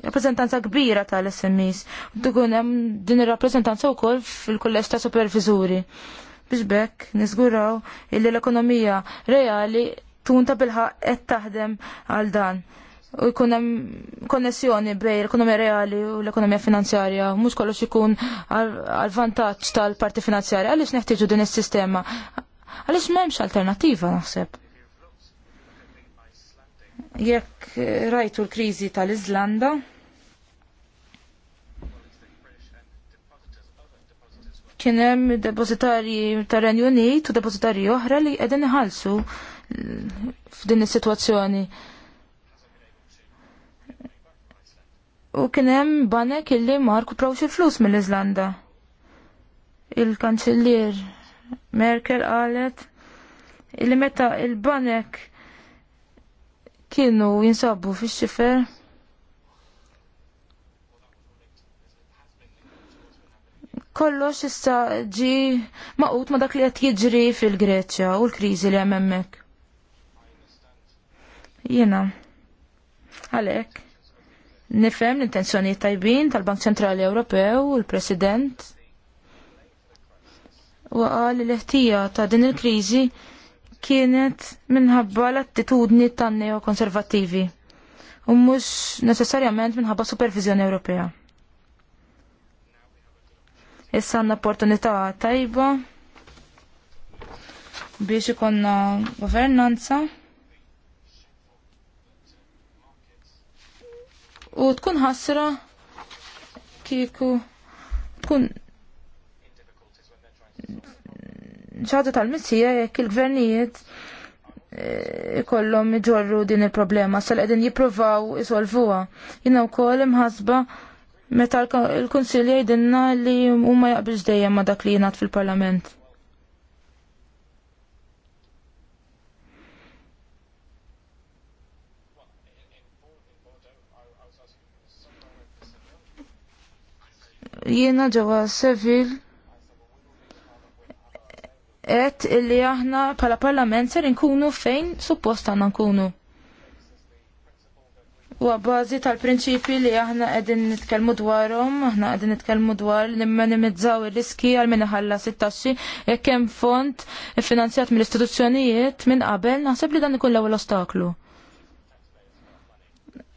Rappresentanza kbira tal-SMEs. Dukunem din il-rappresentanza u koll fil-kolleġ ta' supervizuri. Biex bekk nizguraw illi l-ekonomija reali tunta bilħa qed taħdem għal dan u jkun hemm konnessjoni bejn l-ekonomija reali u l-ekonomija finanzjarja, mhux kollox ikun għal vantaġġ tal-parti finanzjarja. Għaliex neħtieġu din is-sistema? Għaliex m'hemmx alternattiva naħseb. Jekk rajtu l-kriżi tal izlanda kien hemm depożitarji tar-Renju Unit u depozitarji oħra li qegħdin ħalsu f'din is-sitwazzjoni. U kien hemm banek illi marku prawx il-flus mill izlanda il kanċillier Merkel qalet illi meta il-banek kienu jinsabu fix xifer kollox issa ġi maqut ma dak li qed jiġri fil-Greċja u l-kriżi li hemm hemmhekk. Jiena għalhekk nifhem l-intenzjonijiet tajbin tal-Bank Ċentrali Ewropew u l-President u qal l-ħtija ta' din il-kriżi kienet minħabba l-attitudni tan neokonservativi u mhux neċessarjament minħabba supervizjoni Ewropea. Issa għandna opportunità tajba biex ikonna governanza u tkun ħasra kieku tkun ċadu tal-missija jekk il-gvernijiet eh, ikollhom iġorru din il-problema sal qegħdin jippruvaw isolvuha. Jiena wkoll imħasba meta l-Kunsill jgħidilna li huma jaqbilx dejjem ma' dak li jingħad fil-Parlament. Jiena ġewwa sevil et illi aħna pala parlament ser nkunu fejn suppost għanna nkunu. U għabbażi tal-prinċipi li aħna għedin nitkelmu dwarom, aħna għedin nitkelmu dwar li minimizzaw il-riski għal minn ħalla 16 jekk hemm fond finanzjat mill-istituzzjonijiet minn qabel naħseb li dan ikun l-ewwel ostaklu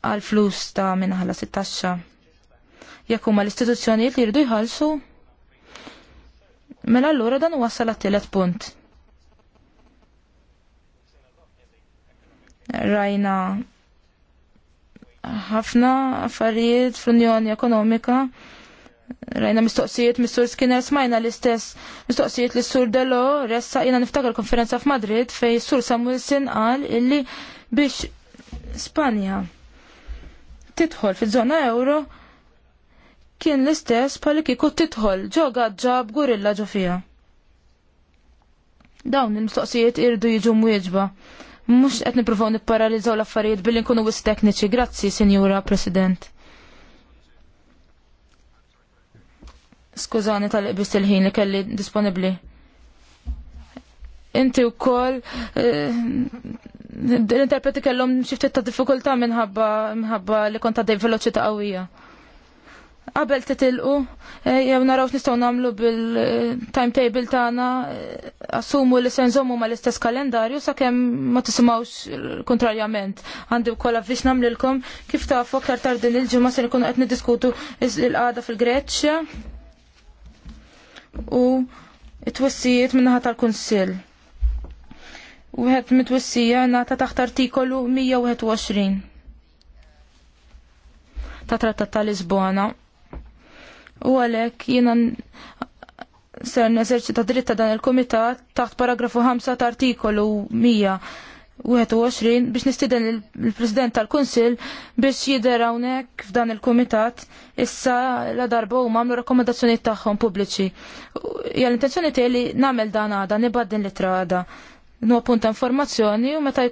għal flus ta' minn ħalla 16. Jekk huma l-istituzzjonijiet li jridu jħallsu, Mela allura dan wassal għat-tielet punt. Rajna ħafna affarijiet fl-Unjoni Ekonomika. Rajna mistoqsijiet mis-Sur Skinner smajna l-istess mistoqsijiet l sur Delo ressa jina niftakar konferenza f'Madrid fej Sur Samuelson qal illi biex Spanja titħol fil żona euro kien l-istess pali kiku titħol ġo gadġa gurilla ġo fija. Dawn il-mistoqsijiet irdu jiġu mwieġba. Mux qed niprofaw nipparalizzaw l-affarijiet billi nkunu wis tekniċi. Grazzi, Sinjura President. Skużani tal-qbis il-ħin li kelli disponibli. Inti u koll eh, l-interpreti kellhom xi ftit ta' diffikulta minħabba minħabba li kont dej veloċi veloċità qawwija qabel titilqu e, jew naraw nistgħu nagħmlu bil-timetable tagħna e, assumu li se nżommu mal istess kalendarju sakemm ma tisimgħux kontrarjament. Għandi wkoll avviċ namlilkom kif tafu aktar tard din il-ġimgħa se nkunu qed niddiskutu l-qagħda fil-Greċja u it-twissijiet min-naħa tal-Kunsill. Wieħed mitwissija ngħata taħt artikolu 121 ta' Trattat ta' Lisbona U għalhekk jiena ser neżerċita dritta dan il-komitat taħt paragrafu 5 ta' artikolu 121 biex nistiden il-President tal konsil biex jider hawnhekk f'dan il-komitat issa la darba u mamlu rakkomandazzjoni tagħhom pubbliċi. Ja l-intenzjoni tiegħi li nagħmel dan għada nibaddin li l-itrada. Nu appunta informazzjoni u meta